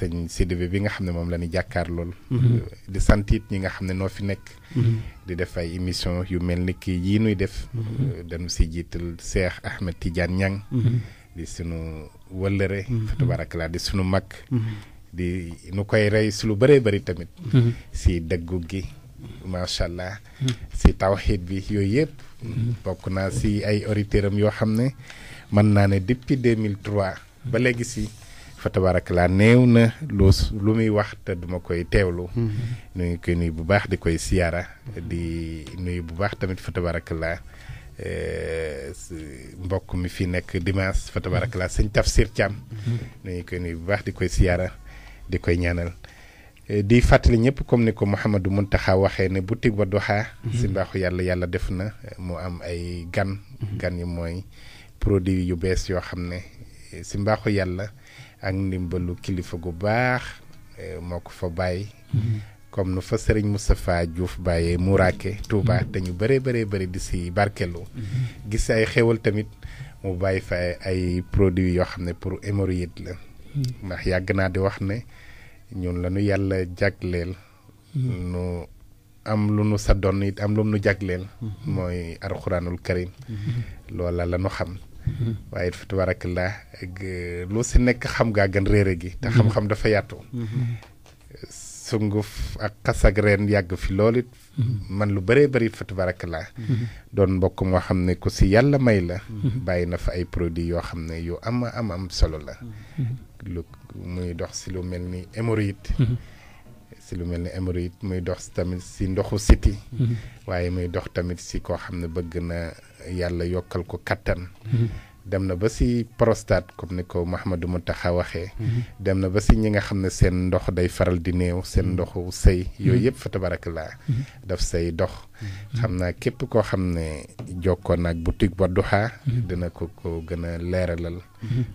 sëñ Sidibé bi nga xam ne moom la ñu jàkkaar lool mhm. di sant ñi nga xam ne noo fi nekk mhm. di def ay émission yu mel ni kii yii nuy def mhm. euh, dañu si jiital Cheikh Ahmed Tidiane Niang di sunu wëllëre fa di sunu mag di nu koy rey si lu bëree bëri tamit si dëggu gi macha allah si tawxiit bi yooyu yëpp bokk naa si ay auditeurs am yoo xam ne mën naa ne depuis 2003 ba léegi si fa tabaarakala néew na lu lu muy wax te duma koy teewlu. Mm-hmm. ñu ngi koy nuyu bu baax di koy siyaara. di nuyu bu baax tamit fa tabaarakala eh, mbokk mi fi nekk dimanche fa tabaarakala sëñ Tafsir Thiam. Mm-hmm. ñu ngi koy nuyu bu baax di koy siyaara di koy ñaanal. Eh, di fàttali ñëpp comme ni ko Mouhamadou Mountakha waxee ne boutique Wadduha. Mm-hmm. si mbaaxu yàlla yàlla def na eh, mu am ay gan. gan yi mooy produit yu bees yoo xam ne si mbaaxu yàlla. ak ndimbalu kilifa gu baax eh, moo ko fa bàyyi. Mm-hmm. comme nu fa sëriñ Moustapha Diouf bàyyee Mourake Touba dañu mm-hmm. ñu bëree bëree di si barkelu mm-hmm. gis ay xéwal tamit mu bàyyi fa ay produits yoo xam ne pour hémorroïde la. ndax yàgg naa di wax ne ñun la ñu yàlla jagleel. nu am lu nu sa doon it am lu nu jagleel. mooy alxuraanul karim. loola la xam. waaye it fa tabarakallah lu si nekk xam ngaa gën réere gi te xam-xam dafa yàttu sunguf ak xas reen yàgg fi lool it man lu bëree bëri fa tabarakallah doon mbokk moo xam ne ku si yàlla may la bàyyi na fa ay produits yoo xam ne yu am am am solo la lu muy dox si lu mel ni hémorroïde si lu mel ni hémorroïde muy dox tamit si ndoxu siti waaye muy dox tamit si koo xam ne bëgg na yàlla yokkal ko kattan. dem na ba si prostate comme ni ko mahamadou Moutakha waxee. dem na ba si ñi nga xam ne seen ndox day faral di néew seen ndoxu sëy yooyu yëpp fa tabarakalaa daf say dox. xam naa képp koo xam ne boutique dina ko ko gën a leeralal.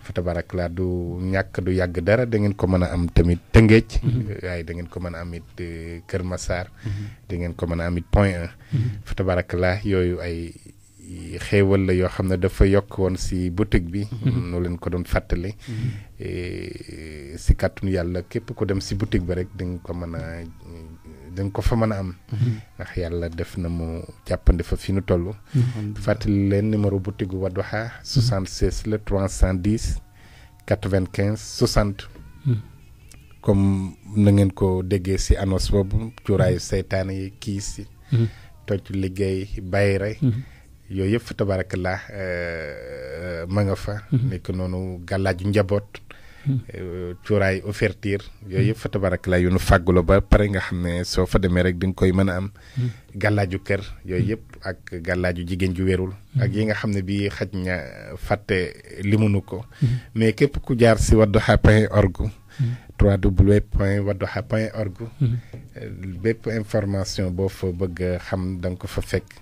fa tabarakalaa du ñàkk du yàgg dara da ngeen ko mën a am tamit Tëngéej. waaye da ngeen ko mën a am it euh, Kër Massar. da ngeen ko mën a am it Point 1 fa tabarakalaa yooyu ay. xéewal la yoo xam ne dafa yokk woon si boutique bi. Mhm. noo leen ko doon fàttali. Mhm. Euh, si kàttanu yàlla képp ko dem si boutique bi rek di nga ko mën a di nga ko fa mën a am. Mhm. ndax yàlla def na mu jàppandi fa fi nu toll. fàttali leen numéro boutique bu Wadduha. 76 la 310 95 60. comme na ngeen ko déggee si annonce boobu cuuraayu seytaane yi kiis yi. toj liggéey bayre yooyu yëpp fa tabarakallah euh, euh, ma nga fa. Mhm. nekk noonu gàllaaju njaboot. Mhm. Euh, cuuraay offertir yooyu yëpp fa tabarakallah yu nu ba pare nga xam ne soo fa demee rek di nga koy mën a am. Mhm. gàllaaju kër yooyu yëpp ak gàllaaju jigéen ju wérul. ak yi nga xam ne bii xaj na fàtte limunu ko. mais képp ku jaar si wadduha point org. www point wadduha point org. bépp information boo fa bëgg xam da nga ko fa fekk.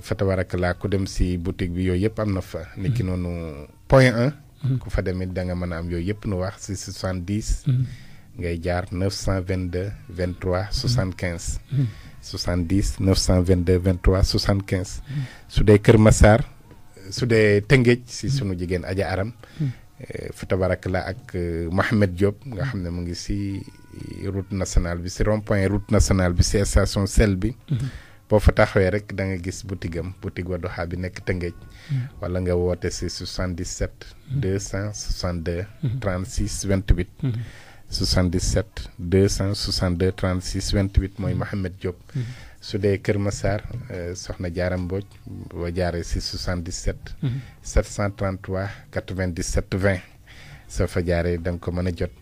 fatabarakala ku dem si boutique bi yooyu yëpp fa. Mhm. niki nonu mhm. point un. Mhm. ku fa demit da nga mën am yooyu yëpp nu wax si 70, dix. ngay jaar neuf cent vingt deux vingt trois soixante quinze. soixante dix su Massar su si sunu jigéen Aja Aram. Eh, fatabarakala ak eh, Mohamed Job, nga xam mengisi mu ngi si route nationale bi si rond point route nationale bi station sel bi boo fa taxawee rek da nga gis boutique am boutique Wadduha bi nekk Tëngéej. Mm. wala nga woote si 77. 262. 36 28. 77 262 36 28 mooy mm-hmm. Mohamed Diop. Mm-hmm. su dee Kër Massar euh, soxna Diarra Mbodj boo jaaree si 77. 733 97 20 soo fa jaaree da nga ko mën a jot.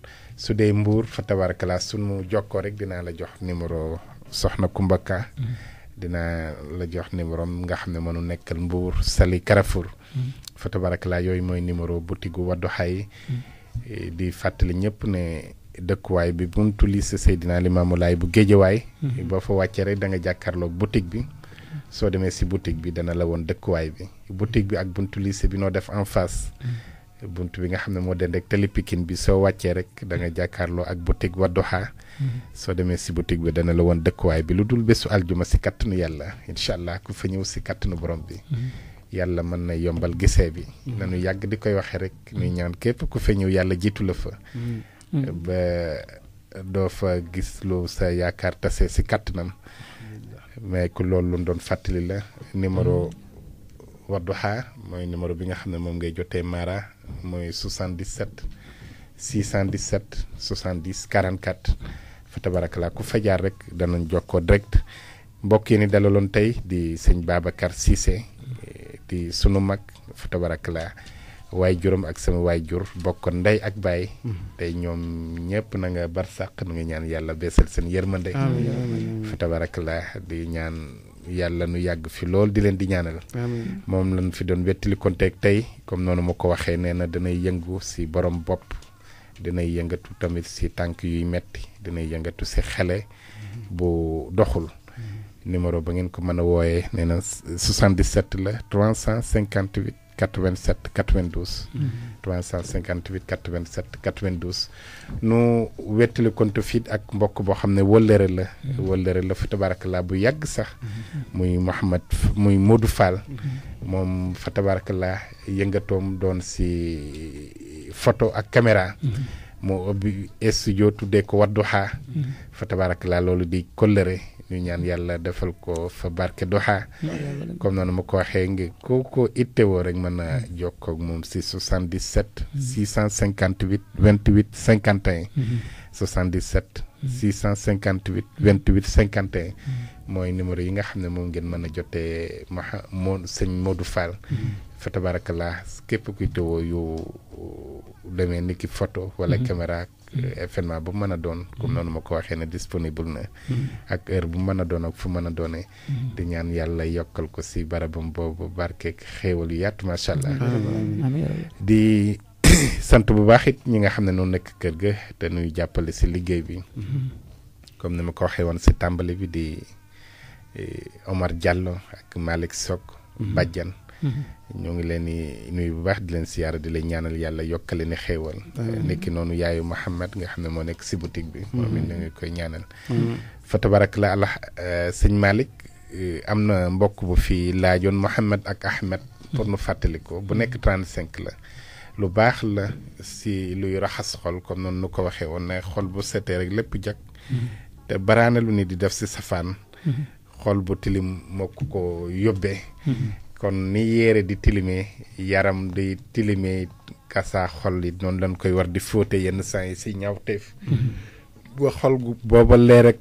su dee Mbour fa tabarkala sunu jokkoo rek dinaa la jox numéro soxna Kumbaka. Mm-hmm. dina la jox numéro nga xam ne mënu nekkal Mbour Saly Carrefour. Mm-hmm. fa laa yooyu mooy numéro boutique gu mm-hmm. di fàttali ñëpp ne dëkkuwaay bi buntu lycée Seydina Limamou Laye bu Géejawaay. Mm-hmm. boo fa wàccee rek da nga jàkkaarloog boutique bi. soo demee si boutique bi dana la woon dëkkuwaay bi boutique bi ak buntu lycée bi noo def en face. buntu bi nga xam ne moo dend ak tali bi soo wàccee rek da jàkkaarloo ak boutique Wadduha soo demee si boutique bi dana la woon dëkkuwaay bi lu dul bésu aljuma si kàttanu yàlla incha allah ku fa ñëw si kàttanu borom bi. yàlla mën na yombal gisee bi. nañu yàgg di koy waxee rek. nu ñaan képp ku fa ñëw yàlla jiitu la fa. ba doo fa gis lu sa yaakaar tase si kattanam. mais ku loolu lu doon fàttali la. numéro Wadduha mooy numéro bi nga xam ne moom ngay jotee Mara mooy 77 617 70 44. fa la ku fa jaar rek danañ jokkoo direct mbokk yi ni tey di sëñ Babacar Cissé di sunu mag fa la waay juram ak sama waay jur bokk nday ak baay tey ñoom ñëpp na nga bar sàq nu nga ñaan yàlla beesal seen yërmande fa la di ñaan yàlla nu yàgg fi lool di leen di ñaanal moom lañ fi doon wettali konteeg tey comme noonu ma ko waxee nee na danay yëngu si borom bopp dinay yëngatu tamit si tànk yuy metti dinay yëngatu si xele bu doxul numéro ba ngeen ko mën a wooyee nee na 77 la 358 87 92 358 87 92 nu wettali kontu fiit ak mbokk boo xam ne wëllëre la wëllëre la fa tabarakalaa bu yàgg sax muy Mouhamad muy Modou mm-hmm. moom fa yëngatoom doon si photo ak caméra mm-hmm. moo ubbi studio tuddee ko Wadduha mm-hmm. fa tabaarakallaa loolu di kollëre ñu ñaan yàlla defal ko fa barke Duha comme noonu ma ko waxee nga koo ko ittewoo rek mën a mm-hmm. jokkoo ak moom si 77 658 28 51 77 658 28 51 mooy numéro yi nga xam ne moom ngeen mën a jotee ma moo sëñ Modou fa tabarakallah képp kuy tëwoo yu demee ni ki photo wala mhm. caméra mhm. événement bu mën a doon comme mhm. noonu ma ko waxee ne disponible na ak heure bu mën a doon ak fu mën a doonee di ñaan yàlla yokkal ko si barabam boobu barkeek xéewal yu yaatu macha allah di sant bu baax ñi nga xam ne noonu nekk kër gi te nuy jàppale si liggéey bi comme ni ma ko waxee woon si tàmbali bi di eh, Omar Diallo ak Malick Sock bàjjan Mm-hmm. ñoo ngi leen di nuyu bu baax di leen siyaara di leen ñaanal yàlla yokkale ni xéewal nekki noonu yaayu Mouhamed nga xam ne moo nekk si boutique bi moom it mm-hmm. ñu koy ñaanal fa tabarak la allah eh, sëñ Malick eh, am na mbokk bu fi laajoon Mouhamed ak Ahmed pour nu fàttali ko bu nekk trente la lu baax la si luy raxas xol comme noonu nu ko waxee woon ne xol bu setee rek lépp jag mm-hmm. te baraana lu ni di def si safaan xol bu tilim moo ko ko yóbbee kon ni yére di tilimee yaram di tilimee kasa xol yi doon lañ koy war di fóote yenn saa yi si ñaawteef mhm. ba xol gu booba leer ak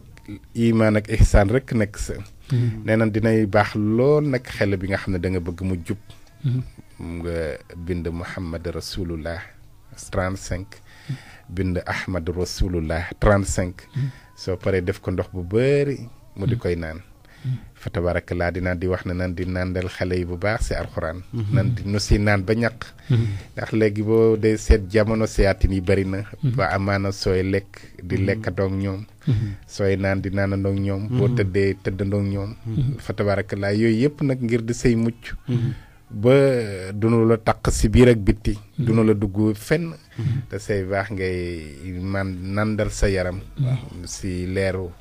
imaan ak ihsaan rek nekk sa mhm. nee na dinay baax lool nag xel bi nga xam ne danga bëgg mu jub mhm. nga bind Muhammad rasulullah trent cinq bind Ahmad rasulullah trent cinq soo paree def ko ndox bu bëri mu di koy naan fa tabarakalaa di naan di wax ne nan di naandal xale yi bu baax si alxuraan. Mhm. nan di nu si naan ba ñaq. Mhm. ndax léegi boo dee seet jamono seyaatin yi bëri na. Mhm. ba amaana sooy lekk di lekkandoog ñoom. sooy naan di naanandoog ñoom. boo tëddee tëddandoog ñoom. fa tabarakalaa yooyu yëpp nag ngir di say mucc. ba dunu la taq si biir ak bitti. duna la dugg fenn. te say baax ngay man nandal sa yaram. si leeru.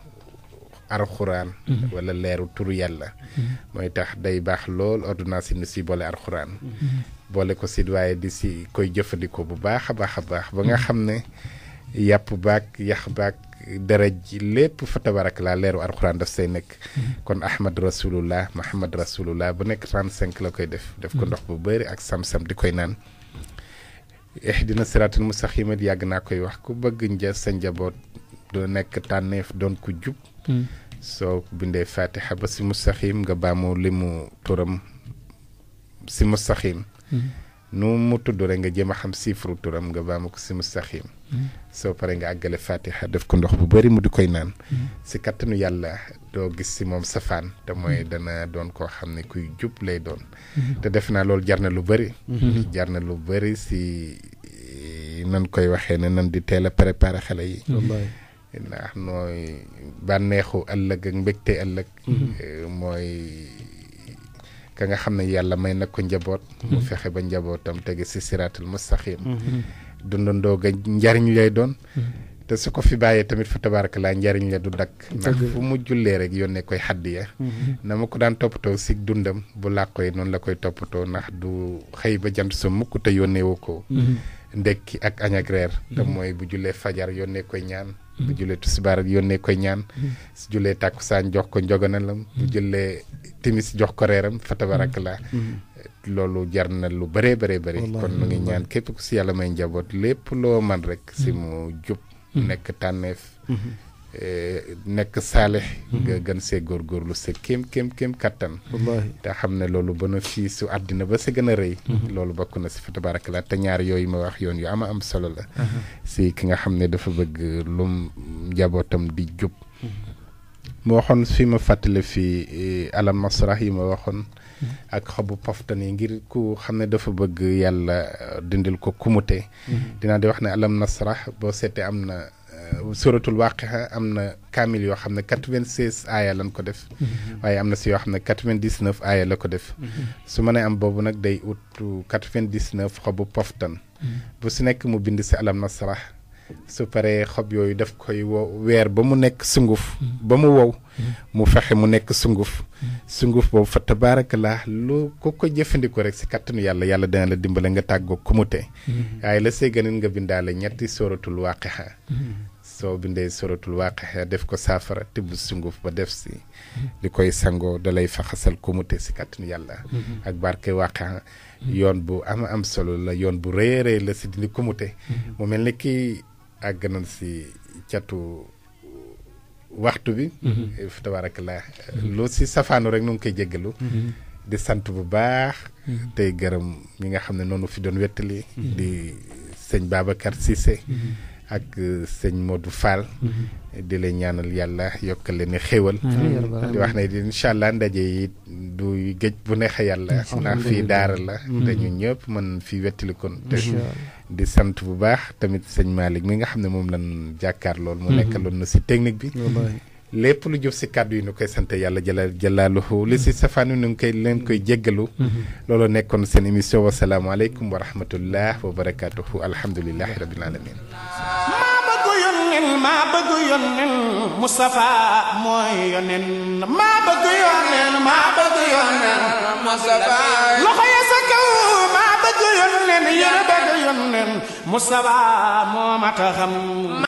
alquran mm-hmm. wala leeru turu yàlla mm-hmm. mooy tax day baax lool ordonnance yi nu si boole alquran mm-hmm. boole ko si waaye di si koy jëfandikoo bu baax a baax a baax ba nga xam ne yàpp baag yax baag dara ji lépp fa tabarak la leeru alquran daf say nekk kon ahmad rasulullah mahamad rasulullah bu nekk 35 la koy def def ko ndox bu bëri ak sam-sam di koy naan ihdina siraatal mustaqiim yàgg naa koy wax ku bëgg nja sa njaboot do nekk tànneef doon ku jub Hmm. soo bindee fatiha ba si mustaxim nga baamu limu turam si mustaxim hmm. nu mu tudd rek nga jéem a xam chiffre turam nga baamu ko si mustaxim hmm. soo paree nga àggale fatiha def ko ndox bu bëri mu di koy naan si kattanu yàlla doo gis si moom safaan te mooy dana doon koo xam ne kuy jub lay doon te def naa loolu jar na lu bëri jar na lu bëri si eh, nan koy waxee ne nan di teel a préparé xale yi ndax nooy bànneexu ëllëg ak mbégte ëllëg. Mhm. Eh, mooy ka nga xam ne yàlla may na ko njaboot. Mhm. mu fexe ba njabootam tege si siraatul mustaqim. Mhm. dundandoo ga njariñ lay doon. te su ko fi bàyyee tamit fa tabaraka laa njariñ la du dakk ndax fu mu jullee rek yónnee koy xaddiya na ma ko daan toppatoo si dundam bu làqooy noonu la koy toppatoo ndax du xëy ba jant sa mukk te yónnee wu ko. ndekki ak añ ak mooy bu jullee fajar yónnee koy ñaan. bu jullee tisbaar yónnee koy ñaan mm-hmm. su jullee tàkkusaan jox ko njoganalam bu mm-hmm. jullee timis jox ko reeram fa tabarakallah mm-hmm. loolu jar na lu bëree bëree bëri kon nu ngi ñaan képp ku si yàlla may njaboot lépp loo man rek si mu jub nekk tànneef %e nekk saalix nga gën see góorgóorlu sa kéem kéem kéem kattan te xam ne loolu ba bénéfice su àddina ba sa gën a rëy mhm. loolu bokk na si fa tabarakallah te ñaar yooyu ma wax yoon yu am am solo la mhm. si ki nga xam ne dafa bëgg lum njabootam di jub ma mhm. waxoon fi ma fàttale fii eh, alal masrah yi ma waxoon ak xobu poftan yi ngir ku xam ne dafa bëgg yàlla eh, dindil ko kumute dinaa di wax ne alam nasrah boo seetee am na Euh, suratul waqiha am na kaamil yoo xam ne quatre-vingt-seize aaya lañ ko def mm-hmm. waaye am na si yoo xam ne quatre-vingt-dix-neuf aaya la ko def mm-hmm. su mënee am boobu nag day ut quatre-vingt-dix-neuf xobu poftan mm-hmm. bu si nekk mu bind si alam nasrah su paree xob yooyu daf koy wo weer ba mu nekk sunguf ba mu wow mu fexe mu nekk sunguf sunguf boobu fa tabaarakalaa lu ku ko jëfandikoo rek si kàttanu yàlla yàlla dina la dimbale nga tàggoo kumute waaye la see gënin nga bindaale ñetti sóoratul waaqixa soo bindee sóoratul waaqixa def ko saafara tibb sunguf ba def si li koy sangoo dalay fa faxasal kumute si kàttanu yàlla ak barke waaqixa yoon bu ama am solo la yoon bu rëy a la si dindi kumute mu ak nañ si catu waxtu bi. Mhm. fi tabaarakallaa loo si safaanu rek nu ngi koy jéggalu. Mhm. di sant bu baax. Mhm. tey gërëm ñi nga xam ne noonu fi doon wettali. di sëñ Babacar Cissé. ak sëñ Modou Fall. di leen ñaanal yàlla yokkal leen i xéwal. di wax ne incha allah ndaje yi du géej bu neex yàlla. ndax fii daara la. te ñun mën fi wettali kon. di sant bu baax tamit sëñ Malick mi nga xam ne moom lan jàkkaar lool mu mhm. nekkaloon na si technique bi lépp lu jëf si kàddu yi nu koy sant yàlla jëla jëlaaluhu li si mhm. safaanu nu ngi koy leen koy jéggalu mhm. loolu nekkoon seen émission wasalaamaaleykum wa rahmatullah wa barakatuhu alhamdulilahi rabil alamin yónneen yéen a bëgg yónneen Mustafa moo mat a xam